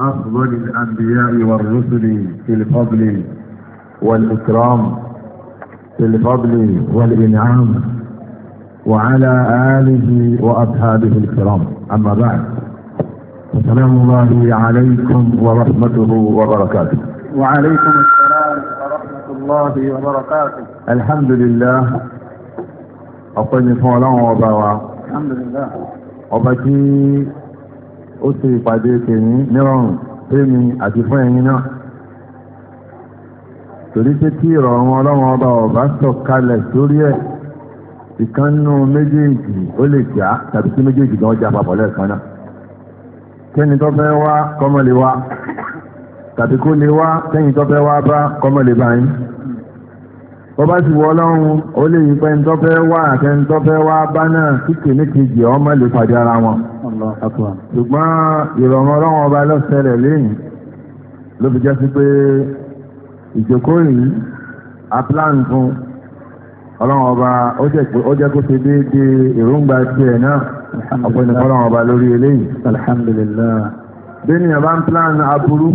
أفضل الأنبياء والرسل في الفضل والإكرام في الفضل والإنعام وعلى آله وأصحابه الكرام أما بعد السلام الله عليكم ورحمته وبركاته وعليكم السلام ورحمة الله وبركاته الحمد لله أقول الله وبركاته الحمد لله وبكي ó ṣe ìpàdé tèmi nírọ̀rùn tèmi àti fún ẹ̀yin náà torí pé tí ìrọ̀rùn ọlọ́run ọba ọba sọ̀kalẹ̀ sórí ẹ̀ ìkànnú méjèèjì ó lè jà tàbí tí méjèèjì gan jà papọ̀ lẹ́ẹ̀kan náà kẹ́ni tó fẹ́ wá kọ́mọ lè wá tàbí kó lè wá kẹ́yìn tó fẹ́ wá bá kọ́mọ lè bá yín bó bá sì wọ ọlọ́run ó lè yí pé ń tó fẹ́ wá àtẹ́ńtọ́fẹ́ wá bá náà kíkè ní kejì ọmọ lè pàdé ara wọn ṣùgbọ́n ìrọ̀rùn ọlọ́run ọba ló ṣẹlẹ̀ lẹ́yìn ló fi jẹ́ sí pé ìjókòó yìí aplan fún ọlọ́run ọba ó jẹ́ kó ṣe déédéé èròǹgbà tiẹ̀ náà ọ̀pọ̀ ìnìkan ọlọ́run ọba lórí eléyìí. alhamdulilayi. bí ènìyàn bá ń plan aburú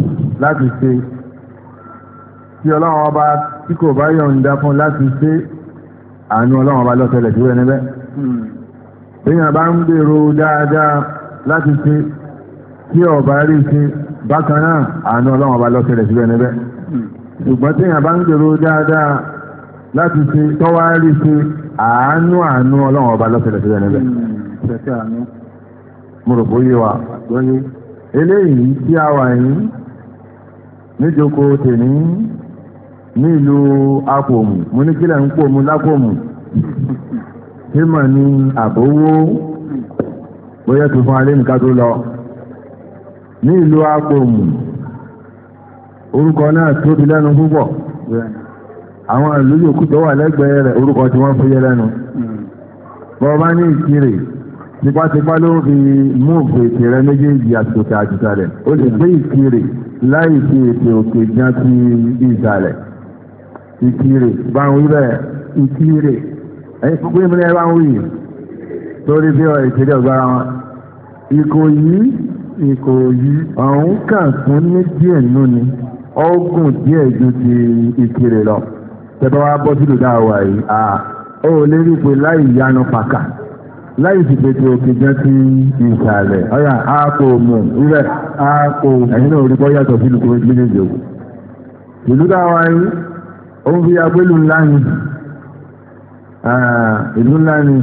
láti ṣe tí ọlọ́run ọba tí kò bá yọ̀ǹda fún láti ṣe àánú ọlọ́run ọba lọ́sẹ̀lẹ̀ tí wọ́n ẹni bẹ́ẹ̀. Hmm. bí ènìyàn bá ń gbèrò dáadáa láti ṣe tí ọba rí ṣe bákan náà àánú ọlọ́run ọba lọ́sẹ̀lẹ̀ síbẹ̀ níbẹ̀ ṣùgbọ́n tí èèyàn bá ń gbèrò dáadáa láti ṣe tọ́wá rí ṣe àánú àánú ọlọ́run ọba lọ́sẹ̀lẹ̀ síbẹ̀ níbẹ̀ mo rò bó yé wa eléyìí tí a wà yìí níjoko tèmi ní ìlú mo ní kílẹ̀ ń pòmù lápòmù tí mà ní àbówó bóyá tó fún alẹ́ nìkan tó lọ ní ìlú apòmù orúkọ náà tóbi lẹ́nu púpọ̀ àwọn ìlú yòókù tó wà lẹ́gbẹ̀ẹ́ rẹ̀ orúkọ tí wọ́n fúyẹ́ lẹ́nu bọ́ọ̀bá ní ìkirè tipátipá ló fi múùfù ètè rẹ méjèèjì àtòkè àtìsàlẹ̀ ó lè gbé ìkirè láì fi ètè òkè jẹ́ ti ìsàlẹ̀ ìkirè báwọn wí bẹ́ẹ̀ ìkirè ẹ̀yin fúnpẹ́ mi ní ẹ báwọn wí yìí torí bí ọ ìpínlẹ̀ ọgbà wọn Ìkòyí Ìkòyí ọ̀hún kàn tún ní díẹ̀ nù ni ọgùn díẹ̀ ju ti Ìkirè lọ tẹ́tọ́ wá bọ́ sílùú dáwà yìí à ó lè rí pé láì yanu pàkà láì sì pètè òkè jẹ́ sí ìsàlẹ̀ ọ̀yà àpò mù rẹ̀ àpò ẹ̀yìn náà rí bọ́ yàtọ̀ sílùú kúrò méjèèjì òkú ìlú dáwà yìí ó ń fi agbélú ńlá ni ìlú ńlá ni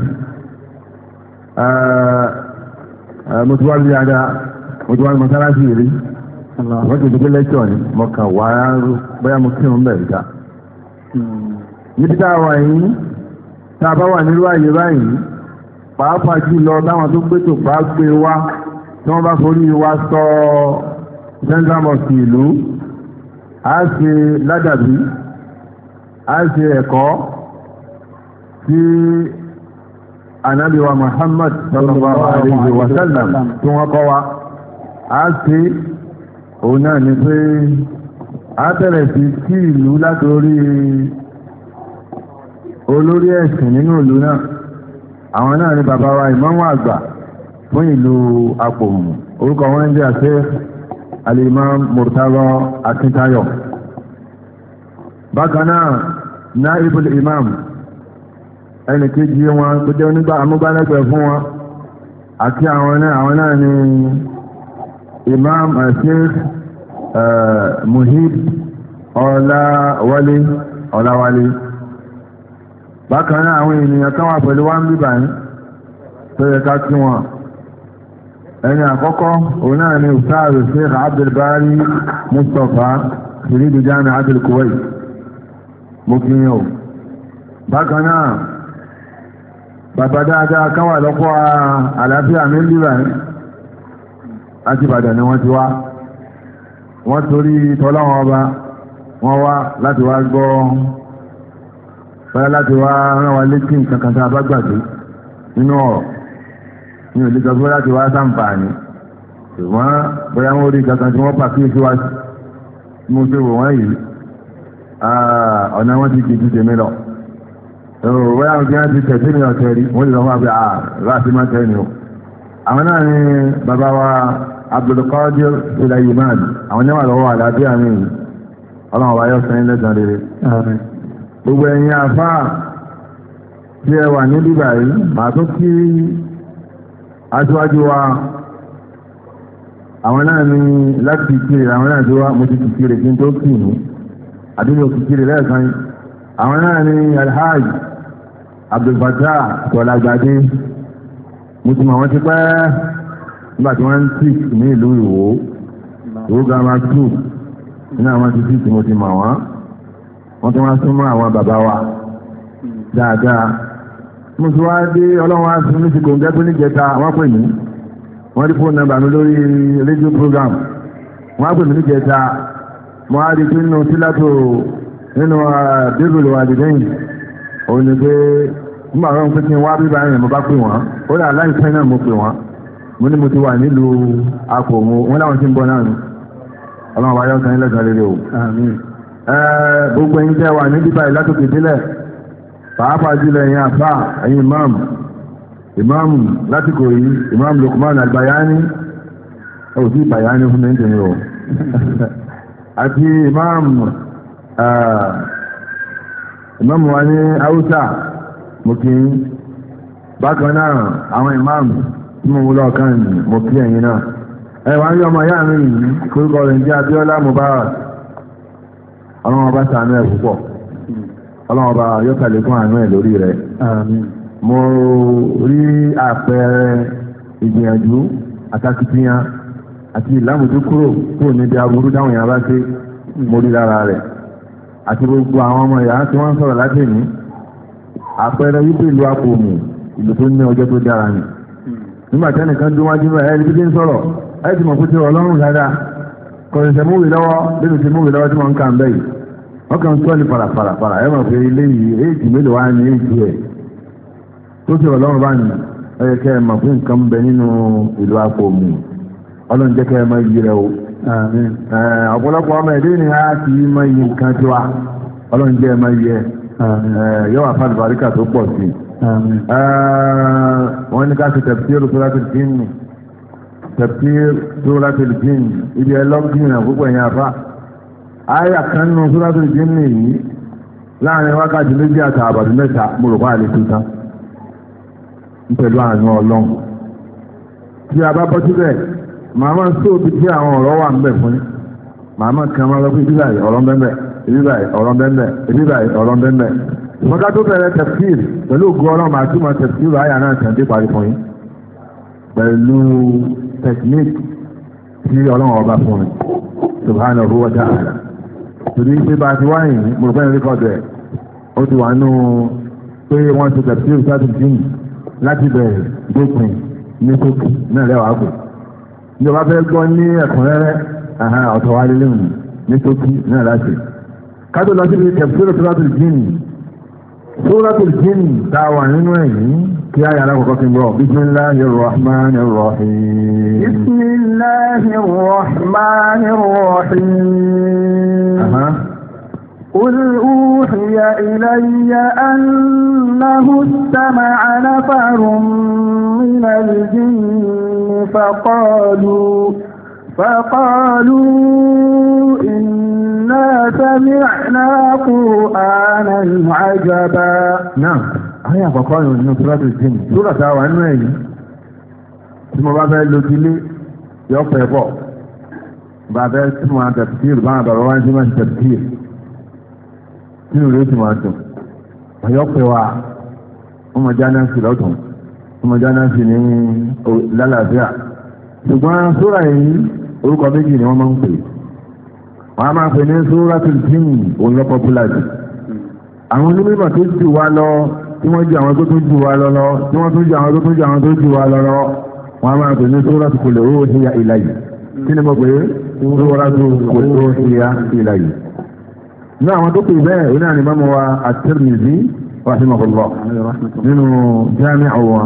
Ah, ah, mo ti wá rí dáadáa mo ti wá rí mọ́sálásí rí wọ́n ti dúpẹ́ lẹ́tọ̀ ni mo kàn wá rú bóyá mo kírun bẹ̀rẹ̀ ta. Hmm. níbi tá a wà yìí tá a bá wà nílùú àyè báyìí pàápàá jù lọ táwọn tó gbé tó bá gbé wá tí wọ́n bá forí wa sọ central mosque ìlú a ṣe ládàbí a ṣe ẹ̀kọ́ tí ànábì wa Muhammad sallallahu alayhi wa sallam tí wọ́n kọ́ wa a ṣe òun náà ni pé a bẹ̀rẹ̀ sí kí ìlú látorí olórí ẹ̀sìn nínú ìlú náà àwọn náà ni bàbá wa ìmáàmù àgbà fún ìlú Apòmù orúkọ wọn jẹ́ àṣẹ alimam Murtada Akíntayọ̀ bákan náà ibùdó imam ẹnì kejì wọn tó jẹ́ onígbà amúgbálẹ́gbẹ̀ fún wọn àti àwọn náà àwọn náà ni imam eh, sheikh eh, muhib ọláwálé ọláwálé bákan náà àwọn ènìyàn kan wà pẹ̀lú wá ń bíbà yín tó yẹ ká kí wọn ẹni àkọ́kọ́ òun náà ni ustaz sheikh abdulbari mustapha kìrìdìjáni abdulkuwait mo kí yín o bákan náà bàbá dáadáa kan wà lọ́pọ̀ àlàáfíà mi lílà ẹ́ láti Ìbàdàn ni wọ́n ti wá wọ́n torí tọ́láwọn ọba wọ́n wá láti wá gbọ́ báyá láti wá rán wa létí nǹkan kan tá a bá gbàgbé nínú ọ̀rọ̀ ní òlé sọ láti wá sàǹfààní ṣùgbọ́n bóyá wọ́n rí kankan tí wọ́n pàkíyèsí sí mo ṣe wò wọ́n yìí ọ̀nà wọn ti kìí ti tèmi lọ ẹ̀rọ bóyá ọ̀gá ti tẹ̀sí ní ọ̀tẹ̀ rí wọ́n lè lọ́wọ́ àbí láti má tẹ̀ ní àwọn náà ni bàbá wa Abdulkadir Suleiman àwọn náà lọ́wọ́ àlàáfíà mi ọlọ́run wa yọ sẹ́yìn lẹ́sàn-án rere. gbogbo ẹ̀yin afá tí ẹ wà ní bíbà yìí màá tó kí aṣíwájú wa àwọn náà ni láti kiri àwọn náà tí wá mo ti kiri kí n tó kì í àbí kiri lẹ́ẹ̀kan àwọn náà ni alhaji abdulfata tọ́lágbadé mo ti mọ̀ wọ́n ti pẹ́ nígbà tí wọ́n ń sìk ní ìlú ìwò ìwò gama two nínú àwọn ti sìk mo ti mọ̀ wọ́n wọ́n ti wá súnmọ́ àwọn bàbá wa dáadáa mo ti wá dé ọlọ́run wá sí níbi kòǹgẹ́ tó ní jẹta wọ́n pè mí wọ́n rí fóònù nàbà mi lórí rédíò program wọ́n pè mí ní jẹta mo á rí pé nínú sílátò nínú uh, bíbélì wàdìdẹ́yìn òun ni pé nígbà wọn pé kí n wá bíbá yẹn mo bá pè wọ́n ó dà láìpẹ́ náà mo pè wọ́n mo ní mo ti wà nílùú akọ̀ mo wọ́n láwọn ti ń bọ̀ náà ni ọlọ́run wa ọ̀sán ilẹ̀ kan rere o. gbogbo ẹ̀yin tẹ́ wà ní bíbá yìí látòkè délẹ̀ pàápàá jùlọ ẹ̀yin àfà ẹ̀yin imam imam látìkò yìí imam Lukman albayani ó sì bayani fún mi ń o àti imam imam wa ní haúsá mo kí yín bákan náà àwọn ìmáàmù tí mo wúlọ kan ní mo kí ẹ̀yin náà ẹwà ń yọ ọmọ ìyá mi yìí kórúkọ rẹ̀ jẹ́ Abíọ́lá Mubarak ọlọ́run ọba ṣàánú ẹ̀ púpọ̀ ọlọ́run ọba yọkàlẹ̀ fún àánú ẹ̀ lórí rẹ̀ mo rí àpẹẹrẹ ìgbìyànjú àtakitiyan àti ìlàmùjú kúrò kúrò níbi aburú dáhùn yàrá ṣe mo rí lára rẹ̀ àti gbogbo àwọn ọmọ ìyá tí wọ́n sọ̀rọ̀ láti àpẹẹrẹ wípé ìlú apòmù ìlú tó ní ọjọ́ tó dára ni nígbà ẹnìkan dún wájú bẹ́ẹ̀ ẹni bíbí ń sọ̀rọ̀ ẹ ti mọ̀ pé ti ọlọ́run dáadáa múwì lọ́wọ́ lẹ́nu ti múwì lọ́wọ́ tí wọ́n ń kà ń bẹ́ yìí wọ́n kàn ń tọ́ ní ẹ mọ̀ pé ilé yìí mélòó wá ní ẹ̀ tó ti bá ní ẹ yẹ kẹ́ ẹ mọ̀ pé nǹkan ń bẹ nínú ìlú ọlọ́run jẹ́ kẹ́ ẹ rẹ o ọ̀pọ̀lọpọ̀ ọmọ ẹ̀dẹ́ ni a ti mọ iyì nǹkan tiwa ọlọ́run jẹ́ yóò wà fún àlùbáríkà tó pọ̀ sí wọ́n ní ká ṣe tẹ̀pítírù tó láti jíìnì tẹ̀pítírù tó láti jíìnì ibi ẹlọ́gbìn àpúpọ̀ yẹn àfà àyà kan nù tó láti jíìnì yìí láàrin wákàtí méjì àtàbàdì mẹ́ta mo rò báyìí tó tán pẹ̀lú àánú ọlọ́run tí a bá bọ́ síbẹ̀ màmá sóòbí tí àwọn ọ̀rọ̀ wà ń bẹ̀ fún yín màmá kan máa lọ fún ìdílé ọ̀rọ̀ ń bẹ̀ bẹ́ẹ̀ èmi báyìí ọ̀rọ̀ bẹ́ẹ̀ èmi báyìí ọ̀rọ̀ bẹ́ẹ̀ ìfọ́nká tó bẹ̀rẹ̀ tẹ̀síìr pẹ̀lú ògùn ọlọ́run àti ìmọ̀ tẹ̀síìr àyà náà tẹ̀ dé parí fún yín pẹ̀lú tẹ̀kíníkì tí ọlọ́run ọba fún mi subhanahu wa ta'ala torí pé bá ti wáyìn mo rò pé ó ti wà nù pé wọ́n ti tẹ̀síìr sáàtì jìn láti bẹ̀rẹ̀ dópin ní sókè náà lẹ́wàá kù ìjọba fẹ́ gbọ́ ní ẹ̀kúnrẹ́rẹ́ ọ̀tọ̀ wa lélẹ́yìn ní sókè náà láti kátó lọ síbi tẹ̀síwèrè tó látò jíìnì tó látò jíìnì tá a wà nínú ẹ̀yìn kí a yàrá kọ̀kọ́ fi bọ̀ bismillahir rahmanir rahim. bismillahir rahmanir rahim. قل أوحي إلي أنه استمع نفر من الجن فقالوا فقالوا إنا سمعنا قرآنا عجبا نعم هيا فقالوا إنه سورة الجن سورة تاوى أنه يجي tí mo bá fẹ́ lo tilé yọ pẹ́ bọ̀ bá fẹ́ tí mo máa tẹ̀síìr bá àwọn bàbá wa ń ṣe máa tẹ̀síìr nínú rẹ̀ tí mo máa dùn ọ̀yọ́ pẹ́ wa ọmọ jáná sí lọ́tún ọmọ jáná sí ní lálàáfíà ṣùgbọ́n sóra yìí orúkọ méjì ni wọ́n máa ń pè wọ́n á máa pè ní suratul jinn òun lọ́pọ̀ púlàjì àwọn onímọ̀ tó jù wá lọ tí wọ́n jù àwọn tó tún jù wá lọ lọ tí wọ́n tún jù àwọn tó tún jù àwọn tó jù wá lọ lọ wọ́n á máa pè ní suratul qul uhiya ilayya kí ni mo pè é suratul qul uhiya ilayya ní àwọn tó pè bẹ́ẹ̀ oní àníbámu wa at-Tirmidhi rahimahullah nínú jáàmì àwọn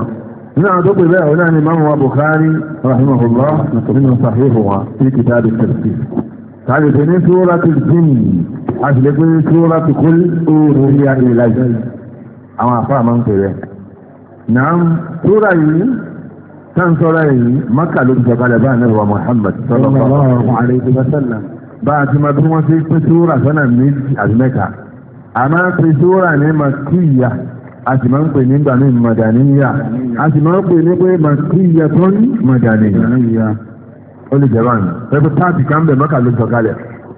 náà tó pè bẹ́ẹ̀ ọ̀nà ni máa wa Bukhari rahimahullah nínú sàhíhù wa sí kìtàbí tẹ̀sí tàbí pé ní súrátù jìn àti lè pé súrátù kul uhiya ilayya àwọn àfáà máa ń pè rẹ̀ náà súra yìí tán sọ́ra yìí maka ló ti sọ̀kalẹ̀ bá ànábì wa Muhammad sallallahu alaihi wa sallam bá a ti máa bí wọ́n sí pé súra sọ́nà méjì àti mẹ́ta àmọ́ pé súra ní makíyà a sì máa ń pè nígbà ní mọ̀dàníyà a sì máa ń pè ní pé màkíyà tó ní mọ̀dàníyà ó lè jẹ́ báyìí pẹ̀lú táàtì kan bẹ̀ mọ́kà ló sọ̀kalẹ̀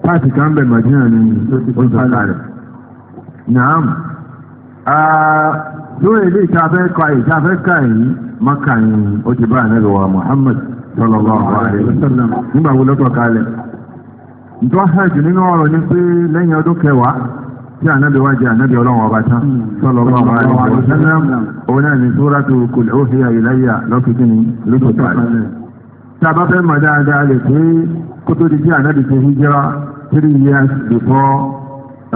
láti kan bẹ̀ màdínà ní lórí ilé Maka ni ó ti bá àná lọ́wọ́ Muhammad sallallahu nígbà wo kalẹ̀. tí ànábì wá jẹ́ ànábì ọlọ́run ọba tán hmm. sallallahu alaihi wa sallam òun náà ní suratu qul uhiya ilayya lọ́kìkí ni lóṣù tààrí. Hmm. tí a bá fẹ́ mọ̀ dáadáa lè pé kó tó di tí ànábì ṣe hijira three years before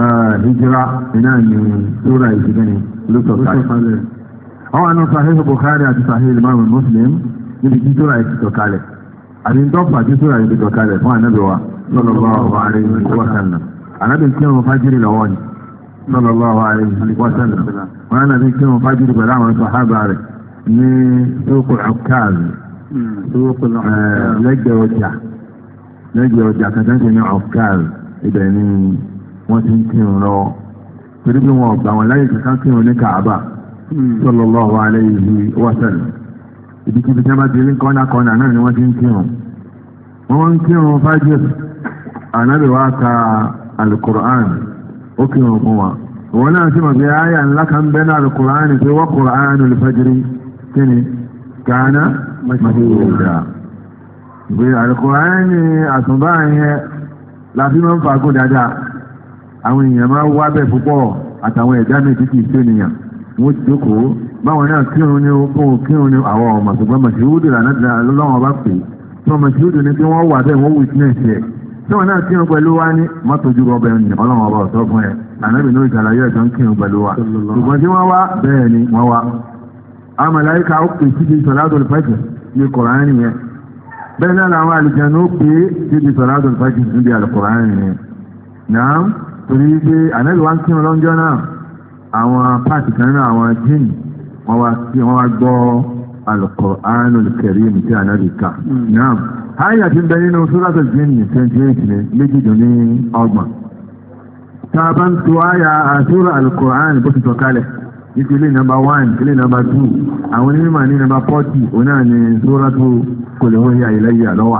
uh, hijira náà ní sóra ìṣẹ́gẹ́ ni lóṣù tààrí. àwọn àna sahih Bukhari àti sahih Imam Muslim níbi tí sóra ìṣẹ́gẹ́ kalẹ̀ àti ń tọ́pọ̀ àti sóra ìṣẹ́gẹ́ kalẹ̀ fún ànábì wa sallallahu alaihi wa sallam ànábì kí wọn fájírì lọ́wọ́ ni. sallallahu alaihi wa sallam wọn náà ní kí wọn fájúrì pẹ̀lú àwọn sàhábà rẹ̀ ní sókò eh, ni wọ́n ti ń kírun lọ torí bí wọn ọ̀gbà wọn láyé kankan kírun ní kàábà hmm. sallallahu alaihi wa sallam ibikíbi tí wọ́n oke kí wọn fún wa wọn náà sì mọ̀ pé àyà ńlá kan bẹ́ náà Al-Qur'ani pé wọ́n Qur'anul fajri kí ni gánà màṣíwòdà ìwé Al-Qur'ani èèyàn máa wá bẹ́ẹ̀ púpọ̀ àtàwọn ẹ̀dá mi títí ìṣènìyàn wọ́n ti jókòó báwọn náà kírun kírun àwọn ọmọ bá pè tí ni wà tí wọn náà kí wọn pẹ̀lú wa ní mọ́tò ojú ọbẹ̀ ní ọlọ́run ọba ọ̀tọ́ fún ẹ ànábì ní ìṣàlàyé ẹ̀jọ́ ń kí wọn pẹ̀lú wa ṣùgbọ́n tí wọ́n wá bẹ́ẹ̀ ni wọ́n wá amàláyíká ó pè síbi sọ̀ládùn fẹ́jì ní kọ̀ránì yẹn bẹ́ẹ̀ náà làwọn àlùjànnú ó pè síbi sọ̀ládùn fẹ́jì níbi àlùkọ̀ránì yẹn náà torí pé ànábì wa ń kí wọn lọ́jọ́ náà àwọn páàtì kan náà àwọn jíìnì wọ́n wá gbọ́ Al-Qur'anul Karim tí a náà rí ká. Náà, àyà ti bẹ nínú Suratul Jinn 28 ní méjìdùn ní ọgbọ̀n. Ta bá ń to àyà àtúrà Al-Qur'an bó ti sọ kalẹ̀. Nítorí ilé nọmba 1, ilé nọmba 2, àwọn onímọ̀ ní nọmba 40, òun náà ni Suratul Qul huwa ilayya lọ́wà.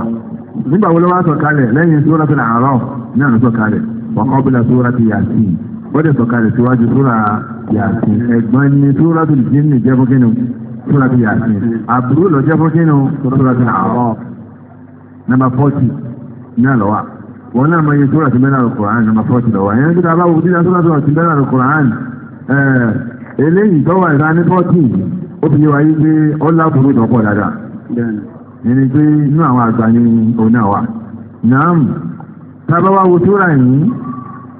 Nígbà wo ló wá sọ kalẹ̀ lẹ́yìn Suratul A'raf náà ló sọ kalẹ̀, wa qabla Surati Yasin. Wọ́n dẹ̀ sọ kalẹ̀ síwájú Sura Yasin. Ẹ̀gbọ́n ni Suratul Jinn jẹ́ fún kínú sura ti yasin àbúrò lọ jẹ́ fọ́kínú sura ti àárọ̀ nàmbà fọ́tì náà lọ́wọ́ wọn náà máa yẹ sura ti mẹ́rin alukur'an nàmbà fọ́tì lọ́wọ́ ẹ̀yẹn ti dábàá wò dídá sura ti mẹ́rin alukur'an eléyìí tọ́wọ́ ìta ní fọ́tì ó fi wáyé pé ó lábúrò tọ́pọ̀ dáadáa ẹni pé inú àwọn àgbà ni òun náà wà naam tábà wá wo sura yìí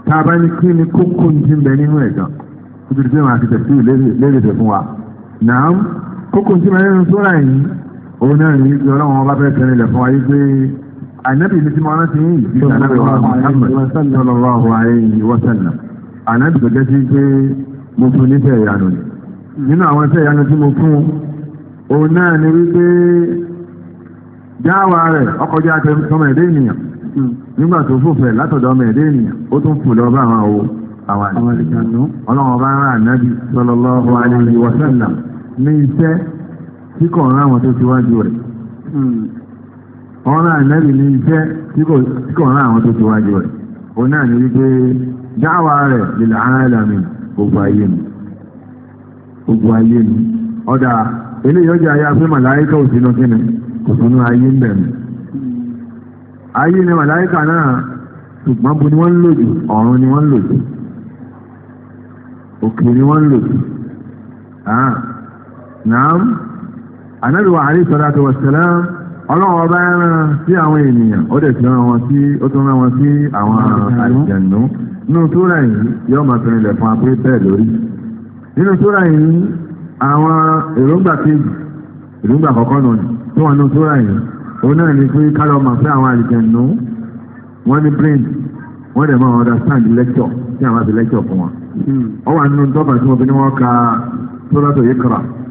tábà ní kí ni kókó ti ń bẹ nínú ẹ̀gàn ó ti di pé màá ti tẹ̀síwì lérè fún wa naam. kókò sí mẹ́rin sóra yìí òun náà yìí pé ọlọ́run ọba fẹ́ tẹ̀lé ilẹ̀ fún wa yìí pé ànábì ní tí mo rántí yìí bí ànábì wa Muhammad ya alayhi wa sallam ànábì tó jẹ́ pé mo fún ìyanu ni nínú àwọn ìyanu tí mo fún òun náà wípé jáwa rẹ̀ ẹ̀dẹ́ ènìyàn nígbà tó látọ̀dọ̀ ọmọ ẹ̀dẹ́ ènìyàn ó tún fò lọ bá àwọn àwọn ọlọ́run ọba ń rà ànábì ní iṣẹ́ tí kò rán àwọn tó síwájú rẹ̀ hmm. ọ̀rọ̀ ní iṣẹ́ tí kò rán àwọn tó rẹ̀ ó náà ní wípé dáwà rẹ̀ lílà ayé mi ayé mi ọ̀dà eléyìí ọjà ayé afẹ́ ò sínú kò sínú ayé ń bẹ̀rẹ̀ ayé ni náà ṣùgbọ́n bu ni wọ́n ń lò jù ọ̀run ni wọ́n ń nàám ànábì wa alayhi salatu wa salam ọlọ́run ọba ẹran sí àwọn ènìyàn ó dẹ̀ ti rán wọn sí ó tún rán wọn sí àwọn àjẹ̀nú nínú súrà yìí yóò máa fi rinlẹ̀ fún apẹ́ bẹ́ẹ̀ lórí nínú súrà yìí àwọn èròǹgbà kejì èròǹgbà kọ̀ọ̀kan nù tí wọ́n nínú súrà yìí òun náà ní pé kálọ̀ máa fẹ́ àwọn àjẹ̀nú wọ́n ní brain wọ́n dẹ̀ máa understand lecture tí àwọn àti lecture fún wọn. ọ hmm. wà nínú tọ́ba tí wọ́n fi ní wọ́n ka sóràtò yìí kọ́ra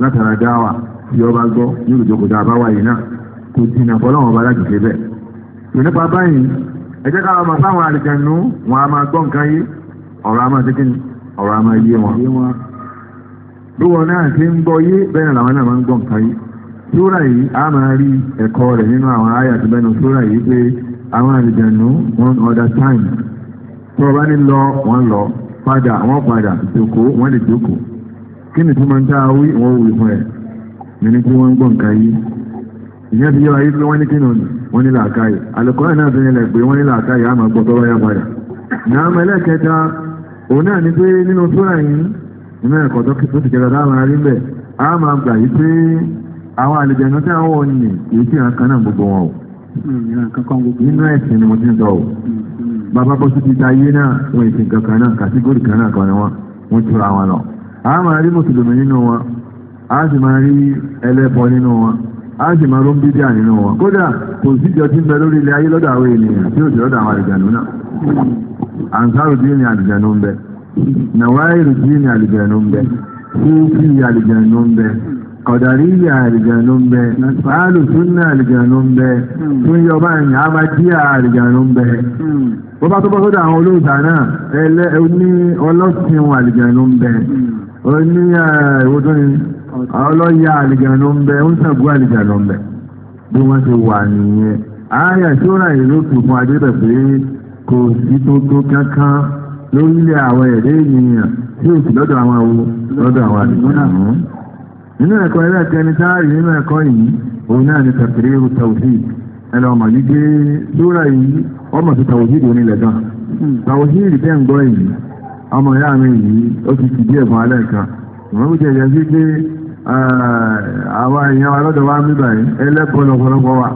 látara dáwà tí ọba gbọ́ ní ìjókòó bá yìí náà kò jìnnà fọlọ́wọ́n ọba bẹ́ẹ̀. nípa báyìí ẹ jẹ́ ká wọn a máa gbọ́ nǹkan yé ọ̀rọ̀ a máa ṣe kíni ọ̀rọ̀ a máa yé wọn. bí wọn náà ń gbọ́ yé bẹ́ẹ̀ làwọn náà máa ń gbọ́ nǹkan yé. sóra a máa rí kí ni tí máa ń tá àwí ìwọ̀n òwe fún ẹ̀ nínú tí wọ́n ń gbọ́ nǹkan yìí ìyẹn fi yọ ayé pé wọ́n ní kínú ni wọ́n ní làákàyè alùkọ́rẹ́ náà fi nílẹ̀ pé wọ́n ní làákàyè àmọ́ gbọ́ tọ́wọ́ yá padà náà mẹ́lẹ́kẹta òun náà ni pé nínú sóra yìí nínú ẹ̀kọ́ tó ti kẹta táwọn arí ń bẹ̀ á máa gbà yí pé àwọn àlejànà tí àwọn wọn èyí tí àǹkan náà gbogbo wọn o hmm, nínú ẹ̀sìn ni mo ti ń sọ o hmm, hmm. bàbá bó ti ti ta ayé náà wọn ìsìn a máa rí mùsùlùmí nínú wọn a sì máa rí ẹlẹ́bọ nínú wọn a sì máa rún bídíà nínú wọn kódà kò síjọ tí ń bẹ lórí ilẹ̀ ayé lọ́dọ̀ àwọn ènìyàn tí ó sì lọ́dọ̀ àwọn àlìjànú náà ansaru díẹ̀ ní àlìjànú ń bẹ nàwáìrù díẹ̀ ní àlìjànú ń bẹ fúfú àlìjànú ń bẹ kọ̀dàríyà àlìjànú ń bẹ fàálù súnà àlìjànú ń bẹ tún yọba ìyìn amadíà àlìjànú ń bẹ bó tó bọ́ sódà àwọn olóòtà náà ẹlẹ́ ó ní ni ọlọ́yà àlìjànú ń ń sàgbó bí wọ́n ti wà nìyẹn ààyè tí ó rà fún adébẹ̀ pé kò sí tó tó kankan lórílẹ̀ àwọn ẹ̀dẹ́ ènìyàn tí ó sì lọ́dọ̀ àwọn awo lọ́dọ̀ àwọn nínú ẹ̀kọ́ táàrí nínú ẹ̀kọ́ yìí òun náà ni yìí ọmọ sí hmm. ń gbọ́ yìí ọmọ ìyá mi yìí ó ti fìdí ẹ̀fọn alẹ́ kan ìwọ́n kò jẹ́ sí pé àwọn èèyàn alọ́dọ̀ wa mí báyìí ẹlẹ́bọ̀ lọ́pọ̀lọpọ̀ wa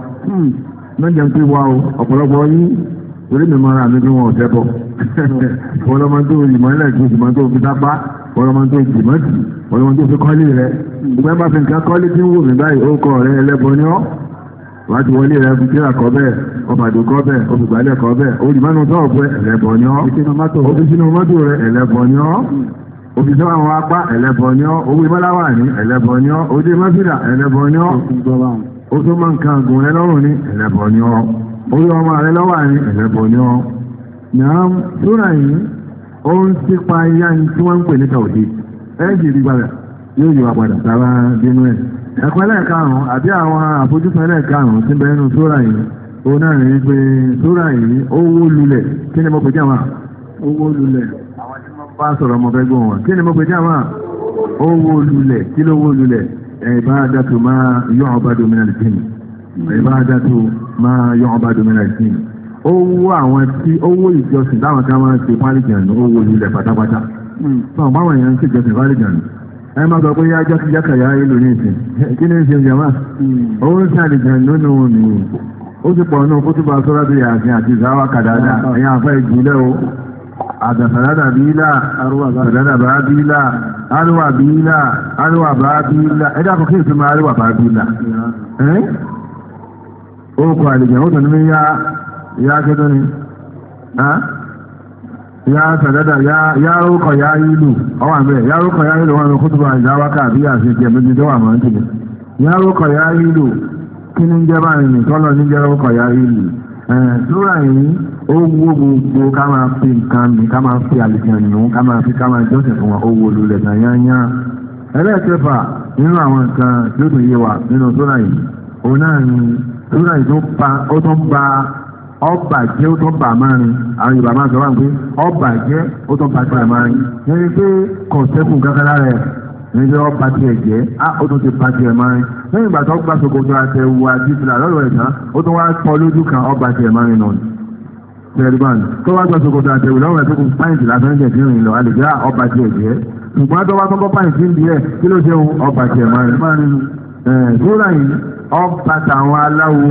mẹ́jọ hmm, pé wa o ọ̀pọ̀lọpọ̀ yín orí mi mara mi bí wọn ò tẹ́bọ̀ ọlọ́mọdé ìmọ̀lẹ́ tó ìmọ̀ tó fi sápá ọlọ́mọdé ìmọ̀tì ọlọ́mọdé fi kọ́lé rẹ̀ ìgbẹ́ bá fi nǹkan kọ́lé tí ń wò mí báyìí ó kọ́ rẹ̀ ẹlẹ́bọ̀ ni ọ́ wá ti wọlé rẹ fi kíra kọ bẹ́ẹ̀ ọbàdó kọ bẹ́ẹ̀ obìgbàlẹ̀ kọ bẹ́ẹ̀ olùmọ́nù sọ́ọ̀bù ẹ̀lẹ́bọ̀ ni ọ́ obìsínú mọ́tò rẹ ẹ̀lẹ́bọ̀ ni ọ́ obìsínú àwọn apá ẹ̀lẹ́bọ̀ ni ọ́ owó ìmọ́láwà ní ẹ̀lẹ́bọ̀ ni ọ́ òde mọ́fìlà ẹ̀lẹ́bọ̀ ni ọ́ ó tó máa ń kan àgùn rẹ lọ́rùn ní ẹ̀lẹ́bọ̀ ni ọ́ orí ọmọ rẹ lọ́wà ní ẹ̀lẹ́bọ̀ ni ọ́ nàám sóra yìí ó ń sípa iyá ní tí wọ́n ń pè ní tàwùjì ẹ̀kọ́ ẹlẹ́ẹ̀karùn-ún àbí àwọn àfojúsùn ẹlẹ́ẹ̀karùn-ún tí ń bẹ sóra yìí òun náà rí pé sóra yìí ó lulẹ̀ kí ni mo pè jàmá ó wó lulẹ̀ àwọn tí wọ́n bá sọ̀rọ̀ ọmọ fẹ́ gbọ́n wọn kí ni mo pè jàmá ó wó lulẹ̀ kí ló wó lulẹ̀ ìbádàtù máa yọ̀ ọba dominal team ìbádàtù máa yọ̀ ọba dominal team ó wó àwọn tí ó wó ìjọsìn táwọn kan máa ń ṣe pálíjàn ẹ má ya pé yájọ́ ti jákàyà ìlú ní ìsìn kí ní ìsìn jama òun ń ṣàlìjàn nínú òní ó ti pọ̀ nù kútùbà sọ́rọ́ ti yàtì àti ìsáwà kàdáda ẹ̀yìn afẹ́ ìjìnlẹ̀ o àdàsàdàdà bíílà àdàsàdàdà bá bíílà àríwà bíílà àríwà bá bíílà ẹ̀dá kò kí ìsinmi àríwà bá bíílà ó kọ àlìjàn ó yá yá ni. ya sadada ya rúkọ̀ ya ìlú ọwà mẹ́ ya rúkọ̀ ya ìlú wọn kútùbà ìdáwákà àbí àti ìjẹ méjì dọ́wà mọ́ ti ya rúkọ̀ ya ìlú kí ní jẹ́ báyìí ní tọ́lọ ní jẹ́ rúkọ̀ ya ìlú lóra yìí ó wó gbogbo ká máa fi nǹkan mi ká máa fi àlìkànnù ká máa fi ká máa jọ́sìn fún wọn ó wo lulẹ̀ náà yányá nínú àwọn nǹkan tí ó tún yé wa nínú sóra yìí òun náà ni sóra yìí tó pa ọba jẹ́ ó tó bà máa rin àwọn yorùbá máa sọ wá pé ọba jẹ́ ó tó bà tiẹ̀ máa rin yẹn pé kọ̀ọ̀sẹ́kùn kankan lára ẹ̀ yẹn pé ọba tiẹ̀ jẹ́ á ó tó ti bà tiẹ̀ máa rin lẹ́yìn ìgbà tó gbà sokoto àti ẹ̀wù àti ìfìlà lọ́rọ̀ ẹ̀ tán ó tó wá tọ́ lójú kan ọba tiẹ̀ máa rin nù tó wá gbà sokoto àti ẹ̀wù lọ́rọ̀ ẹ̀ tó kún pàǹtì lásán jẹ̀ kírun lọ àlejò ọba tiẹ̀ jẹ́ ṣùgbọ́n tó wá tó pàǹtì ń ẹ̀ kí ló ṣe ọba tiẹ̀ máa rin. ẹ̀ sóra yìí ọba tàwọn aláwo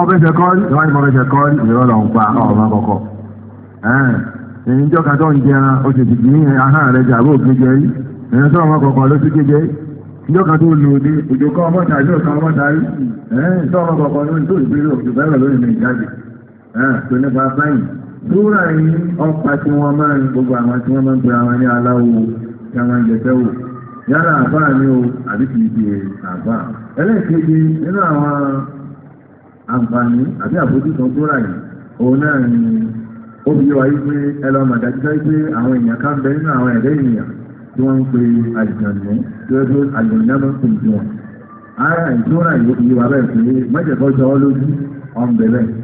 ọbẹ̀ ṣe kọ́ rí ìwádìí ọbẹ̀ ṣe kọ́ rí ìrọ̀ lọ́n pa ọ̀rọ̀ kọ̀kọ́ ẹ̀yìn ìjọ kan ń jẹran o sì dìgbì ní ahọ́n rẹ̀ jà bó gbé jẹ rí ẹ̀yìn sọ̀rọ̀ ọmọ kọ̀ọ̀kan ló sì gbé jẹ rí ìjọ kan tó lò òjò ọmọ ọmọ ẹ̀yìn ọmọ ló tó òjò o àbí àǹfààní àbí àbójútó tó rà yìí òun náà ni ó fi wáyé pé ẹlọ màdájútó pé àwọn èèyàn kan bẹ nínú àwọn ẹ̀rẹ́ ènìyàn tí wọ́n ń pe àjùmọ̀ tí wọ́n tó àjùmọ̀ náà máa ń pèsè wọn. ara ìtura yìí ó fi wá bẹ́ẹ̀ pé mọ́jẹ̀kọ́ jọ ọ́ lójú ọ̀nbẹ bẹ́ẹ̀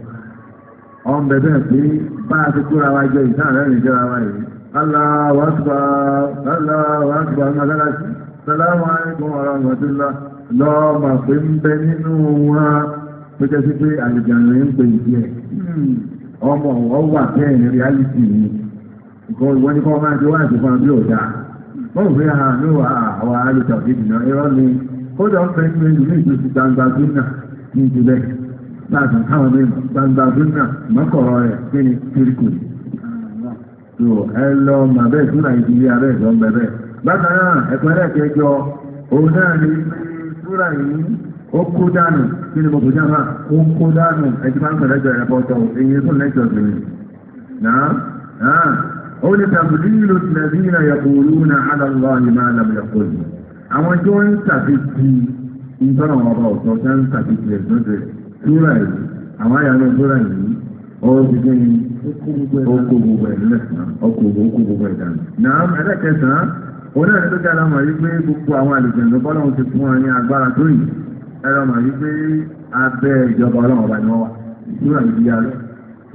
ọ̀nbẹ bẹ́ẹ̀ pé bá a ti kóra wa jẹ ìtàn rẹ́rìn wa yìí. Allahu akbar Allahu akbar mọ́sálásí. Salamu alaikum wa rahmatullah. Lọ́ọ́ mà pé tó jẹ́ sí pé àlùjáde ń pè ní hmm. ọmọ ọwà bẹ́ẹ̀ ní reality ni nǹkan ìwọ ní kọ́ máa ń wá ah, ah, àti fún ní irọ́ ni kódà ń ìlú gbangba ní káwọn gbangba rẹ̀ kí ni tó ẹ lọ mà bẹ́ẹ̀ túnà ìdílé ó kó dànù kí ni gbogbo jàmá ó kó dànù ẹjú bá ń sọ lẹ́jọ́ rẹ̀ bọ́tọ̀ èyí tó na bìnrin náà Na ọ ní tàbí lílo tìlẹ̀bí ìrìn àyẹ̀kọ̀ olúna na ìmọ̀ àlàbìyàkọ̀ yìí àwọn tí wọ́n ń yìí àwọn àyà yìí ti gbé ní gbogbo lẹ́sàn gbogbo ẹlẹ́kẹsàn-án ẹ̀rọ mà yí pé abẹ́ ìjọba ọlọ́run ọba ni wọ́n wà ìṣúra ìdíyà rẹ̀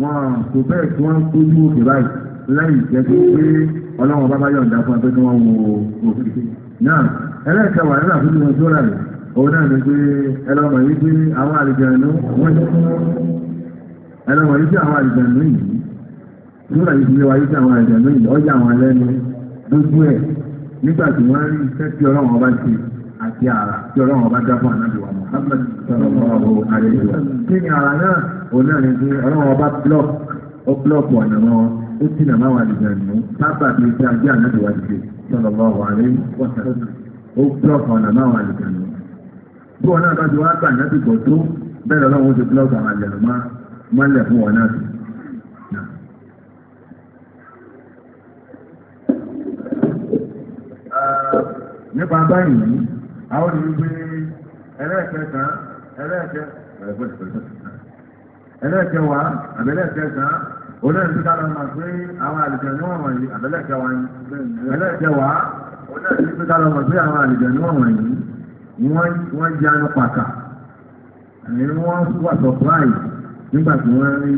wọn kò bẹ́ẹ̀ tí wọ́n tójú òkè báyìí lẹ́yìn jẹ́ tó pé ọlọ́run ọba bá yọ̀ǹda fún ẹgbẹ́ tí wọ́n wo òkè náà ẹlẹ́ẹ̀kẹ́ wà nígbà fún ìwọ̀n sóra rẹ̀ òun náà ni pé ẹ̀rọ mà yí pé àwọn àlùjànnú wọ́n ti fún ẹ̀rọ mà yí pé àwọn àlùjànnú yìí sóra yìí fi wáyé sí àwọn àlùjànnú yìí ọjà àwọn ẹlẹ́nu gbogbo ẹ̀ nígbà tí wọ́n rí iṣẹ́ tí ọlọ́run ọba ṣe àti àrà tí Muhammad sallallahu alayhi wa sallam. Kí ni ara náà? Òun náà ni pé ọlọ́run ọba blọọkù ó blọọkù ọ̀nà wọn ó sì nà máa wà lè jẹ̀nu sábà bí iṣẹ́ ajé ànábìwá ti ṣe sallallahu alayhi wa sallam. Ó blọọkù ọ̀nà máa wà lè jẹ̀nu. Bí wọn náà bá ti wá gbà nábì bọ̀ tó bẹ́ẹ̀ lọ́wọ́ ó ti Nípa báyìí, àwọn ìlú gbé ẹlẹ́ẹ̀kẹta ẹlẹ́ẹ̀kẹ ẹlẹ́ẹ̀kẹwàá àbẹ̀lẹ́ẹ̀kẹsàn olóòtú ká lọ mọ̀ pé àwọn àlùjẹ̀ ní wọ̀n wọ̀nyí àbẹ̀lẹ́ẹ̀kẹwàá ẹlẹ́ẹ̀kẹwàá olóòtú ká lọ mọ̀ pé àwọn àlùjẹ̀ ní wọ̀n wọ̀nyí wọ́n jánu pàkà ẹ̀yìn wọ́n wà surprise nígbà tí wọ́n rí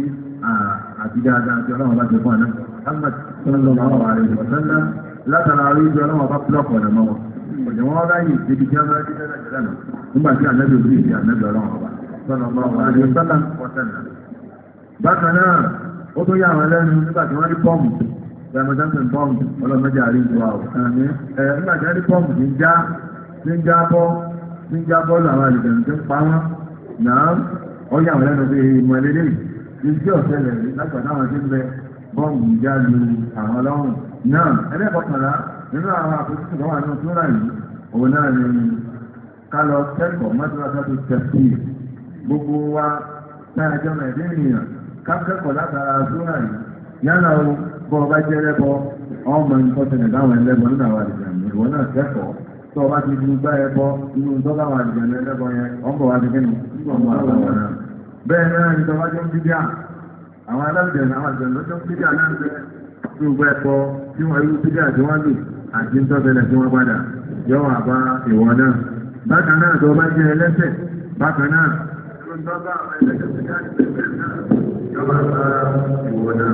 àti dáadáa tí ọlọ́run bá ti fún àná Muhammad sallallahu alaihi wa sallam látara orí ìjọ ọlọ́run bá púlọ̀pù ọ̀nà mọ́ wọn òjò wọn ráyè débi bá dé dáadáa nígbà tí ànábì òbí ìdí ànábì ọlọ́run ọba sọ́nà ọba ọba àdìyẹ sọ́nà ọ̀sẹ̀nà. bákan náà ó tún yà wọn lẹ́nu nígbà tí wọ́n rí pọ́ọ̀mù rẹmọdẹ́sìn pọ́ọ̀mù ọlọ́mọdé àríwá ọ̀sán ní nígbà tí wọ́n rí pọ́ọ̀mù ní já ní já bọ́ ní já bọ́ làwọn àlùjẹ̀nu ti ń pa wọ́n náà ó yà wọn lẹ́nu bí ìmọ̀ ẹlẹ́lẹ́ ìdí ọ̀sẹ̀lẹ̀ lágbàdo àwọn tí ń bẹ bọ́ọ̀mù ń já lu àwọn ọlọ́run náà ẹlẹ́kọ̀ọ́kànlá nínú àwọn àkójútùú tó rà yìí ká lọ kẹ́kọ̀ọ́ mọ́tíwájú tó tẹ̀sí gbogbo wa táyàjọ́ mẹ̀dé ènìyàn látara súrà yìí ya o bọ́ ọba jẹ́ ọmọ nǹkan tẹ̀lé láwọn ẹlẹ́bọ nínú àwọn àdìjàmì ìwọ náà kẹ́kọ̀ọ́ tó ọba ti di gbá ẹbọ inú tó na ẹlẹ́bọ yẹn ọmọ wa ti kẹ́nu àwọn àwọn náà ń ń bákan náà tó bá jẹ́ ẹlẹ́sẹ̀ bákan náà Ìjọba ìwọ̀n náà,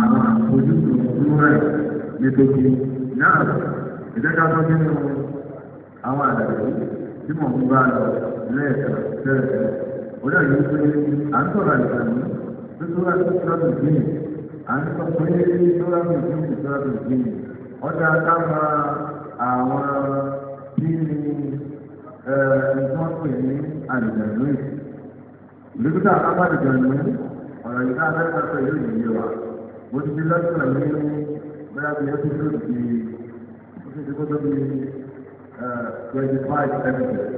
àwọn àfojúsùn ìwúrẹ̀ nítorí náà ìjẹ́ká tó nínú àwọn àdàbò tí mò ń bá lọ lẹ́ẹ̀kan tẹ́lẹ̀ ó dà yìí pé à ń sọ̀rọ̀ àìsàní tó tó láti sọ́dọ̀ ìdíyìn à ń sọ pé tó láti ìdíyìn tó láti ìdíyìn ọjà ká máa àwọn tí nǹkan pè ní àlùjẹ̀lú yìí. Ìlúkútà àbábá àlùjẹ̀lú ọ̀rọ̀ yìí ká bẹ́ẹ̀ pẹ́pẹ́ yóò yìí yé wa. Mo ti di lọ́sọ̀rọ̀ ní bóyá bí ó ti tó di ó ti tó tó di twenty five episodes.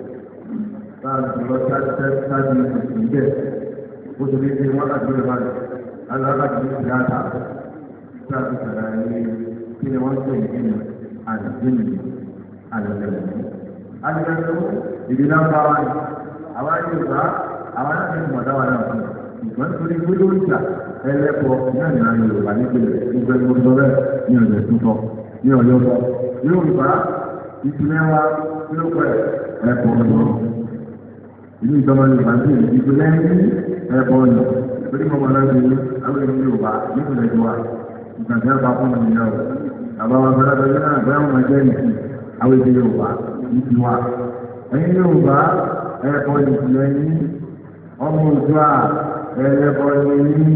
Báyọ̀ ti lọ ṣáájú ìgbẹ́. Mo ti di ní wákàtí ìrìn àjò. Alágbàtí ìrìn àjò. Sáà ti sàlàyé kí ni wọ́n ń pè ní ìrìn àjò àdìsínìyàn àdìsínìyàn àdìsínìyàn ìdílé ńlá wa ni àwọn Yorùbá àwọn aláàbí mọ̀dá wa náà fún ìgbọ́n torí gbódò ìjà ẹlẹ́pọ̀ náà ní àwọn Yorùbá nígbèlè gbogbo ẹgbẹ́ gbogbo rẹ̀ ní ọ̀yọ́ tuntun ní ọ̀yọ́ bọ̀ Yorùbá ìtúlẹ̀ wa ló pẹ̀ ẹ̀pọ̀ ọ̀dọ́ ìlú ìjọba Yorùbá ń bèèrè ìtúlẹ̀ ẹ̀pọ̀ ọ̀dọ́ torí mọ̀mọ́ náà ti ní àwọn Yorùbá nígbèlè wa ìgbàgbé àpapọ̀ nàìjíríà bàbá wa fẹ́rẹ́ fẹ́rẹ́ náà bẹ́ẹ̀ wọ́n jẹ́ ìsìn àwọn èdè Yorùbá ìsì wa ẹ̀yin Yorùbá ẹ̀kọ́ ìsìn lẹ́yìn ọmọ òdúrà ẹ̀lẹ́kọ́ ìròyìn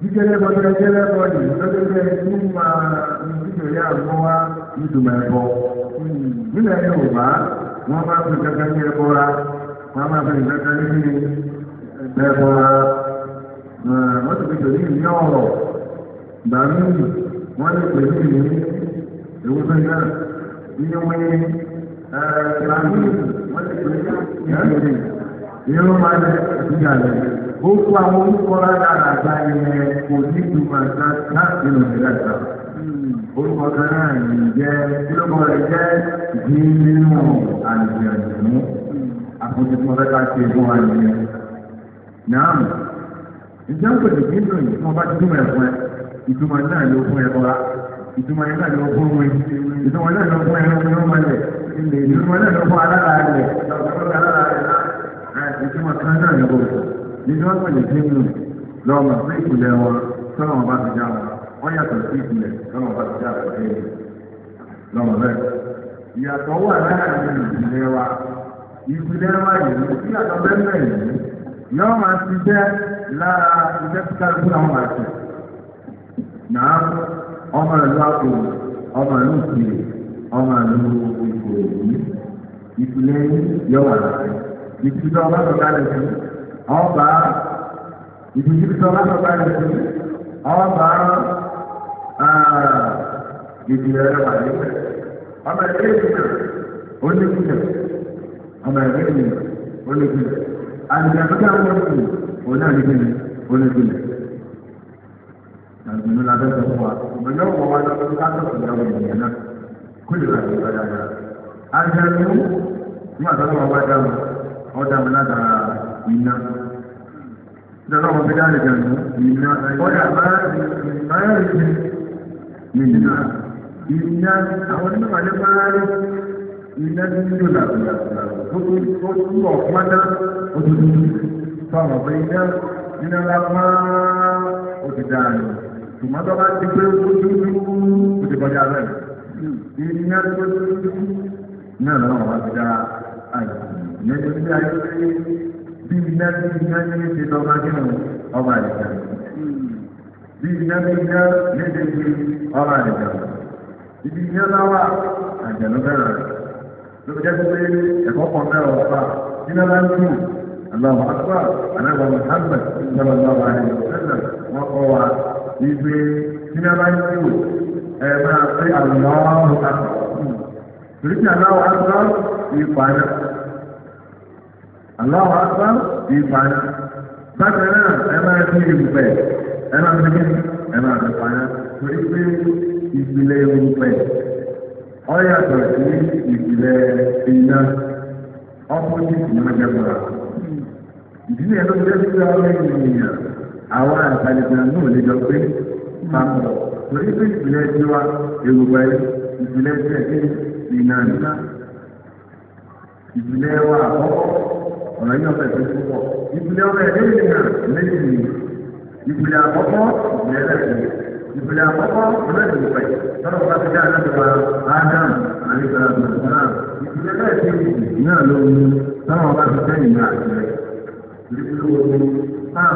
jíjẹ́lẹ́kọ́ jẹ́lẹ́kọ́ yìí lọ́dọ́dọ́ ẹni máa ní ìjòyè àgbọ̀n wa nídùmọ̀ ẹ̀kọ́ nílẹ̀ Yorùbá wọ́n máa fi kankan ní ẹ̀kọ́ ra wọ́n máa fi kankan ní ẹ̀kọ́ ra wọ́n ti fi tòlí wọ́n ní pẹ̀lú ìlú ìwúfẹ́ náà ní wọ́n ní ẹ̀ẹ́dàmí wọ́n ní pẹ̀lú ìyáàlú ìlú máa ní ìdíjà rẹ̀. ó kó àwọn orúkọ lára àgbà yẹn kò ní ìdùnnú àgbà láti lọ sí àgbà. orúkọ kan náà yìí jẹ́ kílógún rẹ̀ jẹ́ ìdí nínú àlùyẹ̀ àdùnnú àkójọ tí wọ́n fẹ́ ká ṣe fún wa nìyẹn. nàá ìjọba ìdí nínú ìfọ̀nbá dúró ẹ̀fọn ẹ̀ ìtumọ̀ náà ló fún ẹ̀kọ́ rà ìtumọ̀ náà ló fún mi ìtumọ̀ náà ló fún ẹ̀rọ mìíràn mọ́lẹ̀ ìtumọ̀ náà ló fún alára rẹ̀ ìtumọ̀ kan náà ló fún nínú ọ̀pọ̀ lè fi mú lọ́mọ fún ìpìlẹ̀ wọn sọ́nà wọn bá ti já wọn wọ́n yàtọ̀ sí ìpìlẹ̀ sọ́nà wọn ti já wọn lẹ́yìn lọ́mọ bẹ́ẹ̀ ìyàtọ̀ wà láàárín ìpìlẹ̀ wa ìpìlẹ̀ wa yìí ìyàtọ̀ bẹ́ẹ̀ bẹ́ẹ̀ yìí yọ́ọ́ náà ọmọ ìlú àpò ọmọ ìlú ìpìlẹ̀ ọmọ ìlú ìpò èyí ìpìlẹ̀ yọ̀wà láti ìpìlẹ̀ ọmọ ìlú àpò ọba ìpìlẹ̀ ọmọ ìlú àpò ọba ìpìlẹ̀ rẹ̀ wà nípa ọmọ ìlú ìpìlẹ̀ olùkìlẹ̀ ọmọ ìlú ìpìlẹ̀ olùkìlẹ̀ àlùkò àbúkà wọn kù òun náà nígbìlẹ̀ olùkìlẹ̀ àgbẹ̀nú la bẹ́ẹ̀ sọ fún wa ọ̀gbẹ̀nú ọ̀wọ́ wa lọ́wọ́ ká sọ̀rọ̀ ìyàwó ènìyàn náà kó lè ra ìgbà dáadáa. àjẹmú ní àtọ́nà wa bá dáhùn ọ̀dà mi látara iná. ìdáná wọn fi dá lè dànù iná ọ̀dà máa ń rí ní iná. iná àwọn onímọ̀ ní máa rí iná ní nílò làbùlàbùlà tó túbọ̀ pátá ó tuntun fáwọn ọ̀gbẹ́ iná iná lápá ó ti dáa nù ṣùgbọ́n tó bá ti pé ojú ó ti kọjá bẹ́ẹ̀ ìyá tó ti náà lọ́wọ́ wá ti dá àyè ìyẹn tó ti ayé pé bí iná bí iná ní ní ti lọ́ba nínú ọba àyíká bí iná bí iná ní ti fi ọba àyíká ibi iná láwà àjẹ̀lú bẹ̀rẹ̀ ló jẹ́ pé ẹ̀kọ́ kan bẹ̀rẹ̀ ọ̀pá iná bá ń dùn àlọ́ àgbà àlọ́ àgbà sallallahu alaihi wasallam wọ́n kọ́ wa ìgbé nínú ẹbá ní ìwò ẹ máa pé àlùmọ́ọ́rùn àpò tòlítì aláwọ̀ àgbà ìpànà aláwọ̀ àgbà ìpànà bákan náà ẹ máa fi ìrùpẹ̀ ẹ máa fi kíni ẹ máa fi pànà torí pé ìpìlẹ̀ ìrùpẹ̀ ọ yàtọ̀ sí ìpìlẹ̀ iná ọkùnrin ìmọ̀jẹ̀mọ̀ra ìdílé ẹ̀ ló ń jẹ́ sí ọlọ́run àwọn àtàlẹ̀kùn náà lè jọ pé papọ̀ torí pé ìpìlẹ̀ tí wá èrògbà ìpìlẹ̀ tí ẹ̀kẹ́ ìnà níná ìpìlẹ̀ wa àkọ́kọ́ yóò fẹ̀ tó púpọ̀ ìpìlẹ̀ ọmọ méjì ni ìpìlẹ̀ àkọ́kọ́ ìpìlẹ̀ ìpìlẹ̀ àkọ́kọ́ bá dá sáà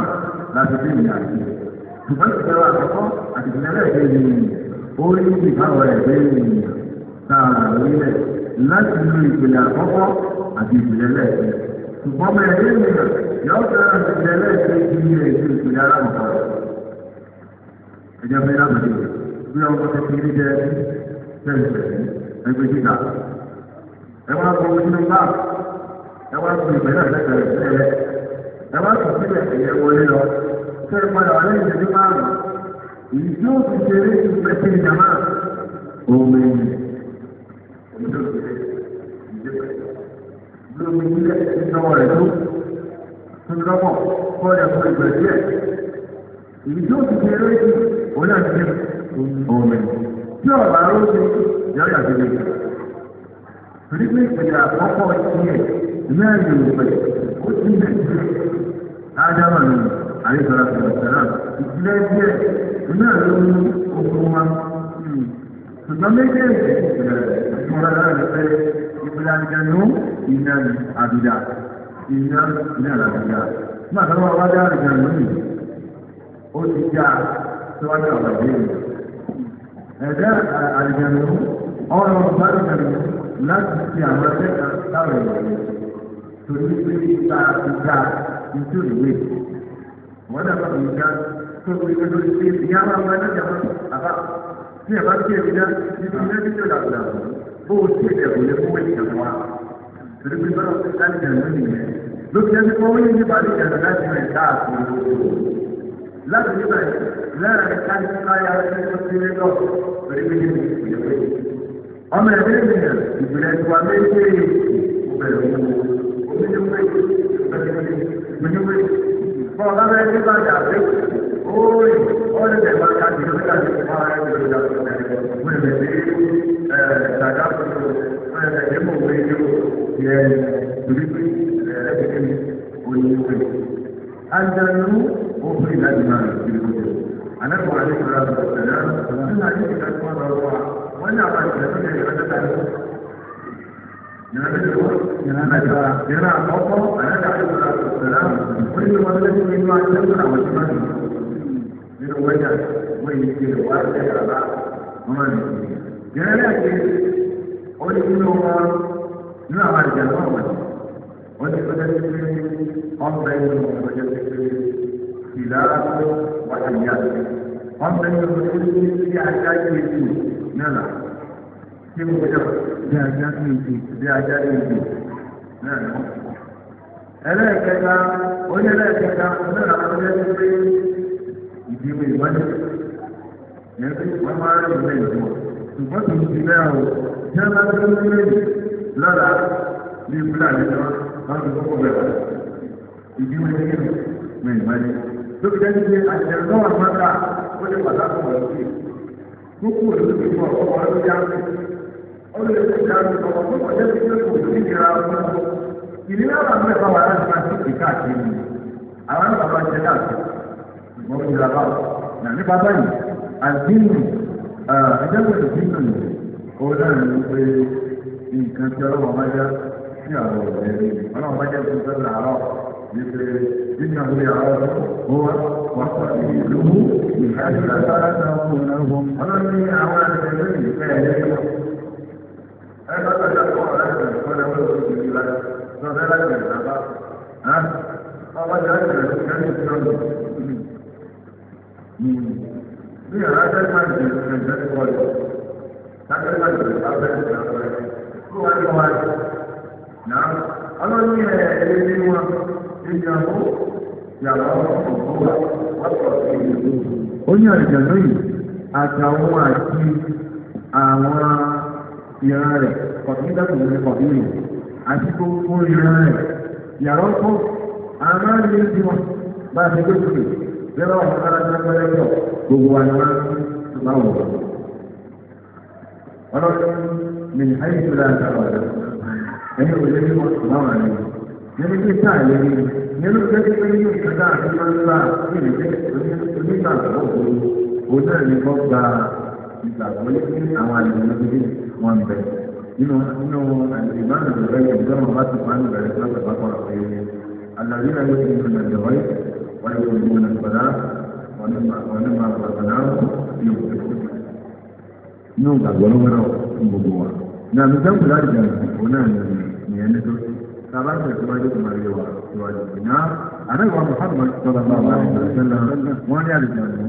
láti fi ìyá sí ṣùgbọ́n ìṣẹ̀lẹ̀ àkọ́kọ́ àti ìṣẹ̀lẹ̀ ẹ̀kẹ́ ni orí ìbáwọ̀ ẹ̀gbẹ́ ènìyàn sáà lórílẹ̀ láti lu ìpìlẹ̀ àkọ́kọ́ àti ìpìlẹ̀ ẹ̀kẹ́ ṣùgbọ́n mọ ẹ̀rí ènìyàn yóò fẹ́ràn ìpìlẹ̀ ẹ̀kẹ́ ju ilẹ̀ ìṣe ìpìlẹ̀ alámọ̀kọ́ ẹ̀jẹ̀ fẹ́ lábàdì bí ọmọ tó fi rí jẹ́ ẹgbẹ́ gíga ẹ wá gbọ́ nínú bá ẹ wá gbọ́ ìpìlẹ̀ ẹ̀kẹ́ ẹ̀wọ́n sọ síbẹ̀ ẹ̀yẹ wọlé lọ ṣé ìpadà wà lẹ́yìn ìdí márùn-ún ìyí tí ó fi ṣeré ti pẹ́ sí ìjàmá òwe lómi ilé ìjọba rẹ̀ tó ńlọ́mọ̀ kọ́ ẹ̀ fún ìgbà díẹ̀ ìyí tí ó fi ṣeré ti òun náà ti òwe tí ọ̀bà ró torí pé ìpìlẹ̀ àkọ́kọ́ tiẹ̀ náà yóò pẹ̀ ó ti yẹ jù ádámà ní àríkọ̀lá fìlọ̀sẹ̀lá ìdílé díẹ̀ náà ló ní ogun wa hmm. ṣùgbọ́n méjèèjì ìmọ̀ra láti pé ìpìlẹ̀ àjẹnú iná àbìdá iná iná àbìdá nígbà tó wà wájú àjẹnú yìí ó ti já síwájú ọ̀rọ̀ yìí ẹ̀dá àjẹnú ọ̀rọ̀ ọ̀gbádùn àjẹnú láti fi àwọn ẹgbẹ́ kan táwọn èèyàn lè torí pé ta ìgbà ìjọ ìwé wọn dàgbà ìgbà tó ń gbé lórí pé ìyá máa máa náà jàmọ́ àbá tí ẹ̀ bá tí ẹ̀ bíjá títí ilé tí ó dàgbà bó o tí ẹ̀ kò lè fún wẹ́ẹ̀kì kan wá torí pé bọ́lá ti ká ní ẹ̀rọ nìyẹn lókè ẹni pọ́n wọ́n yé nípa ẹ̀rọ láti rìn káàkiri láti níbẹ̀ lẹ́rẹ̀ẹ́ ká ní káyà tó ti lé lọ ọmọ ẹgbẹ́ ènìyàn ìbílẹ̀ tí wàá méjèèjì bẹ̀rẹ̀ owó onídìwé bẹ̀rẹ̀ onídìwé fún ọba bẹ́ẹ̀ ní bàjẹ́ àbí oòrè ọ̀rẹ́ bẹ̀rẹ̀ máa kájú lórí àti ìfọwọ́ ara ẹgbẹ̀rẹ̀ ìdàgbàsókè wọ́n ẹ̀rẹ̀ bí ẹ̀ẹ́dàgbà wọ́n ẹ̀rẹ̀ bí mo wé ní yẹ ìrírí ẹ̀ẹ́dẹ̀gbẹ̀ mi onídìwé. àjẹnú òfin ìlànà ìgbìmọ̀ àlẹ́ kọ̀ọ̀rẹ́ ìfọ̀rọ̀ a wannan ba da ne ne wata tare yana da ruwa yana da tara yana kwakwa a nan da aka tsara tsara wani da wani da kuma yi wani da tsara wani ba ne da wanda wani ke da wani da ya ba kuma ne yana wọ́n fẹ́ lọ sí orí sí ajá kejì náà tí mo jọ bí ajá kejì bí ajá kejì náà lọ. ẹlẹ́ẹ̀kẹta oní ẹlẹ́ẹ̀kẹta náà wọ́n yẹ kí pé ìdìbò ìwádìí yẹn tí wọ́n máa ń rìn lẹ́yìn ṣùgbọ́n tó ń lẹ́yìn lọ́la ní fúlàní náà wọ́n ti kókó bẹ̀rẹ̀ ìdìbò tó fi jẹ́ pé àṣẹ̀rẹ̀ náà wà mọ́ta ó lè wà láti wọ̀ lókè. Gbogbo òṣèlú ti fọ ọ̀pọ̀ wọn lórí àgbẹ̀. Ó lè fi ìjà àti ọ̀pọ̀ tó kọjá sí pé kò sí ìlera wọn. Ìlera wà ń bẹ̀rẹ̀ wà láti máa tètè káàkiri. Àwọn ní pé nǹkan tí ọlọ́wọ́ bá jẹ́ sí àwọn ọ̀rẹ́ ọlọ́wọ́ bá jẹ́ fún fẹ́ إنه يعرف هو وصائله من حيث لا تكونهم ومن أعوان الذين لا يجب أنا تشكر لكم ولا أقول لك فذلك الزبا ها أولا كان يسرد في هذا المنزل من ذلك ولا هذا المنزل أبدا هو الواحد نعم أنا من أهل ó ní àjànú yìí àtàwọn àti àwọn ìran rẹ̀ kọ̀tíńdàkùn rẹ̀ kọ̀tíńdì àti gbogbo ìran rẹ̀ yàrá ọkọ̀ àmà lè di wọn bá a ṣe gbé sókè lẹ́rọ àwọn ará tí wọ́n fẹ́rẹ́ pọ̀ gbogbo wa ni wọ́n ti máa wọ̀. ọlọ́run ní àyíkú láti àwọn ọ̀dọ́ ẹni òye ní wọ́n ti máa wà nínú yẹn ní pé táà lé ní yẹn ló jẹ́ pé nínú ìkàdá àti máa ń bá ìrìnlẹ̀ onígbàgbọ́ òru òun náà ní kọ́ gba ìgbàgbọ́ ní àwọn àlejò níbi wọn bẹ nínú nínú àlejò máa ń bẹ̀rẹ̀ bẹ́ẹ̀ ìjọba wọn bá ti máa ń bẹ̀rẹ̀ sí ọ̀sẹ̀ pápá ọ̀pẹ yẹn alàbí náà ló ti ń bẹ̀rẹ̀ jọ̀wọ́ yìí yóò lu wọn àgbàdá wọn ní máa gbàgbọ́ná ní ìgbàgbọ́ lọ́wọ́ náà fún gbogbo wa ní àmì jẹ́ òkúta ìjà ìgbàgbọ́ náà ní ìyẹn tàbá ń tẹ̀síwájú tó máa yẹ wà síwájú ìná àdáwà Muhammad sọ́dọ̀ bá wà ní ìgbàsẹ́lẹ̀ wọ́n ní àlùjànnú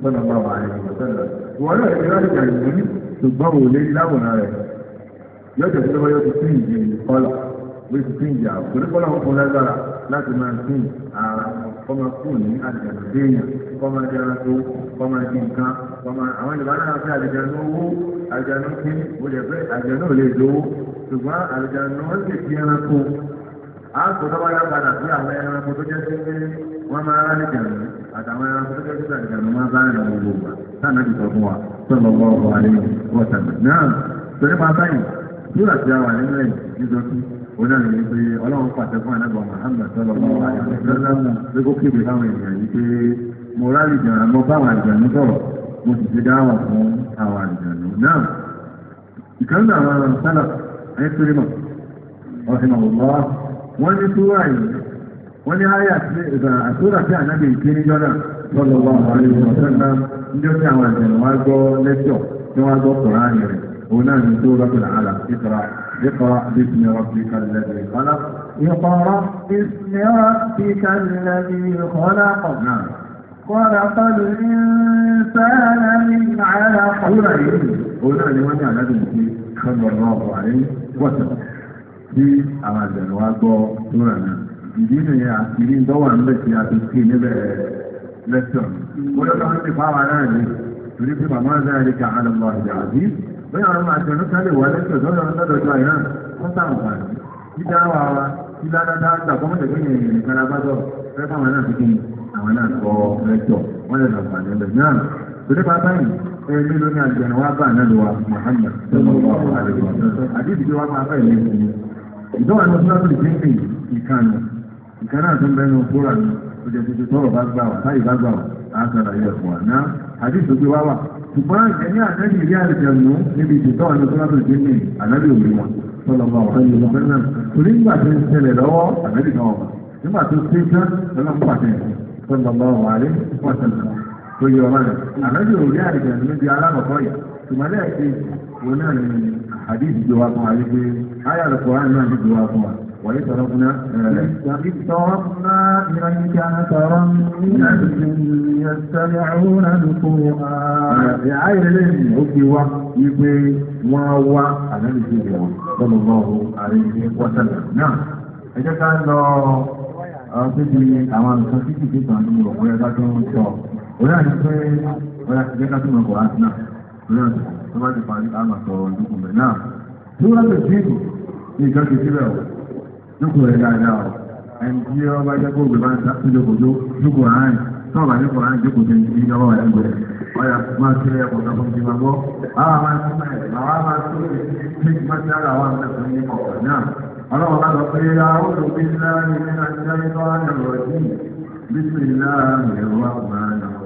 sọ́dọ̀ bá wà ní ìgbàsẹ́lẹ̀ wọ́n náà ní àlùjànnú ṣùgbọ́n ò lè láwòrán rẹ̀ yọjọ́ tó wáyọ́ ti tún ìdí kọ́là bí ti tún ìdí àwọn torí kọ́là ń fún lágbára láti máa tún ní àlùjànnú déèyàn kọ́má di ara tó àwọn ìbára náà fẹ́ àlùjànnú owó àlùjànnú kí lè fẹ́ àlùjànnú ò ṣùgbọ́n àlùjánu ó sì di ẹranko a kò tọ́ báyá padà sí àwọn ẹranko tó jẹ́ sí pé wọ́n máa rárá ìjànú àtàwọn ẹranko tó jẹ́ sí àlùjánu máa bá ẹ̀rọ gbogbo wa sáànà ti sọ fún wa sọ̀rọ̀ lọ́wọ́ ọ̀rọ̀ alẹ́ wọ́n tàbí náà torí pa báyìí tí wàá ti àwọn ẹ̀rọ yìí nítorí oní àná yìí pé ọlọ́run pàṣẹ fún ànágbọ̀n Muhammad sọ̀rọ̀ mo rárá ìjànú mo àwọn fún àwọn àlùjánu náà ìkànnì àwọn sálàkù ẹ̀kúrímọ̀ ọ̀hìnàwòmọ́ wọ́n ní súwà yìí wọ́n ní àyà àtúrà tí ànábì ìkíní jọ́nà lọ́lọ́ wa àríwọ̀ sẹ́ńdá níjọ́ tí àwọn àjẹ̀nà wá gbọ́ lẹ́tọ̀ tí wọ́n gbọ́ kùránì rẹ̀ òun náà ní tó lọ́kùnrin àlà ìkọ̀rọ̀ اقرأ باسم ربك الذي خلق اقرأ باسم ربك الذي خلق نعم الإنسان من علق هنا هنا في خبر الله wọ́tà tí àwọn àgbẹ̀rẹ̀ wa gbọ́ lóra náà ìdí nìyẹn àkìrí ń dọ́wà ń bẹ̀ sí àtúntì níbẹ̀ lẹ́sọ̀n mo lọ́dọ̀ wọn ti pàwọn náà ní torí pé màmá ń dára níka àlọ́ lọ ìjà àbí bẹ́ẹ̀ àwọn máa tẹnu sálẹ̀ wà lẹ́sọ̀ lọ́dọ̀ lọ́dọ̀jọ́ àìrán wọ́n sáà wà ní dídá wa wa tí ládàá gbà kọ́ mọ́tẹ̀ gbẹ̀yìn ìrìn nìkan lábàdọ̀ fẹ́ fáwọn náà fi kí àwọn náà sọ lẹ́sọ̀ wọ́n lè lọ́ọ̀ nípa báyìí ẹni ló ní àjẹ̀nà wá bá náà lọ́wọ́ Muhammad sallallahu alaihi wa sallam àdéhùn tí wọ́n máa bá ìlú ìlú ìdánwò àwọn ọmọ ìlú jẹ́ǹdì ìkànnì ìkànnì àti ọmọbẹ̀rẹ̀ òkúra òjòkòtò tọrọ bá gbà wà táyì bá gbà wà á sára yẹ fún wa náà àdéhùn tó wá wà ṣùgbọ́n ẹni àtẹ́ni ilé àjẹ̀nù níbi ìdánwò àwọn ọmọ ìlú jẹ́ǹdì ànábì òbí wọn sallallahu alaihi wa sallam torí nígbà tó ń ṣẹlẹ̀ lọ́wọ́ ànábì náà wà nígbà tó ṣe tán lọ́nà pàtẹ́ sallallahu alaihi wa sallam tó yọ ọmọ rẹ̀ àlọ́jọ́ òrí àrìjà ló di alákọ̀ọ́kọ́ yìí tùmọ̀lẹ́ ẹ̀kẹ́ wọn náà ní àdéhùn ìjọba fún wa wípé ayé àlùkò àná náà dìbò wa fún wa wọlé tọrọ fún náà ẹ̀rẹ̀ tàbí tọrọ ná ìrìn kí a tọrọ ní ìyẹsẹ̀lẹ̀ àwọn àdúgbò wa. ayé lè ní ó fi wá wípé wọ́n wá àlẹ́lẹ́ sí ìwọ̀n lọ́nà lọ́wọ́ àrẹ́lẹ́ wọ́sẹ̀lẹ̀ náà ẹ jẹ́ ká lọ ọ́ eh, síbi àwọn nǹkan títí tó tàn ní ìwọ̀n bóyá dájú ń sọ òun àti pé ọ̀yà ti jẹ́ká túnmọ̀ kọ̀ láti náà lórí ọ̀sẹ̀ tó bá ti parí àmà sọ̀rọ̀ ìdúkù rẹ̀ náà tí wọ́n ti fi ìkù ní ìjọ ti síbẹ̀ ọ̀ dúkù rẹ̀ dáadáa ọ̀ ẹni tí wọ́n bá jẹ́ kó gbé bá ń sá síjọ kò tó dúkù ráàyè tó bá ní kọ̀ ráàyè dúkù tó ń ti yọ ọ̀rẹ́ gbé ọ̀yà máa ṣe ẹ̀kọ́ kan fún ti máa gbọ́ àwọn máa ń tún ẹ̀ àwọn máa ń tún ẹ̀ máa ń tún ẹ̀ àwọn máa ń tún ẹ̀ kọ̀ọ̀kan náà ọlọ́run láti pé àwọn òbí ńlá ní ẹ̀ka ìjọba ìjọba ìjọba ìjọba بسم الله الرحمن الرحيم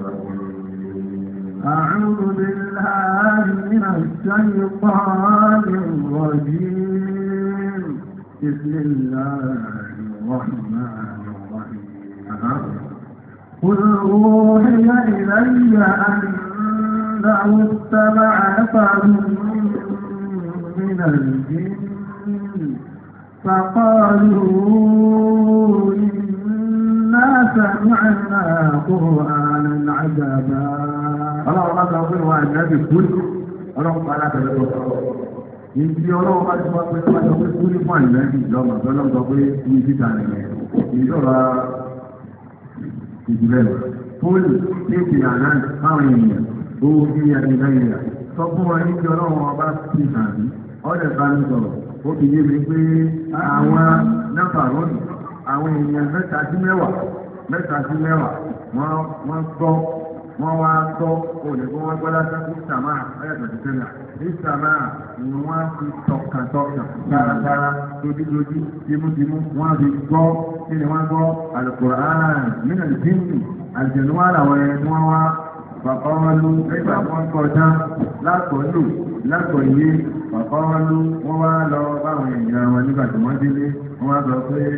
أعوذ بالله من الشيطان الرجيم بسم الله الرحمن الرحيم قل أوحي إلي أن استمع نفر من الجن فقالوا إنا سمعنا قرآنا عجبا ọlọ́run bá sọ fún ìwà ìdájọ́ kúrú ọlọ́run pa alátẹ̀lẹ́ tó sọ. ìdí ọlọ́run bá ti wá pé tó bá sọ pé kúrú fún àìlẹ́bí lọ́mọ tó lọ́mọ sọ pé ní títà nìyẹn ìjọba ìdílé lọ. fúlù kéèkì àná fáwọn èèyàn owó bí àdìgbà ìrìnà sọ fún wọn níbi ọlọ́run ọba ti hàn mí ọ̀dẹ̀ bá mi sọ̀rọ̀ ó fi yé mi pé àwọn náfà rọ́ọ̀nù àwọn èèyàn mẹ́ta sí mẹ́wàá mẹ́ta sí mẹ́wàá wọ́n gbọ́ wọ́n wá tọ́ olùkọ́ wọn gbọ́dá sí ìsàmà ayàtọ̀ tó tẹ́lẹ̀ ìsàmà ni wọ́n fi tọkàntọkàn sáratára dojúdojú tìmùtìmù wọ́n fi gbọ́ kí ni wọ́n gbọ́ alukóra nínú ìdíńtì àjẹnú wà làwọn ẹni wọ́n wá fàkọ́ọ́lú nígbà wọn kọjá lákòólù lákòóyé fàkọ́ọ́lú wọ́n wá lọ báwọn èèyàn wọn nígbà tí wọ́n délé wọ́n wá sọ pé ah,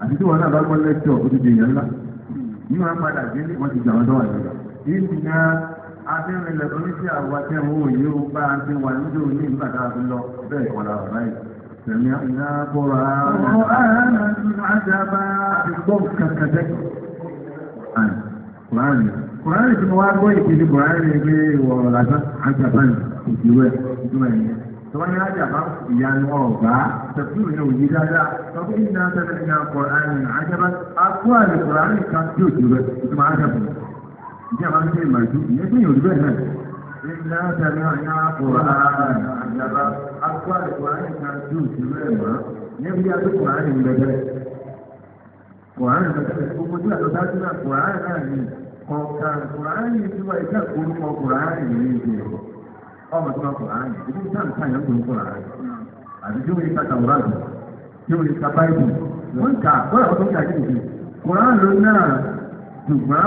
àti tí wọ́n náà bá gbọ́ lẹ́tọ̀ ó ti ńlá ní wọ́n padà wọ́n ti àfihàn ilẹ̀ tó ní sí àwọn akẹ́wọ̀n òye ó bá a ti wà níjó ní nígbà tá a fi lọ bẹ́ẹ̀ wọ́n la bàbá yìí. Sẹ̀mí iná bọ́ra ọ̀rọ̀ ààrẹ àjàbá àgbọ̀ kàkàjẹ́. Kùránì Kùránì tí mo wá gbọ́ ìpele Kùránì ni pé ìwọ̀ lásán àjàbá ìdíwọ̀ ẹ̀ ìdúmọ̀ ẹ̀yẹ. Tọ́wọ́n ní àjàbá ìyanu ọ̀gá tẹ̀síwì ní òye dáadáa. Tọ́kùn iná tẹ́lẹ̀ iná Kùránì àjàbá àkúrà ní Kùránì kan tí ò ìjẹ́ àwọn akẹ́kẹ́ ìmọ̀jú ìyẹn tó yàn òdúgbò ẹ̀ náà iná tẹ̀lé ọ̀yá kùrán àjàbá akọ́ àìkùrán kan ju ìṣúná ẹ̀ mọ́ níbi adó kùrán ń bẹ̀rẹ̀ kùrán ń bẹ̀rẹ̀ gbogbo tí àtọ́ta sí náà kùrán náà ni kọ̀ọ̀kan kùrán yìí ti wá ìjà orúkọ kùrán yìí ní ìdí ẹ̀kọ́ ọmọ tí wọ́n kùrán yìí ìdí ìjà nǹkan yẹn ń gbòó kùrán yìí àti tí wọ́n yìí kàtà wúrà lọ tí wọ́n yìí kà báyìí wọ́n kà wọ́n yà wọ́n tó kà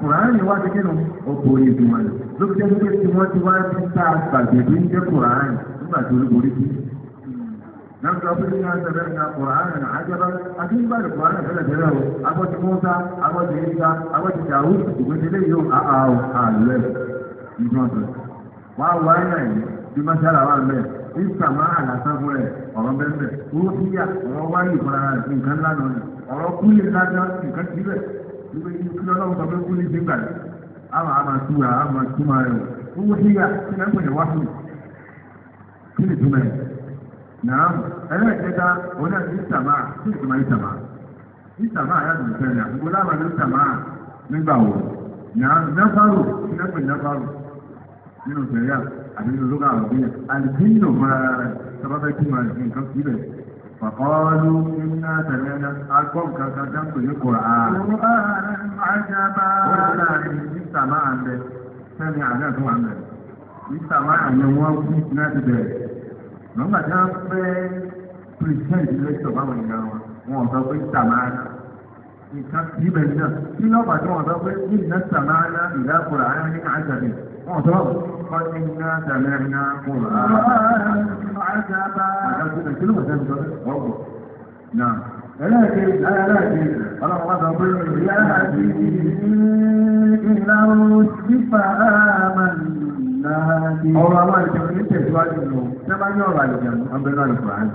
kùránì wá ti kínú ọkọ̀ òye tí wọ́n lò ló fi jẹ́ pé tí wọ́n ti wá ti ta gbàgbègbè ń jẹ́ kùránì nígbà tí olúborí bí. Nam ta fi ina ta berna Qur'anan ajaba akin ba da Qur'an da da rawo abu ti Musa abu ti Isa abu ti Dawud ibn dile yo a a Allah ibn ta wa wa na ni bi masala wa me isa ma ala sabure ọ̀rọ̀ bembe o ti ya o wa ni Qur'an ọ̀rọ̀ ìwé ní kí ọlọ́run tọ́pẹ́ kú ní gbígbà rẹ̀ àmà àmà túra àmà túmọ̀ rẹ̀ ó wú sí yá kí lẹ́gbọ̀n yẹn wá sí kí ni túmọ̀ rẹ̀ náà ẹlẹ́ẹ̀kẹta òun náà ní sàmà kí ni túmọ̀ ní sàmà ní sàmà yàtọ̀ ìfẹ́ rẹ̀ àgbègbè láàmà ní sàmà nígbà wo náà náfàrò kí lẹ́gbọ̀n náfàrò nínú sẹ̀ríà àbí nínú lókà àrùbíyà àlùbí Fàkọ́ọ́lú iná tẹ̀lẹ́nà agbọ́n kankan dánkò ní Kùrán. Kùrán àjábá. Wọ́n láàrin níta máa ń bẹ, sẹ́ni àjá tó wà ń bẹ. Níta máa ń yẹ wọ́n kú náà ti bẹ̀rẹ̀. Nọ́mbà tí wọ́n fẹ́ pìrìsẹ́ǹtì lẹ́tọ̀ báwọn ìyá wọn, wọ́n sọ pé níta máa ń nǹkan síbẹ̀ náà. Kí lọ́bàá tí wọ́n sọ pé níta máa ń ìdá Kùrán ní àjàbẹ̀. قد إنا سمعنا قرآن عجبا نعم لكن لا لكن الغضب يهدي إلى الرشد فآمنا به أولا الله يجب أن تسوى إنه كما يرى الجنة أمرنا القرآن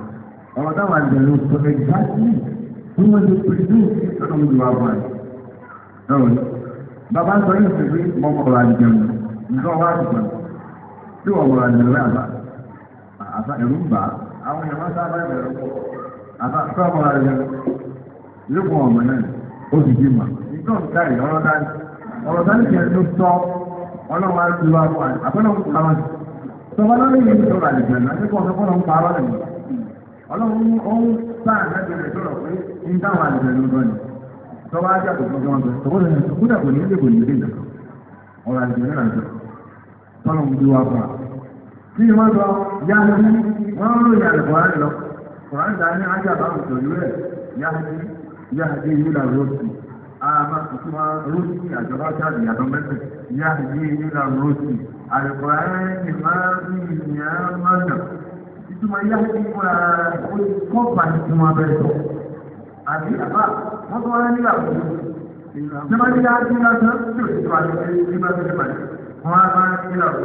ọ̀rọ̀ táwọn àjẹ̀lú sọ ẹgbẹ́ sí tí wọ́n ti pè ní ọdún ìwà wọn. bàbá sọ yóò fi rí mọ́kànlá àjẹ̀lú nǹkan wá ti pẹ̀lú tí wọ́n wọ̀rọ̀ àdìrẹ́ àbá àbá ẹ̀rú ń bà á àwọn èèyàn máa sábà ẹ̀rọ pọ̀ àbá tó àwọn àdìrẹ́ yóò fún ọmọ náà ó sì di mà nǹkan ká ì ọ̀rọ̀ dání ọ̀rọ̀ dání kẹ́ ló tọ́ ọlọ́run á ti wá fún àbẹ́lẹ́ òun kàmá tọ́ba lọ́lẹ́ yìí ń sọ̀rọ̀ àdìrẹ́ náà nípa ọ̀sẹ̀ fọ́nà ń pa ara rẹ̀ ọlọ́run ó ń sáà lẹ́gbẹ̀rẹ̀ sọ̀rọ̀ pé ń tọ́nà ń bí wa fún wa. Tí wọ́n sọ yáàbí wọ́n ń ròyìn àlùkò rẹ̀ lọ. Kùrán ta ní ajá bá wùtò ìlú rẹ̀ yáàbí yáàbí ìlúlà rọ́ọ̀sì. Àmà tuntun wa rọ́ọ̀sì àjọba sáàdì yàtọ̀ mẹ́sẹ̀ yáàbí ìlúlà rọ́ọ̀sì. Àlùkò rẹ̀ ni máa ń rí ìyá máa Ìtumọ̀ yáàbí fúnra kọ́ọ̀pà ni tí wọ́n bẹ̀rẹ̀ sọ. Àbí àbá wọ́n tó wọn á máa ń ṣe àwọ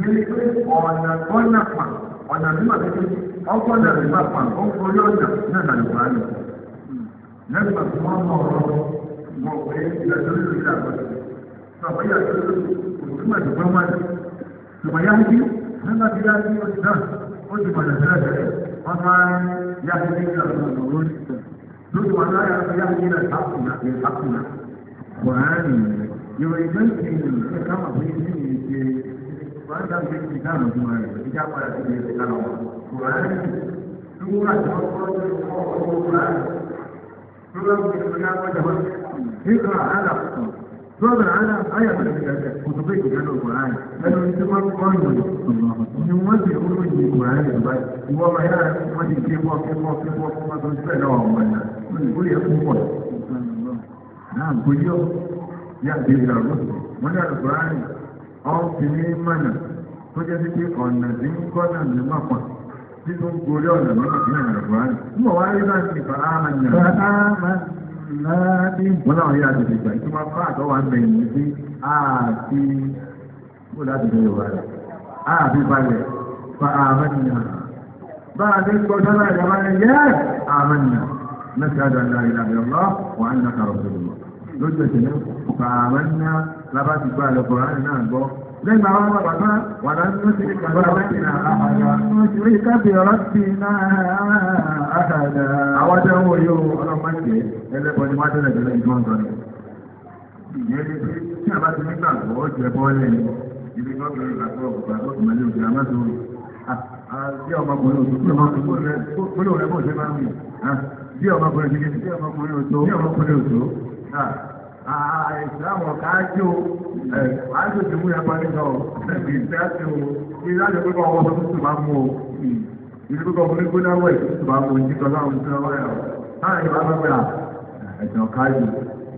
ní pé ọ̀nà gbọ́nà pa ọ̀nà bí màá tẹ́tẹ́ ọgbọ́nà rẹ̀ bá pa ó ń forí ọ̀nà náà nà lùwà nù. lẹ́gbàá tí wọ́n mọ ọ̀rọ̀ mọ̀ pé ìyàtọ̀ lórí ìlà àgbàdo sọ̀rọ̀ ìyàtọ̀ lórí òtúmọ̀ ìgbà wà ní. ṣùgbọ́n yá ń bí nígbà tí yá sí oṣù náà ó ti mọ̀nà tẹ́lẹ̀ tẹ́lẹ̀ wọ́n máa ń yá sí nígbà lórí wọn láyà yá sí ilẹ̀ àkùnà àkùnà kùránì ìròyìn tó ń fi ìròyìn tó ká mà bóyá sí ìròyìn ṣe wọn dá sí ti dáàmú fún wa rẹ ìjà padà sí ìròyìn ká lọ kùránì lówó àti ọkọ tó ń kọ ọwọ́ kùránì tó bá wù kí wọn kọjá wọn nígbà àlà tọ́lá àlà ayà tó ti gàdẹ kòtò pé ìgbà lọ kùránì lẹ́nu tí wọ́n kọ́ ìròyìn ni wọ́n ti rúró ìròyìn kùránì ìgbà ìwọ́n máa yára wọ́n ti ké wọ́ ké wọ́ ké wọ́ kó má tó ń fẹ́ lọ́wọ́ wọn náà ó yẹ kó pọ̀ náà kó yọ yàtí ìlàgbọ́ wọ́n ní àlùkùránì ọ̀hún fi ní mọ̀nà tó jẹ́ sí pé ọ̀nà tí ń kọ́ náà ní mọ̀pà tí tó ń gorí ọ̀nà ní àlùkùránì ń bọ̀ wá rí náà sí ìfà áàmà ní àlùkùránì. wọ́n náà yà tètè gbà tí fà àtọ́wà لا إله إلا الله وأنك رسول lójú ẹsẹ̀ náà pààrọ̀ ńlá lábá ti gbọ́ àlọ́ kọ̀ọ̀rán náà gbọ́. lẹ́gbàá wọn bàbá wà lásìkò sí ìkàgbọ́ àwọn ìrìnà àhàdà. mo ti rí kábì ọ̀rọ̀ sí iná àhàdà. àwọn tẹ́ ń wọ yóò ọlọ́mọdé ẹlẹ́bọ̀ ni wọ́n tẹ́lẹ̀ tẹ́lẹ̀ ìgbọ́n sọ ni. ìyẹn ni pé tí a bá ti nígbàgbọ́ ó jẹ bọ́ọ̀lẹ̀ ni ibi gbọ́gbẹ̀rẹ̀ ìgbàgbọ́ ọ̀gbà tó tún mẹ́lẹ́ òkè àmọ́sọ̀rọ̀ bí ọmọkùnrin òtún bí ọmọkùnrin òtún bí ọmọkùnrin òtún ìsìláàmù ọ̀ká ájú ájú ti mú ẹgbẹ́ nígbà ọ̀gbìn ìfẹ́ àti ohun ní láti pípa ọwọ́ tó tútù máa mú o ìlú hmm. pípa ọmọ nígbó náà wẹ̀ tútù máa mú ojú kan láwọn tó wẹ̀ ọ̀ láàrin ìbá bá bẹ̀rẹ̀ eh, ẹ̀sìn ọ̀ká ájú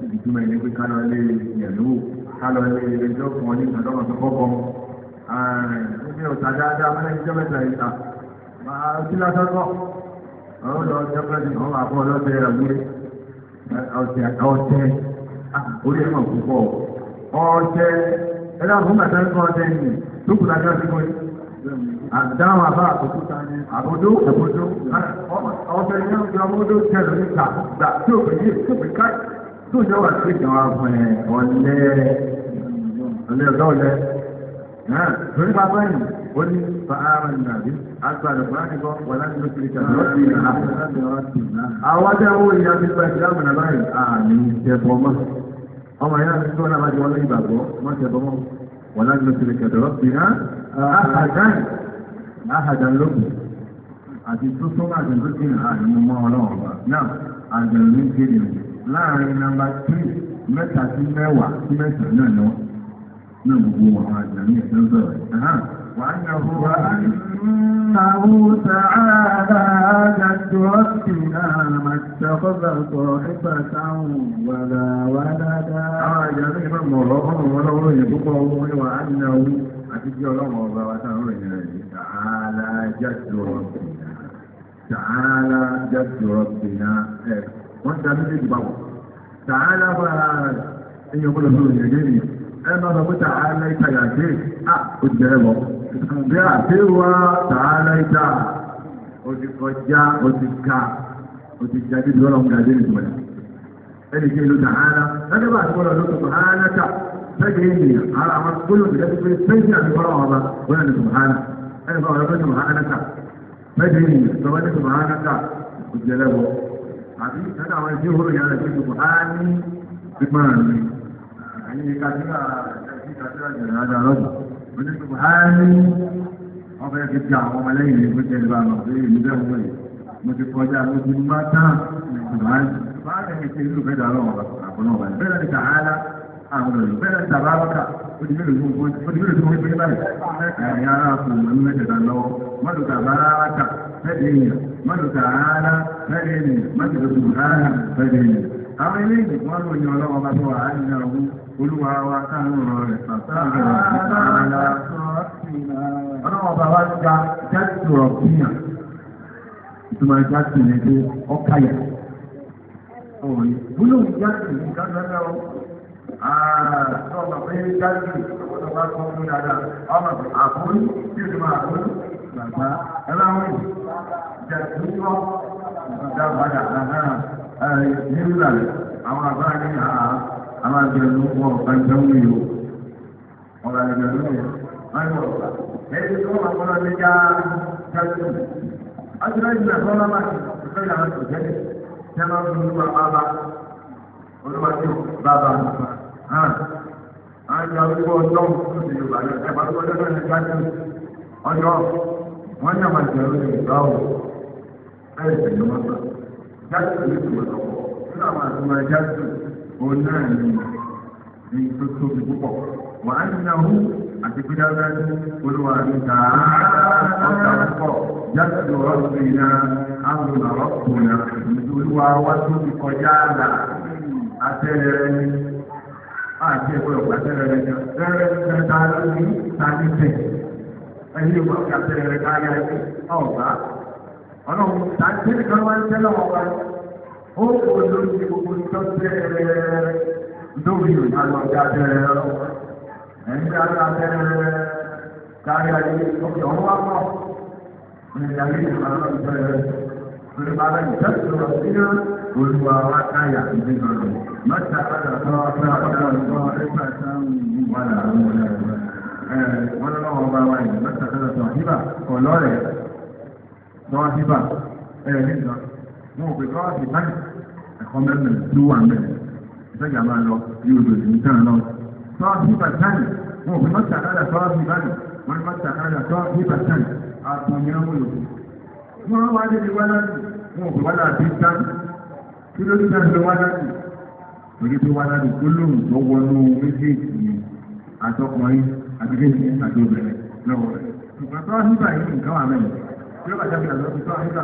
ìdìtúmọ̀ ìlú pé ká lọ lé ìyẹ̀lú ká lọ lé ilé ẹjọ́ fún ọ ní ìgbàdọ́mọ̀ tó kọ́kọ́ eh, ní ọ̀tà dáadáa mẹ́rin jẹ́ mẹ́ta ìta máa sí lásán kọ́ ọ̀rọ̀ lọ jẹ́ pẹ́ẹ́sì ọ̀tẹ̀ ọ̀tẹ̀ orí ẹ̀mọ̀ púpọ̀ ọ̀tẹ̀ ẹ̀dá fún bàtà ń kọ́ ọ̀tẹ̀ yìí tó kù lájọ́ sí kọ́ni àdáhùn àbá àbójútà ni àbójú àbójú ọ̀tẹ̀ yìí ń fi ọmọdé tẹ̀lé níta gbà tí òkè yìí tó fi ká tó jẹ́ wà sí ìjọ àwọn ọ̀lẹ́ ọ̀lẹ́ ọ̀lẹ́ torí bàbá yìí ó ní bàárà nàbí agbára ìfúnnáti kọ́ wà láti ló kiri kan lọ́sí ìlànà. àwọn ajá owó ìyá ti gba ìdílé àmàlà báyìí àmì ìjẹ̀bọ̀ mọ́. ọmọ ìyá mi tó náà bá ti wọlé ìgbàgbọ́ wọ́n jẹ̀bọ̀ mọ́ wà láti ló kiri kan lọ́sí ìlànà. àhàdán àhàdán lókun àti tuntun àti tuntun àmì mọ́ ọlọ́run náà àgbẹ̀rù ní kéde láàrin nàmbà tí mẹ́ta sí mẹ́wàá sí mẹ́sàn náà náà gbogbo àwọn àgbẹ̀rù ní ẹ̀sán sọ̀rọ̀ wàá yàn fún wa إنه تعالى جد ربنا ما اتخذ صاحبة ولا ولدا أعجب من مرحبا ولو يبقى وأنه أتجي لهم وبركاته تعالى جد ربنا تعالى جد ربنا وانت بيجي بابا تعالى فهذا إن يقول له يجيني أما فقلت تعالى يتياجيك أه قد جاء bí àtẹ́wà tààrà ìta ó ti kọjá ó ti ká ó ti jáde lọ́rọ̀ ń gàdé nìkan ẹni kí ìlú tààrà lọ́dọ̀ bá ti wọ́n lọ́dọ̀ tààrà ta fẹ́ẹ̀kì ènìyàn ara àwọn gbólóhùn ìdájọ́ pé fẹ́ẹ̀kì àti wọ́n ọba wọ́n yà ní tààrà ẹni bá wọ́n lọ́dọ̀ tààrà ta fẹ́ẹ̀kì ènìyàn tọ́ba ní tààrà ta ìjẹlẹ́wọ̀ àbí sẹ́dá àwọn ẹgbẹ́ òwúrò yàrá ìgbésùn kò á ní ìgbọ́n àmì àyíká síra ìgbésùn kò á ní ìgbésùn oníṣòwò ààrẹ ọbẹ̀ ti fi àwọn ọmọlẹ́yìn ní kó jẹ́ ìlú àmọ̀ pé èmi bẹ́ẹ̀ wọ̀ yìí mo ti kọjá mo ti mú máa tán ìṣòwò ààrẹ bá a lè ṣe irú bẹ́ẹ̀ lọ́wọ́ àbọ̀nà ọ̀bà bẹ́ẹ̀ láti tààlà àwọn olùdó bẹ́ẹ̀ láti tàbárọ́kà ó ti mélòó tó ń gbé báyìí ẹ̀yìn ara kò mọ̀ ní mẹ́tẹ̀ẹ̀ta lọ́wọ́ mọ́tò tàbárọ́kà fẹ́ẹ̀ àwọn ilé ìgbè wọn lò ní ọlọ́wọ́ bá tó wà á nínú ọgbọ́n olúwa wa káàánú rọ rẹ̀ ọlọ́wọ́ bá wá gba jẹ́sù ọ̀gbìnà ìtumọ̀ jẹ́sù ní pé ọkàyà òní búlọ̀ jẹ́sù ní kájọ́jọ́ ọmọ pé jẹ́sù ọ̀gbọ́n bá kọ́ fún dáadáa ọmọ pé àkórí tí ìtumọ̀ àkórí bàbá ẹlẹ́wọ̀n jẹ́sù ní wọ́n ìgbàgbọ́dà nílùú àwọn àbá ní àá alájẹnu wọn ọ̀gá jẹun yìí o wọn làjẹ ní yìí láyọ̀ ọ̀gá ẹni tó wọn kọ́ lọ́dẹ já jáde àjọyọ̀ ìgbà tó lọ́la ìfẹ́ yàrá tó jẹ́lẹ̀ tẹ́ máa fi olúwa bàbá olúwa tó bàbá hàn àjọ olúwa ọjọ́ tó ti yorùbá yọ ẹ̀ bá tó lọ́dẹ náà jáde ọjọ́ wọn yàrá jẹun ìgbà jáde ní ìpínlẹ̀ nínú àwọn àtúmọ̀ jáde òun náà ní ní tó tóbi púpọ̀ wà á nínú àwọn àti pé dáadáa ní olúwa ní tààrà ọ̀tà púpọ̀ jáde ọ̀rọ̀ sí iná àwọn ọ̀rọ̀ káyà ẹ̀kọ́ ọ̀gbà ọlọ́run àti nìkan máa ń tẹ́lẹ̀ wọn wá ó kò lórí gbogbo nǹkan tẹ́ lórí ìrìnàjò dáadẹ́rẹ́ ọlọ́run ẹ̀yìn dáadẹ́rẹ́ kárí ayé ọkẹ́ ọ̀hún wá pọ̀ ìrìnàjò ìrìnàjò bẹ̀rẹ̀ lórí bàbá ìtẹ́sọ̀rọ̀ sí olùwà wa káyà ìdíjọ rẹ̀ mọ́tà padà sọ ọ́sẹ́ àpàdà ọ̀sọ́ ẹgbẹ́ àtàwọn ìwà làwọn ọ̀rẹ́ wọn lọ́wọ́ bá wáyé mọ́tà padà sọ lọ́wọ́ sí bá ẹ̀rẹ̀ ní ìlọ wọn ò pè kọ́ sí báyìí ẹ̀kọ́ mẹ́rin ló wà mẹ́rin ìtọ́jà máa lọ bí odò ìlú tán lọ. Sọ́ọ́ sí bàtánì wọn ò pè mọ́tà kára sọ́ọ́ sí báyìí wọ́n ní mọ́tà kára sọ́ọ́ sí bàtánì àpò mìíràn wọ́n yòókù. Wọ́n wá débi wá láti wọn ò pè wá láti tán kí ló tán lọ wá láti. Òye tó wá láti gbólóhùn tó wọnú méjèèjì yẹn àtọkùnrin àti tí ó bá jáde àlọ́ ti tó àyíká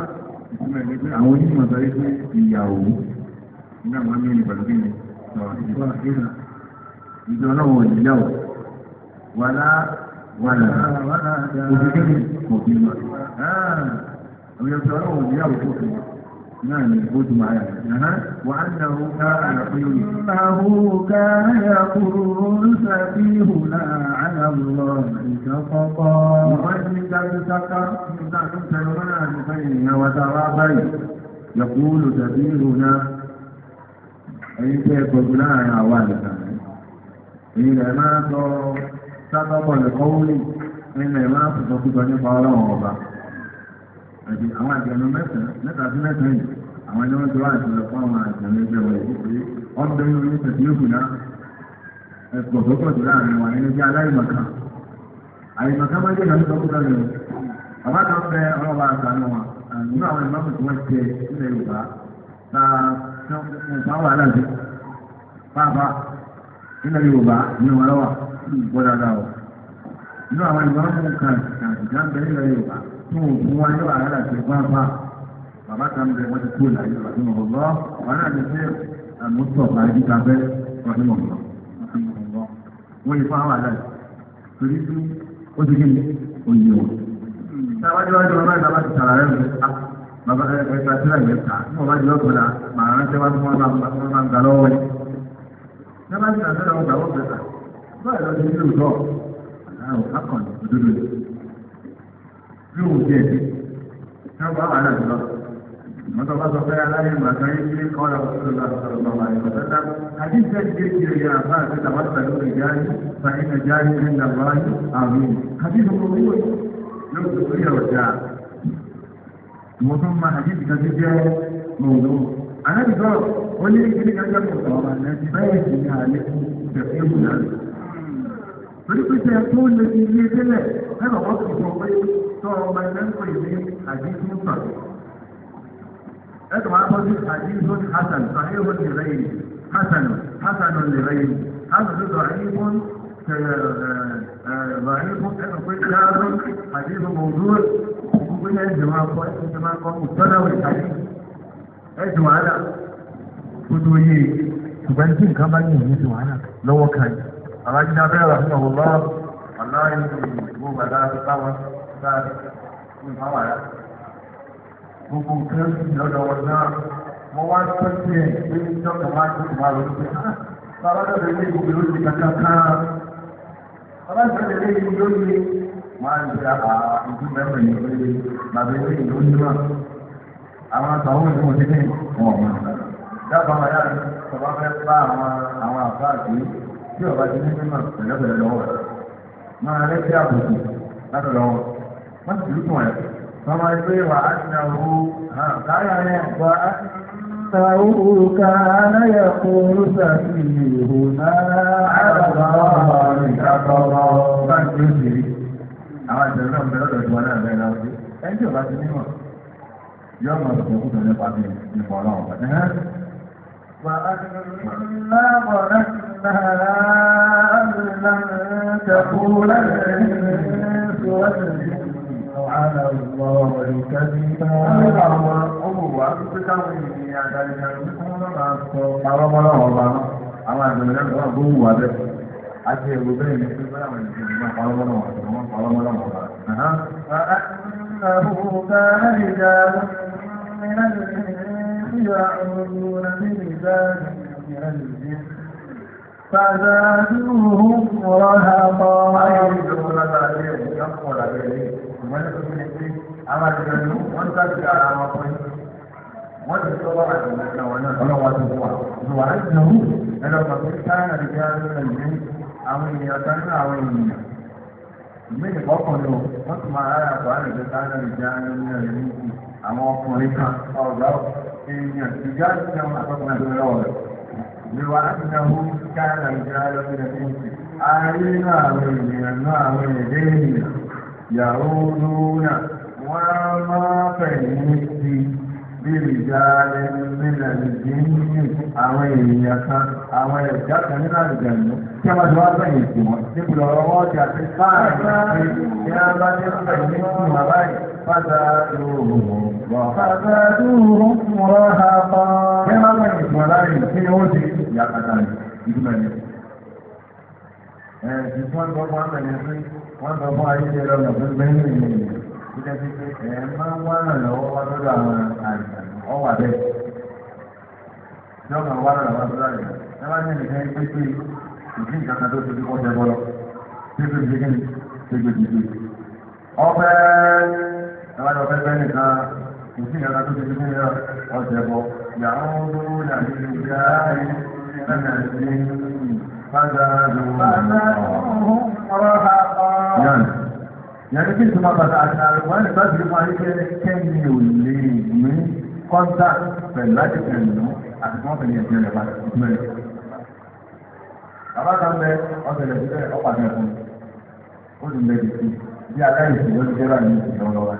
ìtumọ̀ ẹ̀mí pé àwọn onímọ̀ sáré pé ìyàwó nígbà máa ń ní ìbàlú bí mi sọ ìdíkọ́ àkéèrà ìjọ ọlọ́wọ̀ ìyàwó wàlá wàlá òbí kéde kò bí wọn. àwọn ìjọ ọlọ́wọ̀ ìyàwó kò bí wọn. نعم يقول معنا وأنه كان يقول إنه كان يقول سفيهنا على الله شفقا ومن شكر سيرنا بين وترابي يقول سفيهنا أنت يقول لنا أولك إلى ما سبب القول إنما تصدقني قال الله àti àwọn àjẹnu mẹ́sàn-án na sí mẹ́sàn yìí àwọn ẹni wọ́n ti wá àti lọ́pọ̀ àwọn àjẹnu ẹgbẹ́ wọ̀nyí nítorí ọ̀dọ́ yóò ní tẹ̀sí yóò fìlà ẹ̀pọ̀ tó pọ̀ jù láàrin wa ẹni bí aláìmọ̀kan àìmọ̀kan máa ń tó bàbá kan fẹ́ ọlọ́ba nínú àwọn tí wọ́n ṣe nílẹ̀ Yorùbá nílẹ̀ Yorùbá ní tí wọ́n fún wa yóò àrẹ́là ṣe gbáfà bàbá kan bẹ wọ́n ti kú ìlà yìí rọ̀dún ọ̀gbọ́ wọn náà ti ṣe àmúṣọ̀fà yìí kábẹ́ rọ̀dún ọ̀gbọ́ wọ́n lè fún àwọn àdáyé torí tí ó ti gbé òye wọn. táwájú wájú ọmọ ẹ̀ bàbá ti tààrà rẹ̀ lọ sí bàbá ẹ̀ ẹ̀ ta ta ní ọba jù ọ̀gbọ̀n náà màá rántí wá fún wọn máa ń gbà lọ́wọ́ yìí. táwájú náà sọ̀rọ̀ ọgbà wọ́n bẹ̀rẹ̀ báyìí lọ́dún tí ò jẹ́ ẹ̀dí sábà àrà jùlọ mọ́tò bá sọ pé aláyé màkàn yìí kí kọ́ ọ̀rọ̀ tó lọ sọ̀rọ̀ bàbá ìgbà tẹ́lá àti ìṣe ìṣe ìṣe ìyá àbá àti tàbá pẹ̀lú ìjárí fàyínà járí ní ìdàgbàáyé àmì àti ìṣòro owó ló ti orí ọ̀dà mo tún máa àti ìṣe ìṣe jẹ́ mọ̀ọ́dọ́ alábìsọ̀rọ̀ ó ní ìṣe ìṣe ìṣe ìṣe ìṣe ìṣe ìṣe ìṣe ìṣe ìṣe ìṣe ìṣe ìṣe torí pípẹ́ tó lè fi ilé délẹ̀ ẹ̀rọ wọ́n ti sọ pé tọ́ ọmọ ẹgbẹ́ ń pè ní àdínkù sàn. ẹ̀rọ wọn bọ́ sí àdínkù hasan sàhíhó lè rẹ̀ yìí hasan hasan lè rẹ̀ yìí hasan ló sọ àdínkù ضعيف كافر حديث موضوع وكل يجمع يجمع قوم سنوي الحديث يجمع على كتوي تبنتين كمان alájídá bẹ́ẹ̀ rà ní ọ̀wọ̀ lọ́wọ́ aláì ìgbò bàdá ti táwọn sáré ní ìfáwà rẹ̀ gbogbo nǹkan sì lọ́dọ̀ wọn náà wọ́n wá tó sí ẹ̀ pé ní dọ́kà máa tó máa lọ sí ah, bàbá dọ̀dọ̀ ilé ìgbò ló ti kankan kan bàbá dọ̀dọ̀ ilé ìgbò ló ti máa ń gba ìdí mẹ́rin ní pé bàbá tí ọba ti ní mímọ̀ ìlọ́pẹ̀lẹ̀ lọ́wọ́ máa rẹ́ sí àbùkù látọ̀ lọ́wọ́ wọ́n ti dùn ẹ̀ wọ́n máa gbé wà á ti náà wú káyà rẹ̀ gba á ti náà wú ká náyà kó lóṣà sí ìhò náà àbàbà rẹ̀ àbàbà bá ń gbé òṣèré àwọn ìṣẹ̀lẹ̀ náà bẹ̀rẹ̀ lọ́dọ̀ ìwọ náà bẹ̀rẹ̀ láwùjọ ẹni tí ọba ti mímọ̀ yọ ọmọ ìṣòkú tó nípa bí ìmọ̀ náà wà á ti náà wà á ti náà أن لن تقول الإنس والجن على الله كذبا àwọn àgbẹ̀rẹ̀ lọ́wọ́ gbóhùn wà bẹ́ẹ̀ àti ẹ̀rù bẹ́ẹ̀ ní pé bá àwọn ìṣẹ̀lẹ̀ máa pàrọ́mọ́lá wọn àti wọn pàrọ́mọ́lá wọn bá. فأنه كان رجال من الإنس يعملون برجال من الجن فزادوهم رهقا wọ́n ti sọ́wọ́ àti ìlànà wọn náà lọ́wọ́ tó wà. ìwà ìdánwò ẹlọ́pàá tó sáyà lè jẹ́ àdúrà ìlú àwọn ènìyàn kan ní àwọn ènìyàn. ìmẹ́lẹ̀ kọ́kàn lọ wọ́n ti máa rárá àpò àlejò sáyà lè jẹ́ àdúrà ìlú àwọn ọkùnrin kan ọ̀gá ènìyàn ìjà ìjà wọn àtọ́kùnrin lọ́wọ́ rẹ̀. لوحده كان رجال من الانس علينا من النار الدين يعودون وما فهمت ìrìnjáde nílẹ̀ ìdí ní àwọn èèyàn kan àwọn ẹ̀dá kan nínú àdìgbàmù tí a máa jọ wá bẹ̀yìn sí wọn níbi lọ́rọ̀ wọn ti àti káàkiri pé kí a bá ní pẹ̀lú ní ìwà báyìí fàdà lóòrùn lọ títẹ́ sí ẹ máa wá ìrànlọ́wọ́ wá lọ́dọ̀ àwọn àìsàn ọ̀wà bẹ́ẹ̀ tí wá lọ́dọ̀ wá àìsàn ẹ bá ní ẹnìkan pé pé ìdí nǹkan tó ti kọ́ jẹ bọ́lọ́ pépè ti kí ni pépè ti kí ọbẹ̀ ẹ bá ní ọbẹ̀ bẹ́ẹ̀ nìkan ìdí nǹkan tó ti kí ni bọ́ yàrá ń dúró yàrá ìgbà ayé lẹ́nà ìdí fáńdà lóhùn yàtọ̀ kí ìtumọ̀ bàtà àti àrùn wọn nígbà tí wọ́n rí pé kẹ́mi ò lè ní kọ́ńtà pẹ̀lú láti pẹ̀lú àti fún ọ̀pẹ̀lẹ̀ ẹ̀jẹ̀ rẹ̀ padà ìtumọ̀ rẹ̀. bàbá kan bẹ ọ̀pẹ̀lẹ̀ ìbílẹ̀ ọ̀pàdé ẹ̀kún ó sì lè dì sí bí aláìsí ló ti dé ní ìṣẹ̀lẹ̀ ọlọ́wà.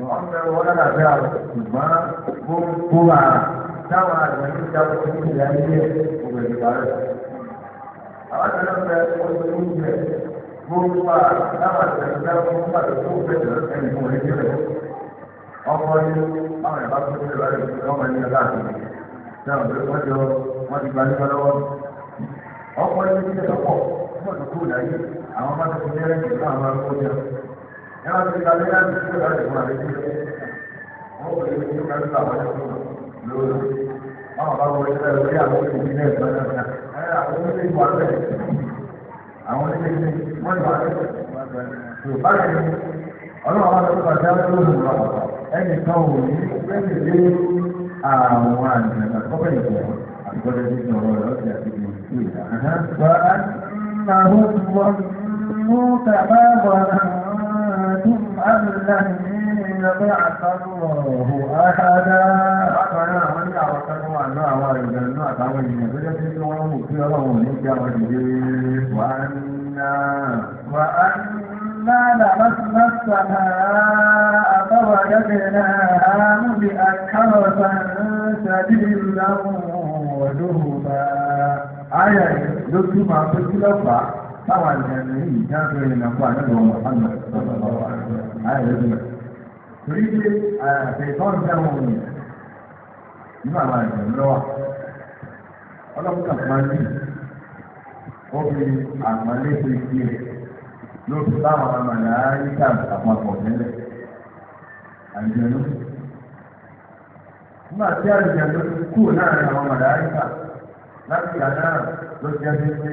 ọ̀pẹ̀lẹ̀ wọn lára bẹ́ gbogbo àtàwọn àtẹnudá gbogbo àtẹnudá gbogbo ẹ̀jẹ̀ ẹni fún ẹni rẹ̀ ọkọ ní báwọn ìbá tó ṣe lọ́rẹ̀ lọ́mọ ẹni ọ̀la àti náà wọ́n jọ wọ́n ti gba nípa lọ́wọ́ ọkọ ní ilé lọ́pọ̀ wọ́n ti kúrò láyé àwọn ọmọ tó ti ní ẹ̀jẹ̀ náà máa kó jẹ ẹ wọ́n ti gba lẹ́yìn àti ìṣẹ́ lọ́rẹ̀ fún àbẹ́jẹ́ wọ́n kò lè fi ní kálí àwọn ẹ̀kọ́ lóòrò wọ́n bá wọlé lórí àwọn ìwé náà àwọn oníṣẹ́ wọ́n gbà tó bá lè ọlọ́run wọn lọ́kọ̀ dá lóhùn lọ ẹnì kan ò ní lẹ́yìn lé àwọn àgbẹ̀ àkọ́kọ́ ìgbà àgbọ̀dọ̀ ní ọ̀rọ̀ rẹ̀ ọ̀sẹ̀ àti ìgbà. Wà á máa ń wọ́n mú tàbá wà á. ظننتم أن لن يبعث الله أحدا bákan náà wọ́n ní àwọn kan wà náà àwọn ìgbà náà àtàwọn ènìyàn tó jẹ́ sí pé wọ́n mú kí ọlọ́run ní kí àwọn ìdílé wà náà wà á نعلم ما السماء فوجدناها ملئت حرسا شديدا وذهبا آية يكتب ما تكتب طبعا الجامعين كانوا من أقوى نبوة محمد صلى الله عليه وسلم هذا يجمع تريد شيطان جامعوني ما ما يجمع مروح ọlọ́pù kàkàmánì obìnrin àmàlẹ́ tó ti rẹ̀ ló fi báwọn amàlàáyíkà àpapọ̀ tẹ́lẹ̀ àjẹnú. nígbà tí àjẹnú kú láàrin àwọn amàlàáyíkà láti àná ló jẹ́ pé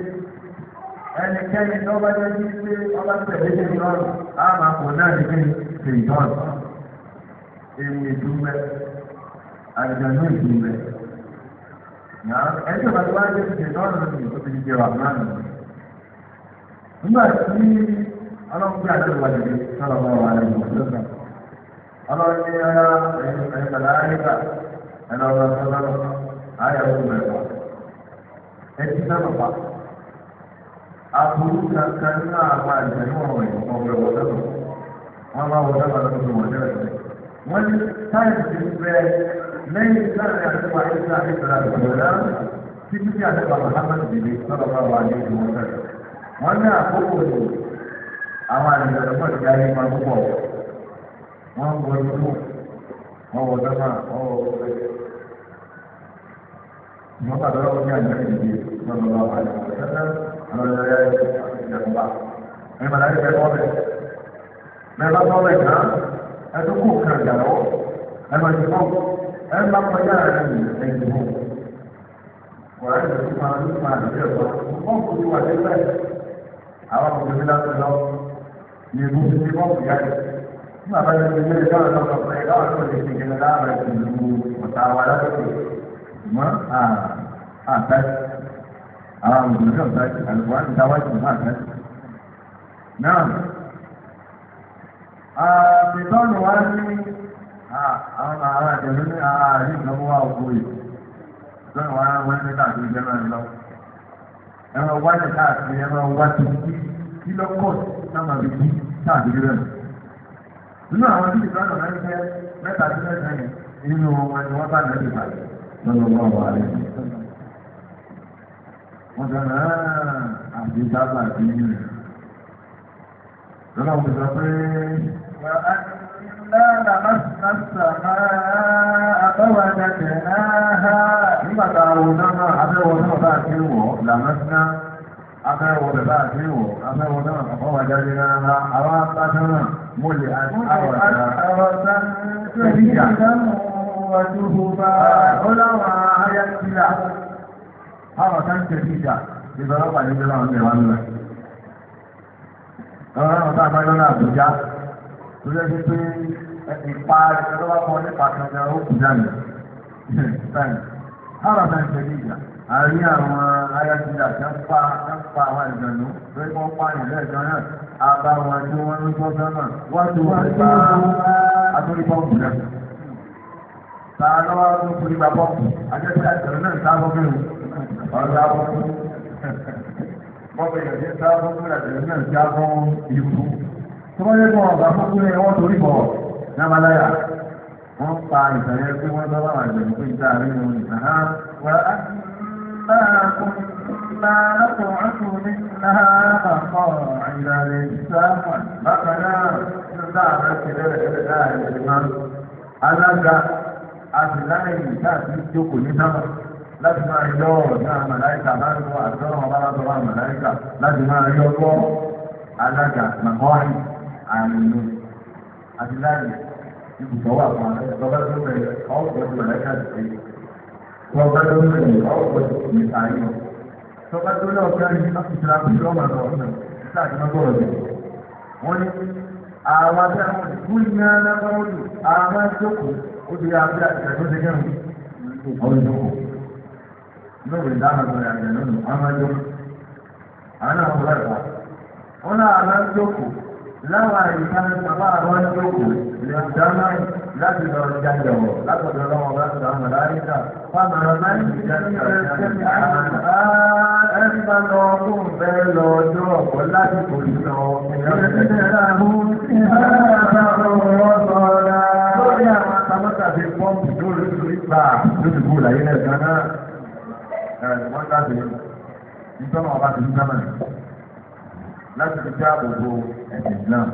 ẹnikẹ́ni tó bá jẹ́ bí pé ọba tẹ̀lé ṣe ń lọ́rùn á máa pọ̀ náà ní kíni ṣe ìtọ́nù ewu ìdúmẹ́ àjọyọ̀ ìdúmẹ́ náà ẹni tó bá ti wá jẹ́ ṣe ìtọ́nù ní òfin ìjẹ wà náà nù. nígbà tí ọlọ́run gbé àjọ wà sọ̀rọ̀ bá wà lórí ọ̀dọ́gba ọlọ́run ní ara ẹ̀yìnkàlá ayéka ẹ̀rọ ọ̀dọ́ sọ́dọ́ ayẹwo mẹ́fà ẹ̀ ti sábà pàtó aburú kankan nínú àwọn àjẹ́ ní wọ̀n wọ̀nyí wọ́n bẹ̀rẹ̀ wọ́n lọ́dọ̀ wọ́n máa wọ́n lọ́dọ̀ lọ́dọ̀ wọ́n lọ́dọ̀ wọ́n ní táyì ti bẹ lẹ́yìn láàrin àtúwà ìgbà ìgbà ìgbà títí tí àtúwà Muhammad bìbí sọ́dọ̀ bá wà ní ìlú wọn sẹ́yìn wọ́n ní àkókò ní àwọn àjẹ́ lọ́pọ̀ ti ayé máa ń pọ̀ wọ́n wọ inú wọ́n wọ dọ́mà wọ́n wọ wọ́n àwọn ọ̀dọ́ yẹn ti ṣe ìjàmbá ẹ̀ mọ̀lá yẹn kan ẹ̀dún kù kan ìyàwó ẹ̀ mọ̀ ti fún ẹ̀ ń bá kọjá rẹ̀ ní ẹ̀yìn mú wàá yẹ kí máa ní máa ní ìjẹ́ ọ̀pọ̀ fún kò tí wà ní bẹ́ẹ̀ àwọn ọmọdé mi láti lọ ní ìlú ti fi bọ́ọ̀lù yá nígbà bá àwọn òṣèlú náà sáájú àlùkò àti táwájú náà sáájú. náà àbẹ̀tọ́nù wa ní àwọn àwọn àjẹ̀lú ní àárín ìjọba wa òkú yìí lọ́nà wa wọ́n ní káàkiri jẹ́ náà lọ. ẹ máa wá ní káàkiri ẹ máa wá ti kí kí lọ́kọ̀ náà máa fi kí káàkiri rẹ̀. nínú àwọn tí ìtọ́nù náà ń fẹ́ mẹ́ta sí mẹ́ta yìí nínú wọn ni wọ́n bá náà ti bàjẹ́ lọ́nà wọn wà á lẹ́yìn wọ́n sọ náà àti sábà bí i rẹ̀. lọ́nà òun sọ pé wà á náà lásìkò máa àbáwá dàgbẹ̀ náà nígbà tá a wọ náà abẹ́wọ̀ náà bá a ti wọ̀ làmásínà abẹ́wọ̀ rẹ̀ bá a ti wọ̀ náà àbáwá àwọn apáṣẹ náà mo lè àti àwọn ọ̀dà ẹ̀díjà. ó láwọn ayé ti àwọn kan tẹ̀lé ìjà ìbẹ̀rẹ̀ pàdé ìjọba àwọn ìjọba ńlá. ọ̀rọ̀ náà tá a máa lọ́nà àbújá tó lẹ́sí pé ìpa ìjọba kan nípa kan ní ọ̀rọ̀ òkú jáde. àwọn kan tẹ̀lé ìjà àárín àwọn ayájúdà tó ń pa tó ń pa àwọn ìjọ̀nù lórí wọn pa ìlú ẹ̀jọ́ náà àbá wọn tí wọ́n ń gbọ́ sọ́nà wọ́n ti wọ́n gba atórípọ́ọ̀pù náà. ta tó ń forí gba pọ́ọ̀pù àjẹsí àjọ̀nù náà ń sábọ́ mẹ́rin ọ̀dà fún bọ́bẹ̀ ìyàjẹ́ sá fún ìrìnàjò náà já fún ìlú tó wọ́n yẹ kó ọ̀gá fún kúrẹ́ wọ́n torí bọ̀ námaláyà wọ́n pa ìtàn yẹn pé wọ́n lọ́wọ́ àjẹ́ pé ìta àríwọ̀ ìtàn á wà á máa kún máa lọ́pọ̀ ọ̀tún ní náà àpapọ̀ ìlànà ìsáfà bákan náà láàrín ìrẹ́lẹ̀ láàrín ìrìnàjò alága àti láàrín ìta àti ìjókòó ní náà láti máa yọ ọ̀rọ̀ náà màláìkà láti wọ àtọ́rọ̀ ọba látọ̀rọ̀ màláìkà láti máa yọ ọgbọ́ alága màkọ́rin àrùnú àti láàyè ibùsọ̀ wà fún alẹ́ tọ́ba tó bẹ̀rẹ̀ ọ̀pọ̀ tó màláìkà ti ṣe tọ́ba tó bẹ̀rẹ̀ ọ̀pọ̀ tó ti ṣe àyè tọ́ba tó lọ́ọ̀ kẹ́rin ìṣẹ̀lẹ̀ àkùnrin ọmọ ọ̀nà ìṣẹ̀lẹ̀ àkùnrin ọmọ àwọn akẹ́kọ̀ọ́ ìgbóyìnà alágbáwọ́lù àwọn akẹ́kọ̀ọ́ ó di abúlé àti ẹ̀dọ́ lóògùn dáná lórí àgbẹ̀lẹ́ nù amájọ́ àná ọ̀rọ̀ ẹ̀wà wọn náà alájókòó láwọn àyíká ní sábà àwọn ajókòó lè dáná láti lọ jáde wọ̀ látọ̀dọ̀ lọ́wọ́ bá sọ àwọn aláìsà fáwọn aláìsà ìjáde ìrẹsẹ̀ ẹni bá lọ tó ń bẹ lọ ọjọ́ ọ̀pọ̀ láti kò ní lọ ìrẹsẹ̀ láàrún ìhàlá ọ̀rọ̀ sọ̀rọ̀ lórí àwọn atamọ́tàbí pọ́ǹpù lórí ìgbà lóṣùgbò láyé lẹ́ẹ̀kan náà wọ́n jáde ìjọba ọba ti ní sábà láti fi dáàbò bo ẹ̀sìn Islam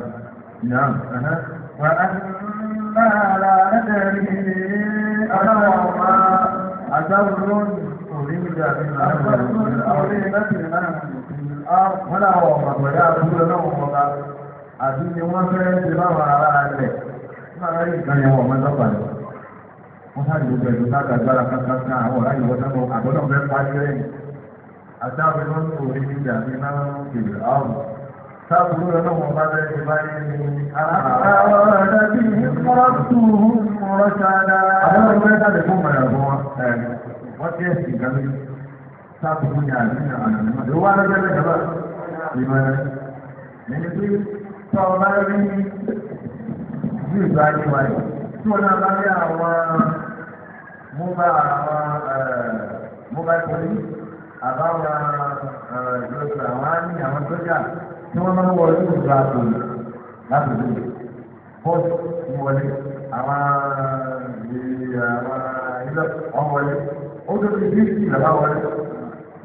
Islam wà á máa ra ẹ̀dẹ̀rì ọlọ́wọ́ ọ̀ma àgbáwòrò òrí ìgbà mi máa ń bọ̀ orí láti máa wọ́n láwọ̀ ọ̀ma pẹ̀lú àbúrò lọ́wọ́ ọ̀ma àti ni wọ́n fẹ́ ṣe báwọn ará rẹ̀ nígbà láyé ìkànnì ọ̀ma lọ́pàá wọ́n sáré gbogbo ẹ̀dùn náà gbàgbára kankan àwọn ọ̀rá ìwọ náà àbọ̀dọ̀ fẹ́ parí lẹ́yìn àtàwọn ẹ̀rọ ní orí ní ìdàgbé náà kèrè àrùn sáàbùrú ẹ̀rọ wọn bá bẹ́ẹ̀ ṣe báyé ní àwọn ọ̀rẹ́dẹ́ bí mọ́tò rọ́ṣàdá. àwọn ọ̀rẹ́ sáré fún mọ̀rẹ̀ ìgbà tí wọ́n náà bá rí àwọn mú bá àwọn mú bá torí àbáwọn ìlọ́sọ àwọn àmì àwọn sójà tí wọ́n máa ń wọlé ìlú àpò láti ìlú bọ́ọ̀sì ń wọlé àwọn ilé wọn wọlé ó tó ti bí ìlàbá wọlé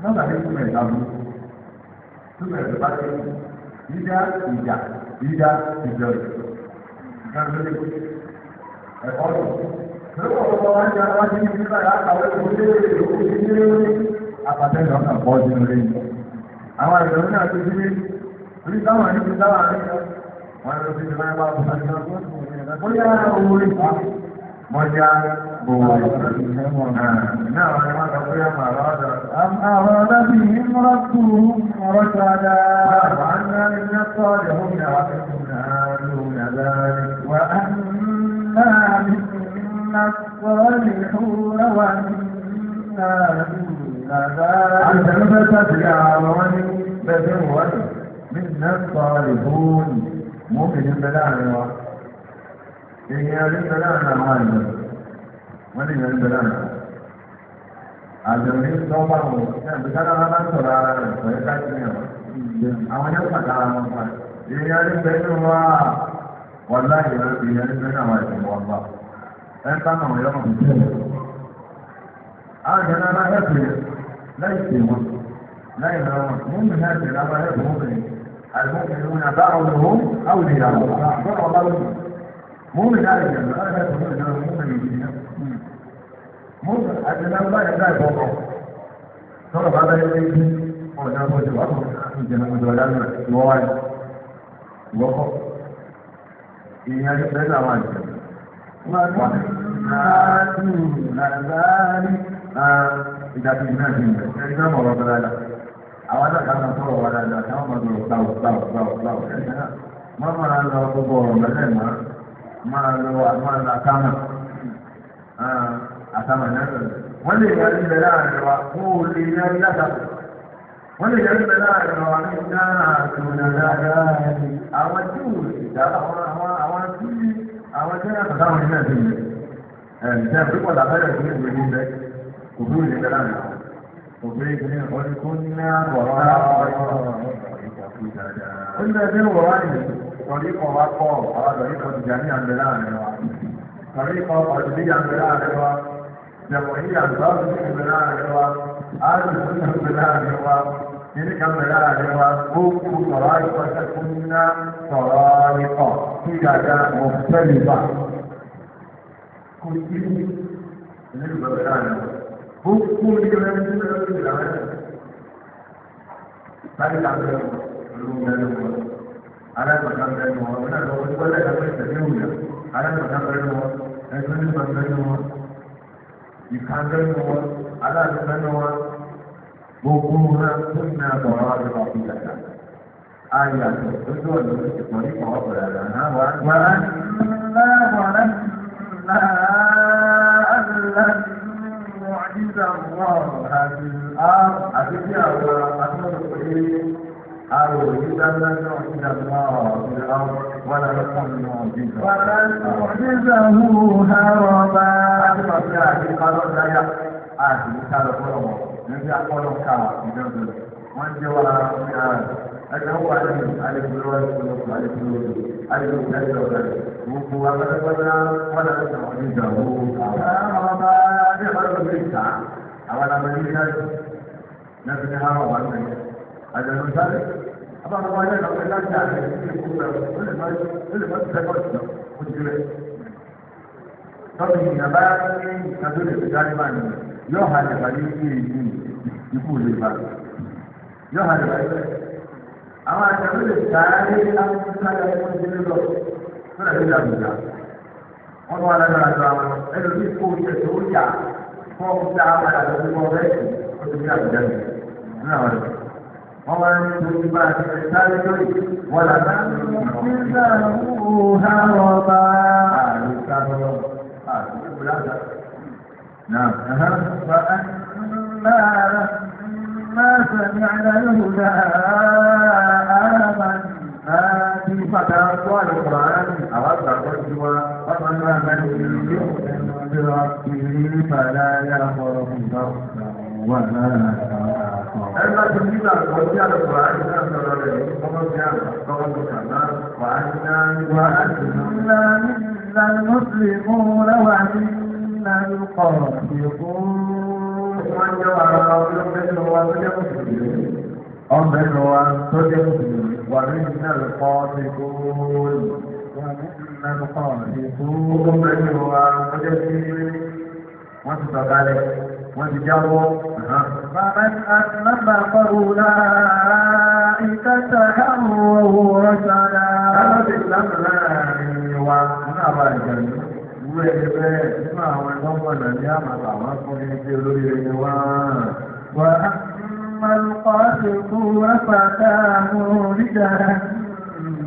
nọ́mbà ní túmẹ̀ ìdààmú túmẹ̀ ìdàbá tó yídá ìjà yídá ìjọ ìjọ ìjọ ẹ̀kọ́ tó lọ́pọ̀lọpọ̀ wá ń jẹ àwọn tí ní báyà àkàwé tó lé òkú sí lé lórí àpàtẹ́ lọ kàn pọ̀ jù lé ní. Àwọn ìròyìn náà ti dílé orí táwọn ní ti dáwà ní wọn ló fi máa bá wọn sáré lọ́wọ́ tó yá owó ìfà mọ́ já gbogbo náà wọn ni wọn lọ bóyá màá lọ́wọ́ dọ̀. Àwọn ọlọ́bì ní mọ́tò mọ́tò dáadáa. Àwọn àgbà ń sì ń bẹ láàrin wa èèyàn rí ń bẹ láàrin àwọn àjọ wọ́n lè yẹn ń bẹ láàrin àjọ ní lọ́wọ́ àwọn ẹ̀bí sálára bá ń sọ̀rọ̀ ara rẹ̀ pẹ̀lú káàkiri ọ̀ àwọn yóò pàdé ara wọn pa èèyàn rí ń bẹ nínú wa wọ́n láyé èèyàn rí ń bẹ nínú àwọn ẹ̀sìn wọn pa ẹ̀ ń bá àwọn yọ̀ọ̀ fi tẹ̀lé àjọ náà bá yẹ̀ pé láì pè wọn láì ra wọn mú mi láti ra bá yẹ̀ pé wọ́n bẹ̀rẹ̀ المؤمنون بعضهم أولياء بعض مؤمن على الجنة أنا لا أقول أنا مؤمن بالجنة مؤمن أجل الله يبدأ فوقه ترى بعد يومين وأنا أقول لك الجنة ولا أنا وعي وقف إياه بين أواني وَنَعْمَةٌ لَذَلِكَ إِذَا كُنَّا جِنَّةً إِذَا مَرَضْنَا لَهُ àwọn alága náà sọ̀rọ̀ wa dáadáa káwọn máa lọ gbàù gbàù gbàù gbàù ẹ̀yìn náà má máa lọ gbogbo ọ̀rọ̀ mẹ́lẹ̀ má máa lọ máa lọ àtàmà àtàmà náà wọ́n lè yẹn ń bẹ láàrin wa wọ́n ò lè yẹn yàtà wọ́n lè yẹn ń bẹ láàrin wa ní náà tó nà dáadáa àwọn tí ò sì dá àwọn àwọn tí àwọn tí wọ́n طريقة قلبية بلا روا جمعية ضربية بلا روا آل سنة بلا روا تلك بلا روا كوكو طرائق تكون طرائق حجج مختلفة كل شيء للبلدان hukum di dalam itu dalam penjelasan. Tadi kami belum dari rumah. Ada macam dari rumah, mana rumah itu ada apa yang dari rumah. Ada macam dari rumah, ada macam dari rumah. Di kantor rumah, ada macam rumah. di kopi kita. Ayat itu dua Wah, wah, wah, wah, wah, mọ̀jíṣà wọn àti àti bí àwọn akẹ́kọ̀ọ́ àrò ìdájọ́ náà ti dàgbà ọ̀gbìn àwọn wọn lọ fún mi mọ̀jíṣà. Bàbá mọ̀jíṣà wù hàrọ̀ bá. Láti máa fi àti kálọ̀ dáyà àti kálọ̀ fọlọ́wọ́ níbi akọ́lọ̀ ká ìdọ́gbẹ̀. Wọ́n jẹ́ wa ẹgbẹ́ wà ní alẹ́ gbọ́dọ̀ alẹ́ gbọ́dọ̀ alẹ́ gbọ́dọ̀ ayo ìdájọ́ rẹ̀ gbogbo agbẹ́gbẹ́gbẹ́ wọn láti sọ̀rọ̀ ní ìgbà wo àwọn ọba ní ìbára ló ń ta àwọn àgbà ní ìdájọ́ náà fi ní àwọn wà ní àjọyọ̀ sáré àbáwọn ọmọ ilé ìlànà ìlànà ìjà rẹ̀ ní ìlú rẹ̀ ó lè má ti tẹ́kọ̀ọ́ sí ó ti rẹ̀ tọ́bi ìyàbá ní ìkàdó lè fi dárí bá nìyẹn yóò hà lè bá ní ìlú ìlú ìkú lè bá yóò hà lè bá ní àwọn àtàlùlẹ̀ sáré amúnitálẹ̀ ọmọdé lọ fún ẹ̀mí làbújá wọn wà lágbára tó àwọn ẹlòmíì kó oúnjẹ tó ń yà fún ọkùnrin àwọn àtàlùlẹ̀ wọn bẹ́ẹ̀ ó ti ní àbújá mi ní àwọn ẹ̀rọ wọ́n wá ní ojú bá ti ṣe sáré lórí wọn là bá ní ìgbà wò ha wọ́n bá àrùn sáré lọ àrùn ìgbà náà. لما سمعنا الهدى آمنا به فتعطوا القرآن أردت الرجوع ومن آمن به بربه فلا يخاف ضرسا ولا أما تجيب الرجوع القرآن وأنا منا المسلمون وأنا القاسطون tí wọ́n jẹ́ wà lọ́wọ́ tí ó bẹ́ẹ̀ lọ́wọ́ tó jẹ́ mùsùlùmí ọ̀n bẹ́ẹ̀ lọ́wọ́ tó jẹ́ mùsùlùmí wà ní ìnáwó kọ́ ti kó lù wà ní ìnáwó kọ́ ti kó ó bẹ́ẹ̀ lọ́wọ́ tó jẹ́ sí wọ́n ti sọ̀kalẹ̀ wọ́n ti jáwọ́. Bàbá àtìlábà kọ́rùlá ìkẹta káàmù owó rọ́ṣàdá. Bàbá àtìlábà láàrin wa, wọ́n náà bá ìjọ irú ẹni bẹ́ẹ̀ nínú àwọn ẹ̀gbọ́n gbọ̀nà ní àmàlà àwọn fúnni ní pé olórí rẹ̀ ni wọ́n wà á ti kú rápàtà àwọn oríjà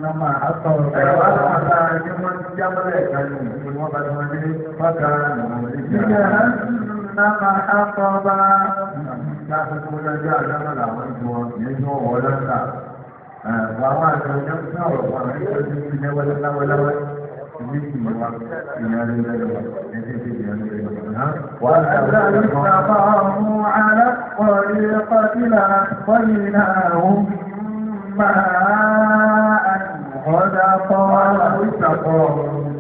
Nama atọ ẹ̀wá àtà ẹni wọ́n ti jábọ́lẹ̀ ẹ̀ka ní bá ti wọn dé bákà nàmọ̀ oríjà. Nama atọ bá láti kó lọ́jọ́ àdámọ̀ làwọn jù wọn kì í tún ọ̀wọ́ وأذى استقاموا على الطريقة لأسقيناهم ماء غدقا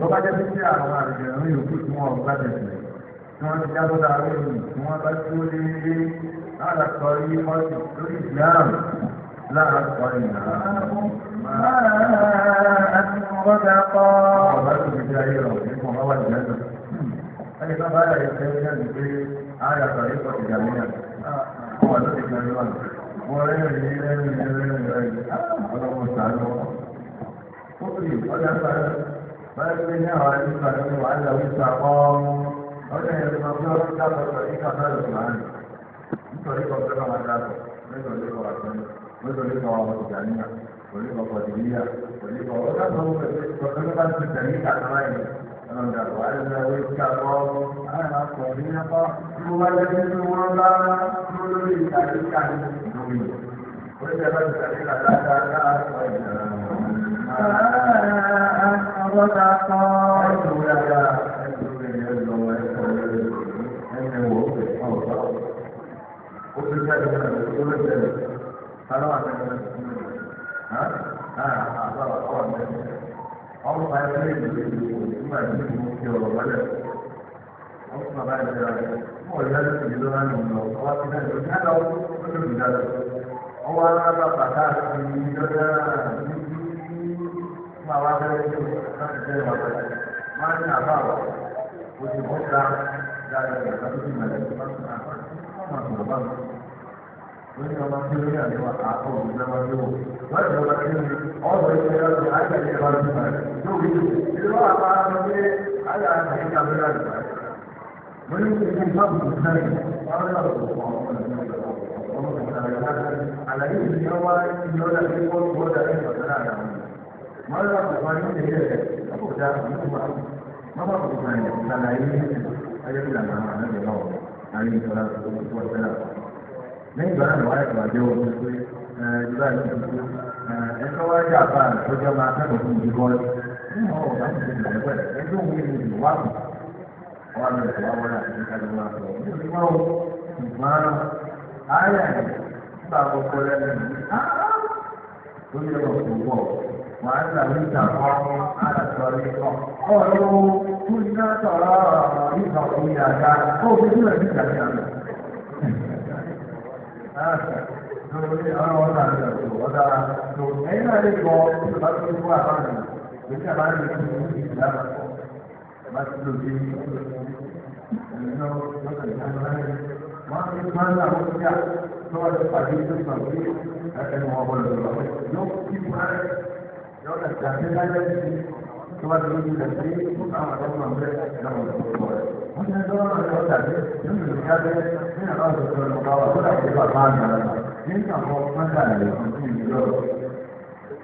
tó bá jẹ́ pé kí àwọn àgbẹ̀rún yòókù tí wọ́n bá tẹ̀sí tí wọ́n ti jábọ́ dàrú ìlú tí wọ́n bá tó lé lé láàrín àkọrí mọ́tò lórí ìsìláàmù láàrín àkọrí ìlú. ماء غدقا وبعد مجاهيرا منهم روى الجنة أي ما بعد يتكلم في على طريقة جميلة هو ذلك الجميل ولن يجيب من الجنة ولو مستعلم قطري قد أفعل فأكبر نهر الإنسان وعلى وسعقام أولا يتمنى رجع طريقة هذا المعنى طريقة بلغة مجالة ليس لك وعسان ليس لك وعسان طريقة قدرية طريقة وكانوا فكانوا بس الدليل على رأيه أنا وأنا ويتكى الله أنا طريقة هو الذي وضع كل ذلك المؤمن وإذا بس الدليل على ذلك Kalau ada yang ọmọ ayé lè lè nígbà tí mo fi ọ̀rọ̀ wọlé wọn fún bàbá yìí lọ mọ ìyá ló ti lọ lánàá lọ ọwọ́ ti náà lọ yálà ó ló ti dá lọ ọwọ́ alábà bàtà àti ìjọba níbi fún àwọn abẹ́rẹ́ tó láti jẹ́ ìwà pẹ̀lú máa ń nàbà wọ̀ o ti mọ̀ ká dáadáa ìgbà tó ti mọ̀ ẹ̀ tó bá tó náà wọ́n máa tó bá wọn wọ́n ní ọmọ tí ó ní àdéhùn àkọ́ òun lọ́wọ́ yóò wọ́n ti wọ́n ti ní ọ̀rọ̀ ìṣẹ́ lọ́dún ayẹyẹ ẹ̀rọ ti bá yóò wí lò ìlú wa bá a lọ pé ayé àti ìjà ló yà lùbá mo ní ìdí ìgbàgbọ́ tó sáré wọ́n lọ sọ àlàyé ìdíyẹ wá ìlọ́dà tí wọ́n ti wọ́n darí ìgbàgbọ́ náà àwọn wọ́n lọ sọ wọn ní ìdíyẹ rẹ̀ wọ́n kò dá àwọn ìgbà wọ́n bá kò sọ àyẹ̀wò àlàyé ayélujára àwọn àlejò náà àyè ìjọba tó wọ́n fẹ́ràn lẹ́yìn ìgbà náà wáyé kọ̀wá jẹ́ òun pé ìgbà yìí ti kú ẹ̀ka wá jẹ́ àbá tó jẹ́ ọmọ akẹ́kọ̀ọ́ fún ìdí bọ́ọ̀lù nínú lọ ìwà wọlé wà lọ nígbà wo ṣùgbọ́n ayé ẹ̀ nígbà gbogbo lẹ́nu ó yẹ ní ìtàkọ́ àtàkọ́rí ọ̀rọ̀ kúnyá sọ̀rọ̀ ìtàkùn ó fi sílẹ̀ nígbà yàrá. Tọ́wọ́ ti lójú rẹ̀ sí àwọn àjọ́mọ̀ ọ̀gbẹ́ ìjọba ìjọba ìjọba. ممكن يدور على الوضع يمكن الحاجة من الأرض والمقاومة ولا يقدر معنا يمكن هو مثلا يمكن يدور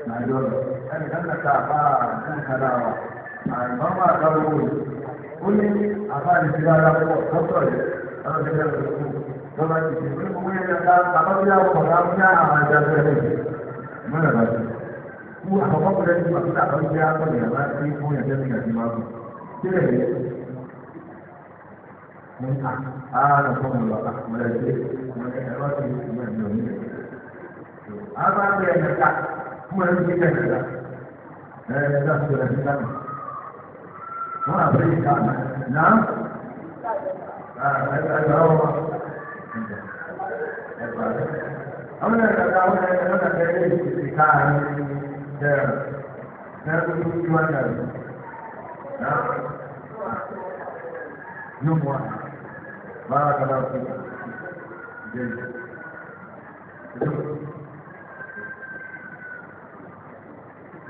معدول أنا لما تعبان أنا كلاوة ماما تقول قل لي أفعل كذا لا تقول أنا كذا تقول ثم تقول مو يلا تقول يا وقام يا ما جابني ما لا هو أخبار لي ما تعرف يا أخوي ما تقول يا جميل يا جماعة كذا mun a a na son mu ba mu da ke kuma da yawa ke kuma da mu a ba ku yana ka kuma da ke kan da eh da su da kan mu a bai ka na a da da rawa amma da da wannan wannan da yake ka da da kuma wannan na yunwa بارك الله فيك جيد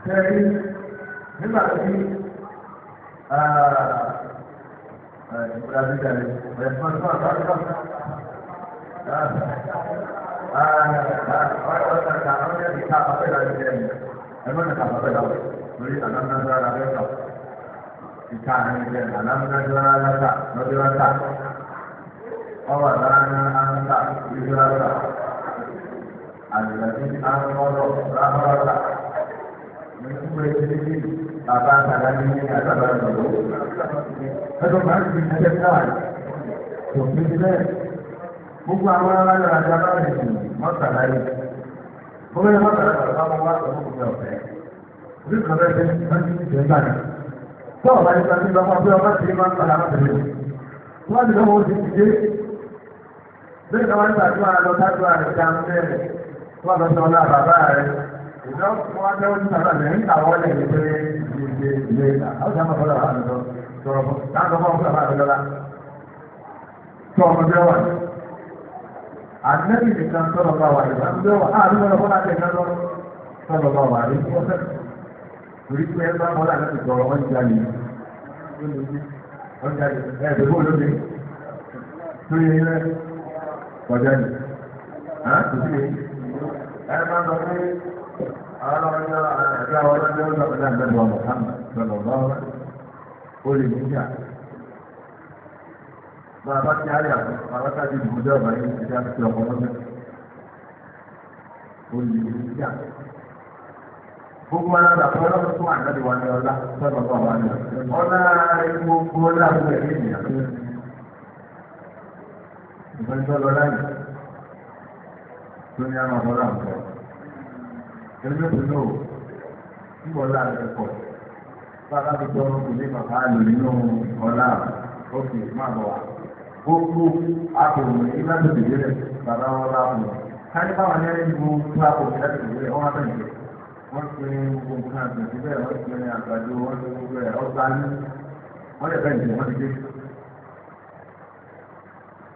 ثاني nígbà Ah, ìgbàlódé rẹ̀ ẹ̀fọn tó àgbàdo ọ̀sán kan ọ̀sẹ̀ ti ká pàpẹ́ láti jẹ́ ẹ̀mí ẹ̀fọn ti ká pàpẹ́ láti lórí àlámúnájọ́ ara lẹ́sà ìka àrẹ̀ jẹ́ àlámúnájọ́ ara lẹ́sà lọ́dẹ́wọ́ta ọwọ́ láàrin áńkà ìgbéraga àgbàdì áńkọ́lọ̀ lábọ́lá nígbà tí bàbá àgbàdá ní ní àgbàdá lọ́wọ́. ẹjọ́ máa ń fi ẹgbẹ́ káàdì kò fi bẹ́ẹ̀ gbogbo àwọn aráàlú àgbàdá rẹ̀ sì mọ́tàlá yìí. gbogbo ẹni mọ́tàlá rẹ̀ bá mọ́ wá sọ́kùn fún ọ̀fẹ́. orí kan bẹ́ẹ̀ bẹ́ẹ̀ ti máa ń ti ṣe báyìí. tọ́ọ̀ bá ní sọ́kùn bá wọn bí ọmọ ti máa ń padà wọ́n ti lé. wọ́n ti lọ́wọ́ ó ti ti dé bí ìjọba ń gbàdúrà lọ gbàdúrà rẹ̀ dá ń bẹ̀rẹ̀ wọ́n lọ sọ náà bàbá rẹ̀ ìjọ wọn jẹ́ ojú sábà lẹ́yìn ìtàwọ́ lẹ̀ ní pé ìdíje ìlé ìlà àwọn sábà fọlọ́ àwọn àlọ́ sọ̀rọ̀ fún táwọn ọmọ fún àwọn àlọ́lá tó ọmọ bí wà àdínẹ́bì nìkan sọ̀rọ̀ bá wà ìgbà ń bẹ́ wà áàrùn lọ́rọ̀ fún àti ìkan lọ sọ̀rọ̀ bá wà rí wọ́n fẹ́ torí pé ẹgbẹ́ wọn là kọjá ni kò sí èyí ẹ máa ń lọ pé àwọn ọjọ́ àti àwọn ọjọ́ ọjọ́ ọjọ́ ìgbẹ́ni wa Muhammad lọ́nà ọ̀gá ó lè níjà bá a bá ti àyà bàbá káàdì ìdìbòjọ ọ̀gá yìí ti dá sí ọkọ̀ gbogbo ara làkọ́ lọ́wọ́ fún àgbàdo wa ní ọlá sọ́nà ọ̀gá wa ní ọlá ọlá gbogbo ọlá fún ìyàtọ̀ ìgbọ́n tó lọ láyé tó ní àwọn ọmọdé àwọn ọ̀rọ̀ ẹgbẹ́ tó náà ń bọ̀ láàrin pọ̀ bàbá mi tọ́ kò ní bàbá lò nínú ọ̀la òkè má bọ̀ wá gbogbo àpòmù ìgbà tó tẹ̀lé rẹ̀ bàbá wọn bá pọ̀ káyọ̀ báwọn ní ẹni gbogbo àpòmù ìgbà tó tẹ̀lé rẹ̀ wọ́n á tẹ̀lé rẹ̀ wọ́n pe gbogbo nǹkan àgbẹ̀ síbẹ̀ wọ́n pe àgbàdo wọ́n pe gbogbo ẹ̀ ọ̀gbá ní wọ́n lè bẹ́ẹ̀ ní wọ́n ti dé.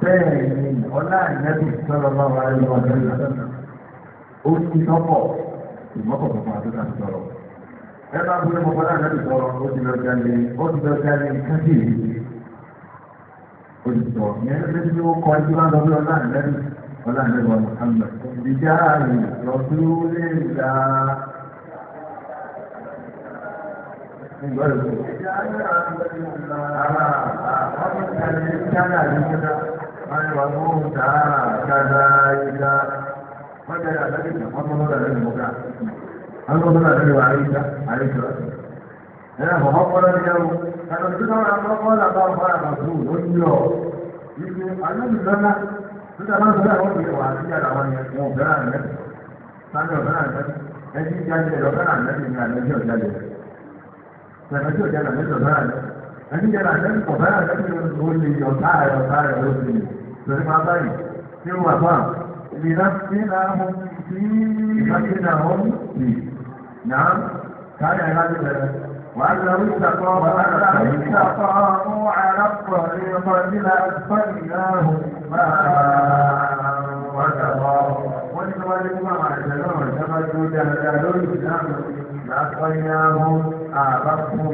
bẹ́ẹ̀ ni ọlá ìyẹ́bù sọ́rọ̀ lọ́wọ́ ayé wọn lẹ́yìn lọ́dọ̀ ó ti sọ́pọ̀ ìmọ́kọ̀ pọ̀pọ̀ àdúrà sọ̀rọ̀ ẹ bá gbé pọ̀pọ̀ náà lẹ́yìn sọ̀rọ̀ ó ti lọ jalè ó ti lọ jalè kájí èyí olùsọ yẹn lé tí ó kọ ẹjú lọ́dọ̀ bí ọlá ìyẹ́bù ọlá ìyẹ́bù ọ̀nà àmì ìdíjà rẹ̀ lọ́dún lè dá Ìgbà ìgbà وموسى كذلك فجاء ذلك فضل له المكان فضل له عيسى عليه الصلاه والسلام ففضل اليوم فنزل ولما قال قال رسول الله يجي علم لنا nígbà máa ń sọ àwọn ìwé wà sí àwọn ẹ̀kọ́ ọ̀fẹ́rà rẹ̀ sáájú ọ̀fẹ́rà rẹ̀ ẹjí jáde ọ̀fẹ́rà rẹ̀ ní àlejò jáde ọ̀fẹ́rà rẹ̀ ẹni yẹn la ẹni kọ̀ báyà lẹ́yìn olè ọ̀tá ọ̀tá olè lórí máa báyìí tí ó wà bá ìlera sí náà mú sí ìlera sí náà mú sí náà káyà ìlà ti bẹ̀rẹ̀. وأنه استقاموا على الطريقة لأسقيناهم ماء وكفروا ولذلك ما اعتنوا كما توجه لهم لأسقيناهم أعرفهم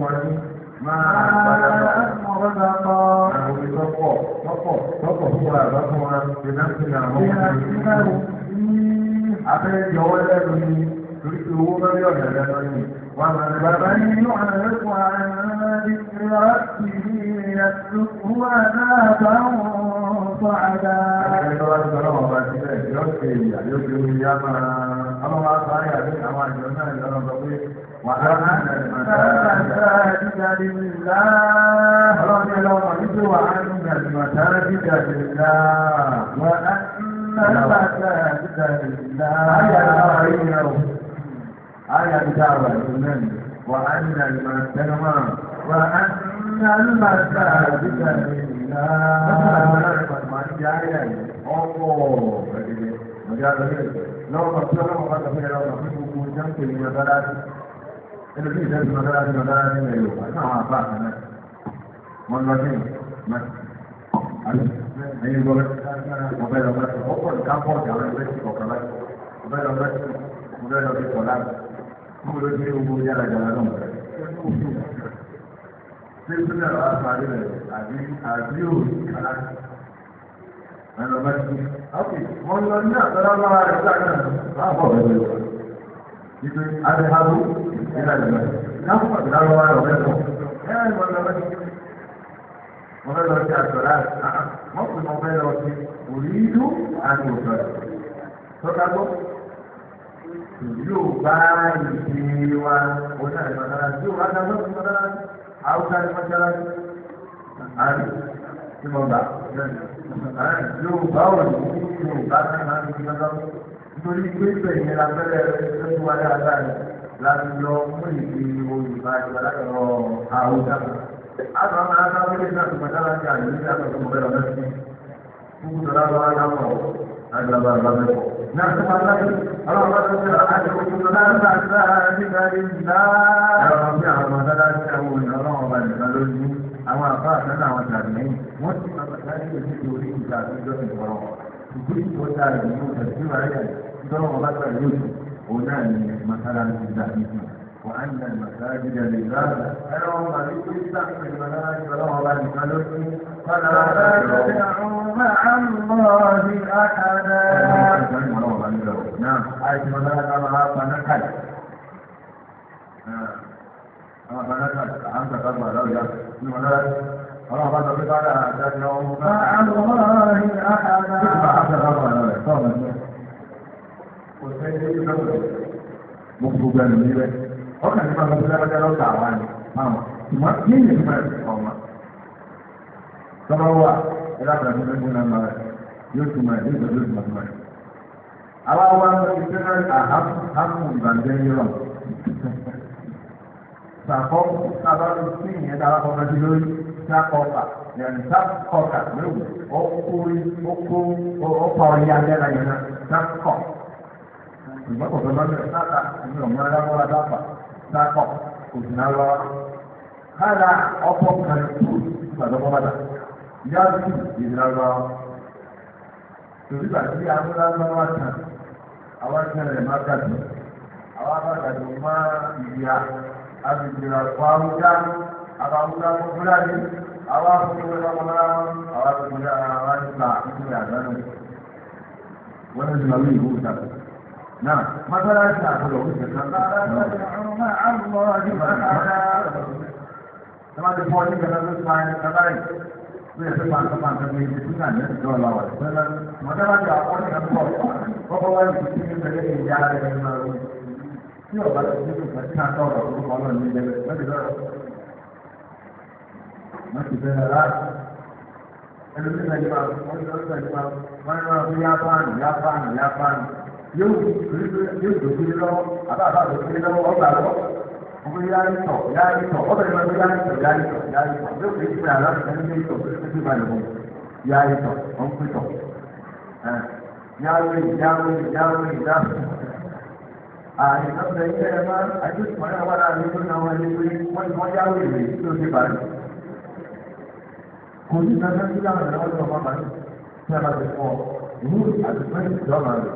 máa padà bọ̀ àwọn omi tọ́pọ̀ tọ́pọ̀ tọ́pọ̀ fún wa àbá fún wa ìná sí ní àwọn ọmọ mi. abẹ́rẹ́ di ọwọ́ lẹ́nu ni torí pé owó lórí ọ̀nà lẹ́nu ni. wà á lè bàbá nínú àlẹ́kùn àárín ìrọ̀lẹ́sì ìyàtúkú àdáàbáwọn sọ àdá. ẹgbẹ́ tó bá ti sọ̀rọ̀ wọn bá ti bẹ̀ yọ̀ọ́ ṣe ìyàlẹ́ òkè omi yá máa. ọlọ́wọ́ àtàrí àti àwọn àjọ náà yọ̀ وأن المساجد لله رجل رجل وأن المساجد لله وأن المساجد لله أيا غير أيا بدعوة الإيمان وأن المسلم وأن المساجد لله ọmọ ẹ̀dẹ̀dẹ̀ mọ̀já lọ́wọ́ tí ọlọ́wọ́ bá tọ́jú ẹ̀rọ ọ̀nà fún gbogbo jẹ́ ń pè ní ọ̀dọ́dá ẹni bí ìdájọ́ ìmọ̀ dára ìmọ̀ dára nílẹ̀ Yorùbá táwọn àbá kan náà wọ́n lọ sí ẹ̀yìn lọ ọ̀bẹ lọ bẹ́ẹ̀ ọ̀pọ̀ ní kápọ̀ọ̀tì àwọn ẹgbẹ́ ti kọ̀ọ̀kan láti ọ̀bẹ lọ bẹ́ẹ̀ ọ̀bẹ lọ bẹ́ẹ̀ kọ̀ọ̀lá mú ló dé owó yára jàlá náà ṣé sílẹ̀ wàá parí rẹ̀ àbí àbí òòlù kàlá ẹ̀rọ bẹ́ẹ̀ ọ̀kì wọ́n lọ ní àtọ́lá bá rẹ̀ sáà náà ìpè adéhábó nígbà ìgbà náà lárúbá lọ mẹ́tọ̀ ẹ̀rọ ìwọ lọ mẹ́tọ̀ mo fẹ́ lọ sí àtọ̀rá wọ́n pè mo fẹ́ lọ sí òrìdú àti òtọ̀rọ̀ tọ́kágbó yóò bá ìdè wa oní àìmọ̀dára yóò bá dáná fún mọ̀dára àwùjá ni mọ̀dára àrí tí mo gbà yóò bá òní yóò bá dáná fún mọ̀dára torí pé bẹ̀yìn lábẹ́rẹ́ ẹgbẹ́ wa dáadáa ni láti lọ fún ìdí olùbá ìgbàlátọ̀ àwùjá. Àgbà máa ń dáwọ́ ilé náà tùmọ̀ dára sí àyè nígbà tó mọ̀ bẹ́ẹ̀ lọ́sí. Kúkú tó lábọ́ aláwọ̀ àgbàbà àbámẹ́kọ̀. Náà tó máa ọlọ́run bá tó tẹ̀lé àti òkú tó láti bá àti láàárín nígbà rí ńlá. Ẹ̀rọ bí àwọn ọmọ dáadáa sí àwọn ènìyàn ọba nìkan lójú. Àwọn àbá àtẹ́lẹ̀ àwọn ìjàdùn Wọ́n ti máa bàtà ní ojú orí ìjà àtijọ́ ìfọ̀rọ̀. Ìgbésí tó dáa ìdílé òṣèlú rẹ̀ yẹn. سوى مثلا يوسف هناك مثلا في ذلك وأن المساجد لله أنا وما بيت يستعمل في المدارك فلا وما بيت يستعمل فلا تدعوا مع الله أحدا نعم أي نعم. في مدارك أبعا فنكل أما فنكل أنت قد مدارك في مدارك الله بعد ذلك قال أعزائي يوم مع الله أحدا kò sẹ́ ilé ìlú náà rẹ̀ mo fi gbogbo ẹnu níbẹ̀ ọkàn nípa lọ sí lábẹ́já lọ́sà àwa ni báwọn ṣùgbọ́n ní ìlú nípa rẹ̀ ọ̀ma wà ẹ̀rọ àgbàdo mẹ́gbọ́n náà máa yóò tún máa yóò tún yóò tún máa rẹ̀. àwa wa ń fi sẹ́rẹ̀ àhákù sàkọ́ sábà ló sí ìyẹn dára kọ́ mẹ́tí lórí sákọ́ọ̀kà yẹn sákọ́ọ̀kà mẹ́wù ọkùnrin ọkọ̀ ọ̀yà ṣùgbọ́n kò tọ́lọ́ bẹ̀rẹ̀ sáàtà ní ọmọ aláwọ̀ adápa sáàkọ̀ kò sì náà lọ́wọ́. Hálà ọkọ̀ kan tó ìgbàdọ́gbọ́ bàtà yá sí ìdílé lọ́wọ́. Tòbí bàtí amúláwọ̀ àtàn àwọn akẹ́rẹ̀ rẹ̀ máa gàdù. Àwọn abàgàdù máa ìyá àbìjìrà fáwùjá àbàwùjá fúnfúnláyé àwọn afúnfúnlẹ̀ lọ́wọ́lá àwọn afúnfúnlẹ̀ àwọn àgbà ìdílé àgbà náà. Wọ́n ti lọ ìlú ìtàkùn. نعم مثلا تعبدوا مع الله فحدا كما تقول لك انا بسمع كلامي bí ẹsẹ̀ máa tọ́ máa tẹ̀lé ibi tí náà yẹn jọ la wà lẹ́la mọ̀tẹ́lá ti àwọn ọ̀nà pọ̀ kọ́kọ́ wá ibi tí nípa ẹ̀yẹ ìyá rẹ̀ ní ma lọ tí ọ̀gá tó ní kò tí náà tọ̀rọ̀ tó kọ́ lọ ní ilẹ̀ lọ́dì lọ́rọ̀ wọ́n ti bẹ̀rẹ̀ rà ẹni tí wọ́n ti lọ́sẹ̀ yẹ wọ́n yẹ máa fi yá yóò di yóò dò kiri lọ́wọ́ àbáàbá dò kiri lọ́wọ́ ọgbà lọ́wọ́ ọmọ yára ìtọ̀ yára ìtọ̀ ọbẹ̀ ìmọ̀ yára ìtọ̀ yára ìtọ̀ yára ìtọ̀ yóò fi ìpè àlọ́ ẹni ìtọ̀ títí ba lọ́wọ́ yára ìtọ̀ ọ̀n pìtọ̀ yáwé yáwé yáwé yáwé àyè lọ́sẹ̀ ilé ẹ̀ máa àti ìsìnkú wà láàrin tó náà wọ́n lé pé wọ́n ti wọ́n yáwé rè tó ti bá kò ní sọ́jọ́ sí láwọn ìlọ́wọ́ tó wọ́n bá tí a bá ti fọ́ ìmú àti pẹ́ẹ́sì lọ́mọ rè.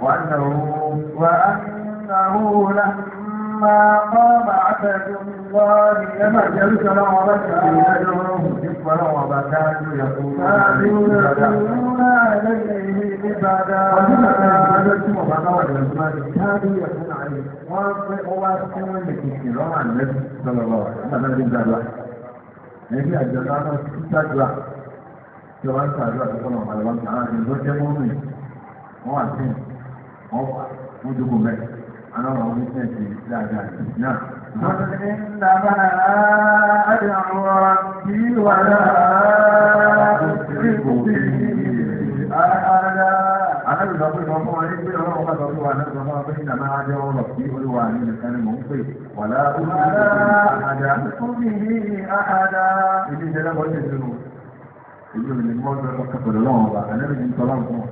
وأنه وأنه لما قام عبد الله لما جلس لعبت في أجرهم ذكرا وبكاته يقولون عليه لبدا كانوا يكون عليه وأسكن لكي كرام النبي صلى الله عليه وسلم نبي أجلانا ستجرى tí wọ́n ń sàdúrà tó kọ́nà ọ̀pá lọ́wọ́ àwọn àti ìjọ jẹ́ mọ́mì wọ́n wà sí wọ́n wọ́n dúkù mẹ́ àwọn àwọn oníṣẹ́ẹ̀sì dáadáa náà. Ìnáwó àdàwọ̀ kí wà láàá ìgbò bí ààrẹ. Àlẹ́bùsọ̀ pé wọ́n fún wa ní pé ọlọ́run bá sọ fún wa náà sọ fún wa pé ìnàmá ajẹ́ ọ̀rọ̀ kí olúwa ní nìkan ni mò ń pè wà láàá ó ní ìgbò bí ààrẹ. Ìdíje lọ́kọ̀ọ́ èyí ò ní mọ́tò ọkọ̀ pẹ̀lú lọ́wọ́ wa àlẹ́bí ní sọ́lá nǹkan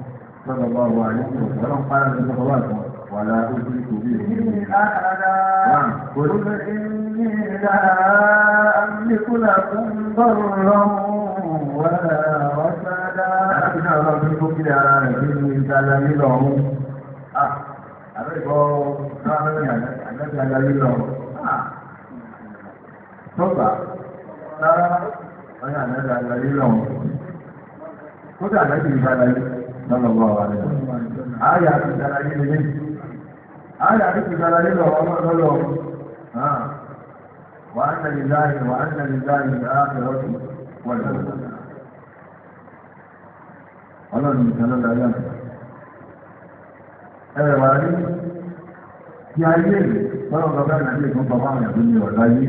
lọ́dọ̀ bá wà ní ọlọ́run pàrọ̀ ní sọ́kọ̀ wà wà láà ó sì kò bí èyí. Olùkọ́ ìní ara rẹ̀ nínú ìtajà lílọ ọ̀hún. Àbẹ̀bọ̀ sáárẹ̀ àgbẹ̀tajà lílọ ọ̀hún. Tọ́gbà rárá wọ́n yà lẹ́dà àlàyé lọ́wọ́ kódà lẹ́dà ìbàlàyé lọ́lọ́wọ́ wa rẹ̀ àyà ti dàlàyé lè lẹ́yìn àyà ti dàlàyé lọ́wọ́ lọ́lọ́ wà á nàlè láàyè wà á nàlè láàyè ààfẹ́rọ́tù wọ̀lẹ́ ọlọ́run ìtàn lọ́dà yàtọ̀ ẹ̀rẹ̀ wà rí ti ayé lọ́wọ́ lọ́gbà nàìjíríà tó ń bọ̀ fáwọn ìyàtọ̀ ní ọ̀la yìí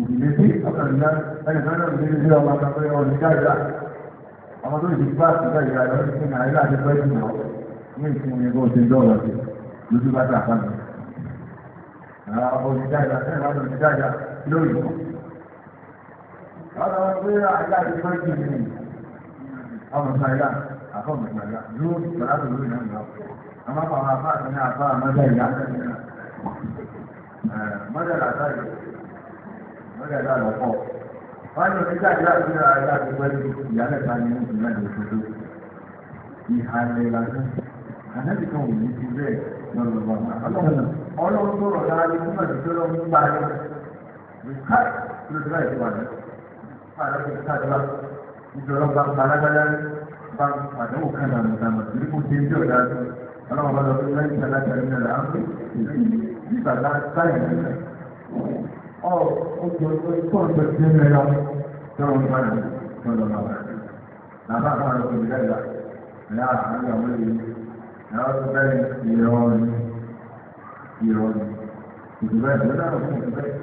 ìdílébí ọ̀kànlá ẹnìkan náà lè rí ọmọ akẹ́kọ̀ọ́ yọ ní dáadáa ọmọ tó yìí bá ti bá ìyá lọ́wọ́ sí náà ilé àdébọ́ ìlú náà ní ìfún mi bó ti dọ́ọ̀lọ́ sí lójú bá tà fún mi. ọmọ òní dáadáa sẹ́yìn wàá lòní dáadáa lórí mọ́. ọlọ́wọ́ pé àyà àdébọ́ ìlú ni ọmọ sáyà àfọ̀mọ̀ sáyà ló bàrà tó lórí náà lọ. àmọ́ àwọn afáàtì náà afáà mọ́tà ìyá mọ́tà wọ́n lè dá lọ́pọ̀. wọ́n ní onígbàdúrà tí ra ẹ̀dá tó wẹ́ ní ìyálẹ̀ta ní oṣù mẹ́rin òṣogbo. ìhàlẹ̀ lásán ànábì kan ò ní ti bẹ́ẹ̀ lọ́lọ́lọ́ ọlọ́run tó rọ̀ lára ní fún àdúgbò lọ́wọ́ ń gbà yẹn. ìka lóṣù láì wà ní. ìjọba bá ń parágbáyá bá ń pàdánwò kan náà nìkanà torí kò dé ní ọ̀dà ọlọ́run bá lọ sí lẹ́yìn ọ̀ ojú ọjọ́ ikọ̀ ọjọ́ ti ń rẹ̀ lọ tọ́rọ ń bára tó lọ bàbá bàbá kan lọ kòmí lẹ́yà ẹ̀yà àti àwọn èyí ẹ̀yà tó bẹ́ẹ̀ ìrọ̀ ni ìrọ̀ ni ìdí bẹ́ẹ̀ tó dára fún ìdí bẹ́ẹ̀.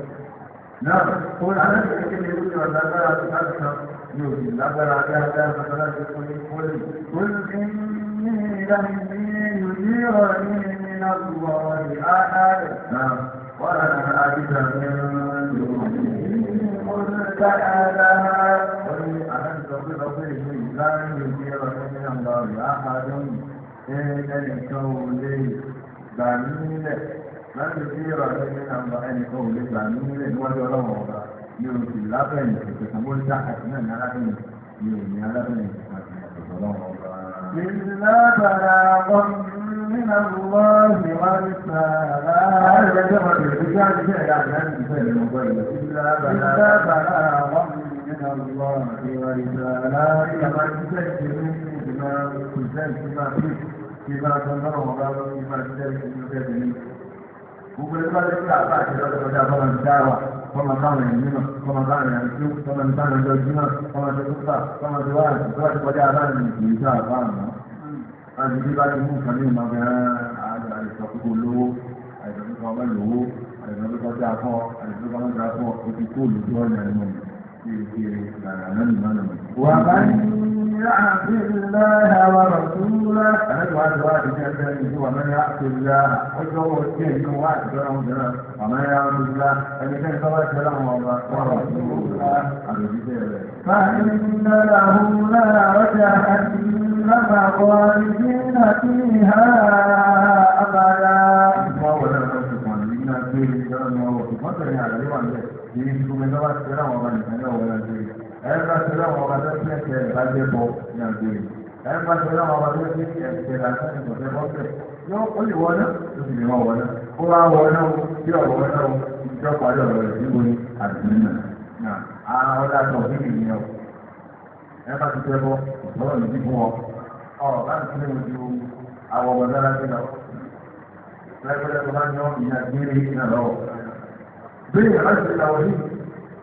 náà ó alẹ́ kékeré ó yọ lágbára tó láti sàn ní òbí lágbára dáadáa lọ́dọ́ láti fún ní kólé. ó ní kí ní ìlànà ìlú yìí rọ̀ ní ìlànà ìlú ọ̀rọ̀ ولا أجد من دونه ملتحدا قل ألست بربه لا يجير من الله أحد إن الكون بنين لا يجير من الله إن الكون بنين وجرمه يوتي لبن ملتحد من لبن يوتي لبن إلا بلاغا من الله والسلام إلا بلاغا من الله ورسالاته وتسجل بما تسجل فيه بما تنظره الله بما تسجل فيه gbogbo ẹgbẹ́ ló ń gbà àti lọ́dọ̀ lọ́dọ̀ àbọ̀mọ̀ ní dáwà kọ́mọ táwọn èèyàn mímọ̀ kọ́mọ táwọn èèyàn tó kọ́mọ táwọn èèyàn tó jímọ̀ kọ́mọ tó tó fà kọ́mọ tó wà láti kọjá abáyé ní ìgbésẹ̀ àbáyé náà láti bá ti mú nǹkan ní ìmọ̀ bẹ̀rẹ̀ àìsàn púpọ̀ lówó àìsàn ọmọ lówó àìsàn púpọ̀ dá fọ́ ọmọ dá fọ́ ojú kó lójú ọ̀nà ẹ̀mọ́ kí kí làrá lẹ́nu náà wà báyìí. يعص الله ورسوله أشهد أن لا إله إلا الله ومن يعص الله وجهه الدين واحد ومن يعص الله فلكي تبارك له ورسوله فإن له نار جهنم خالدين فيها أبدا Ini instrumen apa sekarang orang yang ada orang yang ẹ̀ẹ́dá tẹ̀lé àwọn ọba tó fi ẹ̀kẹ́ ẹ̀ka gbé ní àgbèrè ẹ̀ẹ́dá tẹ̀lé àwọn ọba tó fi ẹ̀kẹ́ ẹ̀ka gbé bọ yóò ó lè wọ́n náà ó sì lè wọ́n wọ́n náà ó wá wọ́n náà bí ọ̀rọ̀ wọ́n náà ìjọ parí ọ̀rọ̀ rẹ̀ níbo ni àdúgbò náà ara ọ̀dà tó bí mi nìyẹn o ẹ ti tẹ́ bọ́ ọ̀rọ̀ mi bí fún ọ ọ̀ bá ti tẹ́ ojú àwọn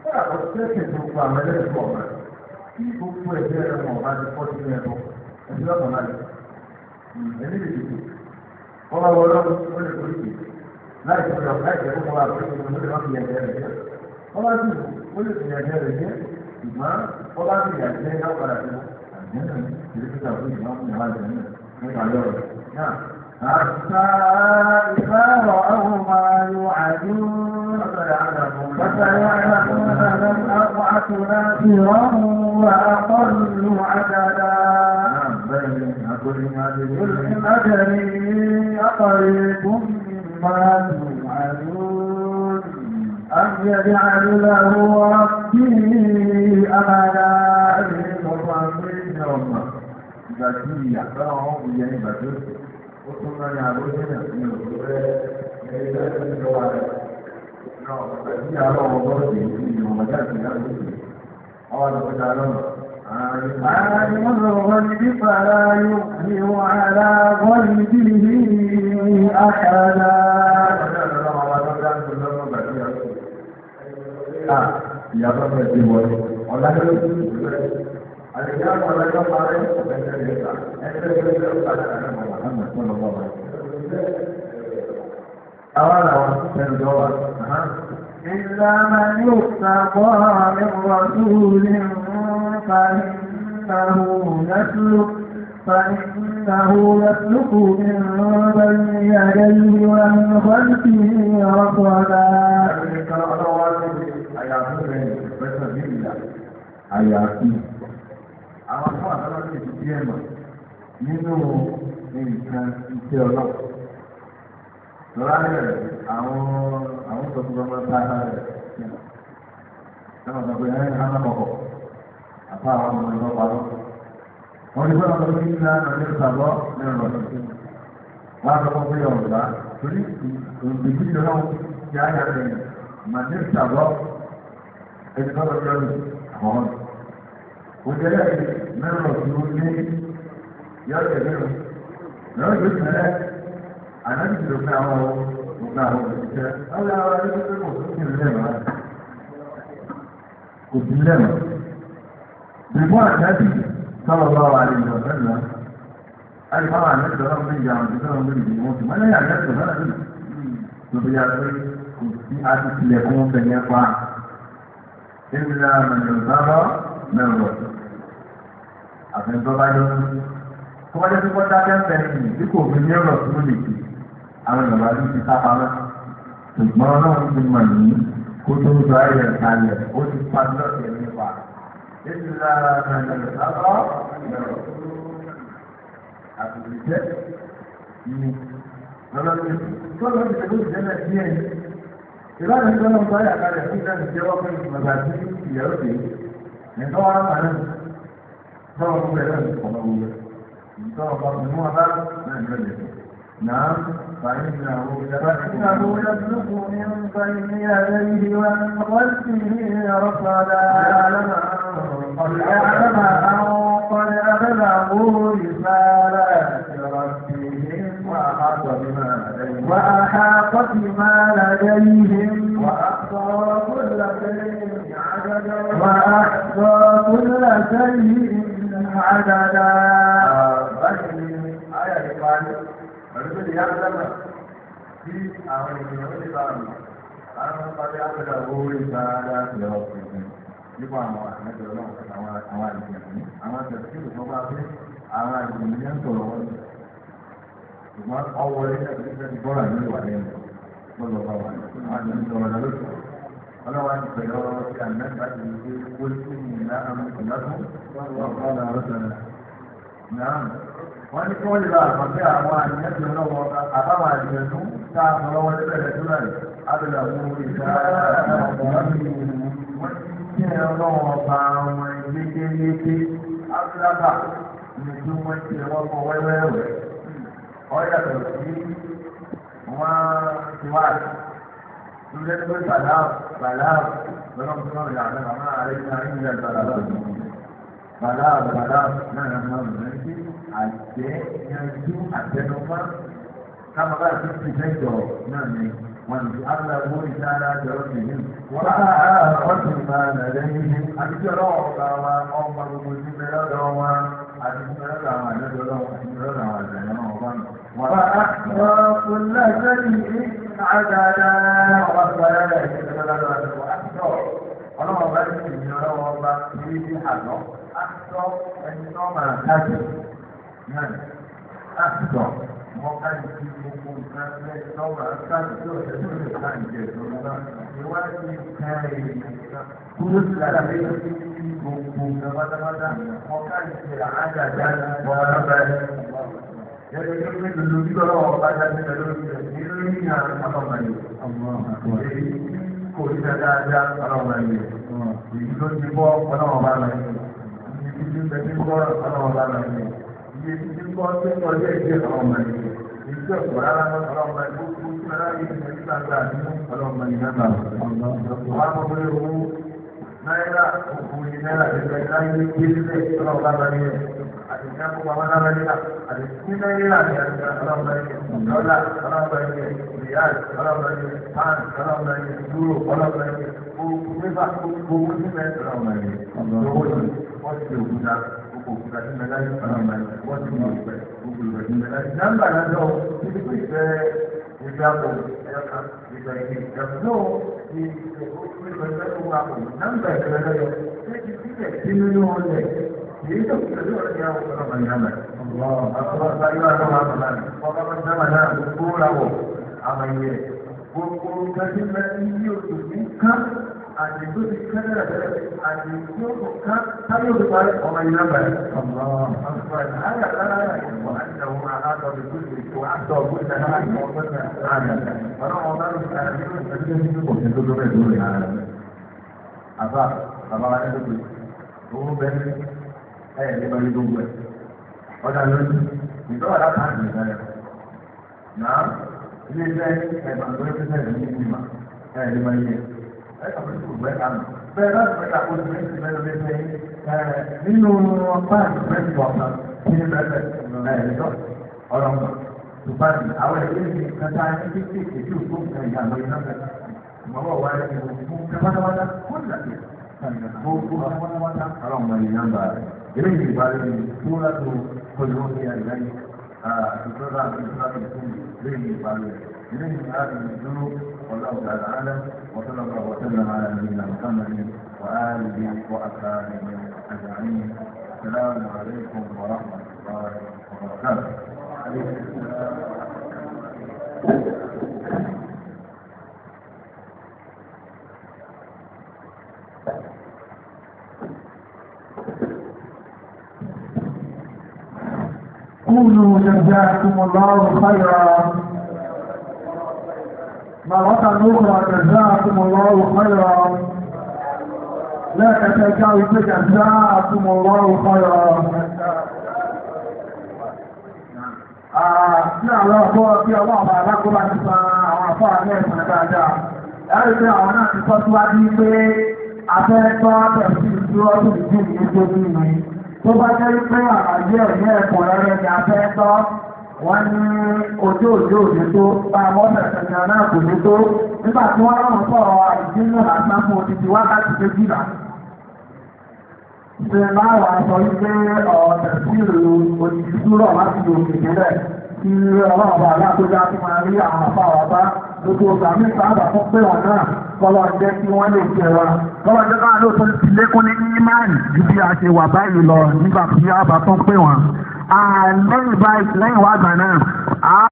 kọ́lá kò tẹ́sí gbogbo àwọn ẹlẹ́sìn ọ̀gá kí gbogbo ẹgbẹ́ rẹ̀ mọ̀ bá ti fọ́tí ní ẹ̀bọ̀ ẹ̀sìn lọ́kàn náà yìí ẹni lè dìbò kọ́lá wọlé ó lè kó ìdè láì tó lọ láì tẹ̀lé kọ́lá kó ìdè ó lè má fi ẹ̀jẹ̀ rẹ̀ jẹ́ kọ́lá tó ó lè fi ẹ̀jẹ̀ rẹ̀ jẹ́ ìgbà kọ́lá tó yà jẹ́ náà padà tó àjẹ́ náà حتى إذا رأوا ما يوعدون فسيعلمون من أضعف ناصرا وأقل عددا قل إن أدري أقريب ما توعدون أم يجعل له ربي أمدا المصلين هم ذكية فهم يعني بسيطة una ne aveva nel trovare no, perché avevamo molti figli, magari da lui ora guardarono عالم الغيب فلا يؤمن على غيبه أحدا Ah, ya lo metí, bueno. Hola, ¿qué அதுக்காக பழக பாரு إلا من يتقى من رسول فإنه يسلك فإنه يسلك من بين يديه ومن خلفه رصدا. أيعقوب àwọn fún àtàlọ́lẹ̀ ìdí ẹ̀mọ̀ nínú nǹkan iṣẹ́ ọlọ́pàá lọ́la rẹ̀ àwọn àwọn tó fún ọmọ tá a rà rẹ̀ náà sọ pé ẹ̀rín hánà mọ̀kọ̀ àpá àwọn ọmọ ìlú ọ̀pàá wọ́n ní bọ́lá ọmọdé ní náà ní ìsàlọ́ ní ọ̀rọ̀ tuntun wọ́n á sọ fún ọmọ ìlú torí òǹdíjì náà ti àyà rẹ̀ mà ní ìsàlọ́ ẹni tó lọ وكذلك من رسوله يرجع منه لو جبت لك أنا أجد بتاعه وبتاعه بالكتاب أو لا أجد الموضوع باللامة وباللامة بالمعتدي صلى الله عليه وسلم قال طبعا الناس لهم من يعمل لهم من يموت ما لا يعني الناس لهم من يموت kò sí àtìsílẹ̀kùn fẹ̀yẹ́ pa. Ìlànà ìlànà mẹ́rọ̀ àfẹnusọ́ba yọ sí kó wọ́n jẹ́ pé wọ́n dákẹ́ fẹ́ sí bí kò fi ní ọ̀rọ̀ tó lè fi àwọn ìjọba ló ti sá pamọ́ ṣùgbọ́n ọlọ́run ti mọ̀ yìí kó tó sọ ayé rẹ̀ kalẹ̀ ó ti pa lọ́ọ̀tẹ̀ nípa ètò ìlànà ìrìnàjò sábà ìrọ̀rọ̀ àtòlùjẹ́ ni lọ́lọ́dún tó lọ́dún tó lọ́dún jẹ́lẹ̀ díẹ̀ ìlànà ìjọba ń bá yàrá rẹ̀ fún ìdánisẹ́wọ́ fún ìgbàgbà tí ìyàwó dé nìkan wà á سواء كذلك قالوا سواء قدموها نعم نعم فإنه فإنه يبلغ من بين يديه ومن خلفه رصدا يعلم يعلم أن قد أبلغوا رسالات ربهم وأحاط بما لديهم وأحاط بما لديهم وأحصى كل شيء عددا وأحصى كل شيء عددا آية القرآن ونقول يا علماء في àwọn ènìyàn ó lè bá mi àwọn ọmọdé àgbẹ̀dà owó ìgbàlá ti lọ sí ìgbìn nípa àwọn àmẹ́jọ náà àwọn àwọn àìsàn ní àwọn àjọṣe ìgbìmọ̀ bá pé àwọn àìsàn ní ń sọ̀rọ̀ wọn ṣùgbọ́n ọwọ́ ilé ẹ̀sìn ìgbọ́ra ní ìwà lẹ́nu lọ́lọ́ba wà ní àwọn àjọṣe ìgbìmọ̀ lọ́lọ́sọ̀rọ̀ ọlọ́wọ́n ti pẹ̀lú ọ̀rọ̀ tí a nà bá ti ṣe kó sí ìlà àmúkùnlákùn wọ́n kọ́ ọ̀nà ọ̀rọ̀sọ̀rọ̀. Nàá wọ́n ní kí wọ́n lè bá àwọn bí àwọn àyẹ̀tì ọlọ́wọ́ àbáwọn àyẹ̀tù tá a mọ̀ lọ́wọ́ lẹ́bẹ̀rẹ̀ tó láì abẹ́lẹ̀ àwọn ìgbà wọ́n ti jẹ́ ọlọ́wọ́ ọba àwọn ìlékeléke áfírábà ní tí wọ́n ti wọ́n mọ wẹ́wẹ́wẹ́ ọ̀yàtọ̀ sí wọ́n ti wá àti. يقول بلاغ بلاغ بلغ الله يعلم ما علينا إلا البلاغ بلاغ بلاغ ما نعلم منك àjẹ́ yanjú àtẹnumọ́ káma bá ti ti mẹ́jọ náà ni wọn ni aláwo ìdára jọrọ nìyí. wọ́n á wọ́n ti máa nàlẹ́ yìí. àbíkí ọlọ́wọ́ ọba wa ọmọ gbogbo ti bẹ̀rẹ̀ ọ̀dọ́ wa àti bẹ̀rẹ̀ ọ̀dọ́ àwọn àjọyọ̀ ọlọ́wọ́ àti bẹ̀rẹ̀ ọ̀dọ́ àwọn àjọyọ̀ ọlọ́wọ́ wa. wọ́n á wọ́n kò lẹ́sẹ̀ yìí. عددا وسلام وأكثر ọlọ́wọ́ bá ti ṣèyí ọlọ́wọ́ bá ilé ní àlọ́ àtọ́ ẹni tó máa dájú náà àtọ́ mọ ká ní kí gbogbo nǹkan lẹ́yìn tó máa dájú tó ṣe tó lè ká ìjẹ́ ìjọba náà ìwádìí ká èyí nǹkan kúrò sí àlàyé ní gbogbo nǹkan pátápátá mọ ká ní kí àádàá dájú wọn lábẹ́ ìwádìí. Jadi itu mungkin duduk juga loh, baca di dalam itu ini yang apa lagi? Jadi kulit ada ada apa lagi? Itu jibo apa lagi? Itu jibo apa lagi? Itu jibo itu kerja dia apa lagi? Itu orang orang baru bukan orang yang náírà òkú ní náírà tẹ̀lé láyé gbèsè ọlọ́ọ̀bá lórí rẹ̀ àti ní akópa wọn lórí rà àti ní náírà ní àgbà ọlọ́ọ̀bá lórí rẹ̀ dọ́là ọlọ́ọ̀bá lórí rẹ̀ rìal ọlọ́ọ̀bá lórí rẹ̀ pan ọlọ́ọ̀bá lórí rẹ̀ dúró ọlọ́ọ̀bá lórí rẹ̀ gbogbo mẹ́fà gbogbo owó ní mẹ́fà ọlọ́ọ̀bá lórí rẹ̀ owó ní wọ́n ti òkúta gbogbo òkúta ní mẹ́lá ní ọlọ́ọ̀bá lórí wọ́n ti mú ìgbẹ́ gbogbo ìgbẹ́ ní mẹ́lá ní nọ́mbà lọ́dọ̀ ìdíkù ìfẹ́ ìgbà di ìgbẹ̀gbẹ̀ tó wà pọ̀ nígbà ìgbẹ̀gbẹ̀ lọ sí ti sílẹ̀ sínú ní wọn lẹ̀ èyí tó kí lórí ọ̀rẹ́ ìyàwó ọ̀rọ̀ mànyàmà ọ̀rọ̀ àbáyọ̀ àwọn àmàlà ọ̀rọ̀ mànyàmà náà gbogbo làwọ̀ àmàyẹ gbogbo gbajúmọ̀ ní àdìgbò ti kẹ́lẹ̀ rẹ̀ àdìgbò kan táyé òkúta ọmọ iná bẹ̀rẹ̀ ọmọ àǹfààní ayàtàrà ìwọ àjẹwò àádọ́ ìlú ìlú àtọ̀ òkúta náà ní ọgbẹ́ náà ọ̀nà ọ̀nà ìgbà nínú ìgbàlódé nínú òkè tó lórí ìlú rẹ̀ ara rẹ̀. àbá bàbá wa nínú pé owó bẹ́ẹ̀ ẹ̀yẹ̀ ní báyìí gbogbo ẹ̀ ọ̀dà lójú ìjọba látàrí ìgbàlẹ̀ náà ilé iṣẹ́ ẹ̀bà tó ń bẹ́ẹ̀ láti pẹ̀lú àkóso méjì mẹ́rin lẹ́sẹ̀ nínú báàgì méjì ọ̀sán tí ní bẹ́ẹ̀ bẹ́ẹ̀ lọ ọ̀rọ̀ mọ̀ ṣùgbọ́n àwọn ẹgbẹ́ mi kẹta ní títí èdè òkú nǹkan ìyá àwọn iná bẹ́ẹ̀ mọ̀wọ́ wa ẹ̀ fún kẹfàdáwádá kó dàbí gbogbo kẹfàdáwádá ọ̀rọ̀ mọ̀ ìyá ń bà rẹ̀ ilé ìgbà rẹ̀ tó látò kọjú ó fi àyíká yìí وصلى الله وسلم على نبينا محمد وآله وأصحابه أجمعين السلام عليكم ورحمة الله وبركاته. قولوا جزاكم الله خيرا مرة أخرى جزاكم الله خيرا لا تتجاوز جزاكم الله خيرا Ní àwọn ọ̀pọ̀ tí ọlọ́ọ̀bà alákọ́bà ti fa àwọn àfọ́ àlẹ́ ìsìn dáadáa. Ẹ̀rí pé àwọn náà ti sọ síwájú pé afẹ́ẹ́tọ́ àpẹẹsì ìdúrọ́dù ìdí ìgbésẹ̀ nínú. Tó bá jẹ́ pé àlàyé ẹ̀yẹ́ ẹ̀kọ́ rẹ̀ ni afẹ́ẹ́tọ́ wọ́n ní ojú òjò òjò tó bá mọ́tò kankan náà kò ní tó nígbà tí wọ́n rọrùn sọ̀rọ̀ ìdínú lásán fún odidi wákàtí méjìlá. ṣe láwọn aṣọ wípé ọ̀ọ̀tẹ̀ sí ìlú odidi dúró láti òkè nílẹ̀ tí ọlọ́run bá alágbèjà tó máa rí àwọn afáwà bá gbogbo ọ̀gbàmí sábà fún pé wọn náà kọ́lọ̀ jẹ́ kí wọ́n lè jẹ wa. kọ́lọ̀ jẹ́ káà lóòótọ́ ti lékún ní ímánì ju bí a ṣe wà báyìí lọ nígbà tí a bá tún pé wọn. I àlẹ́yìn báyìí lẹ́yìn what my name.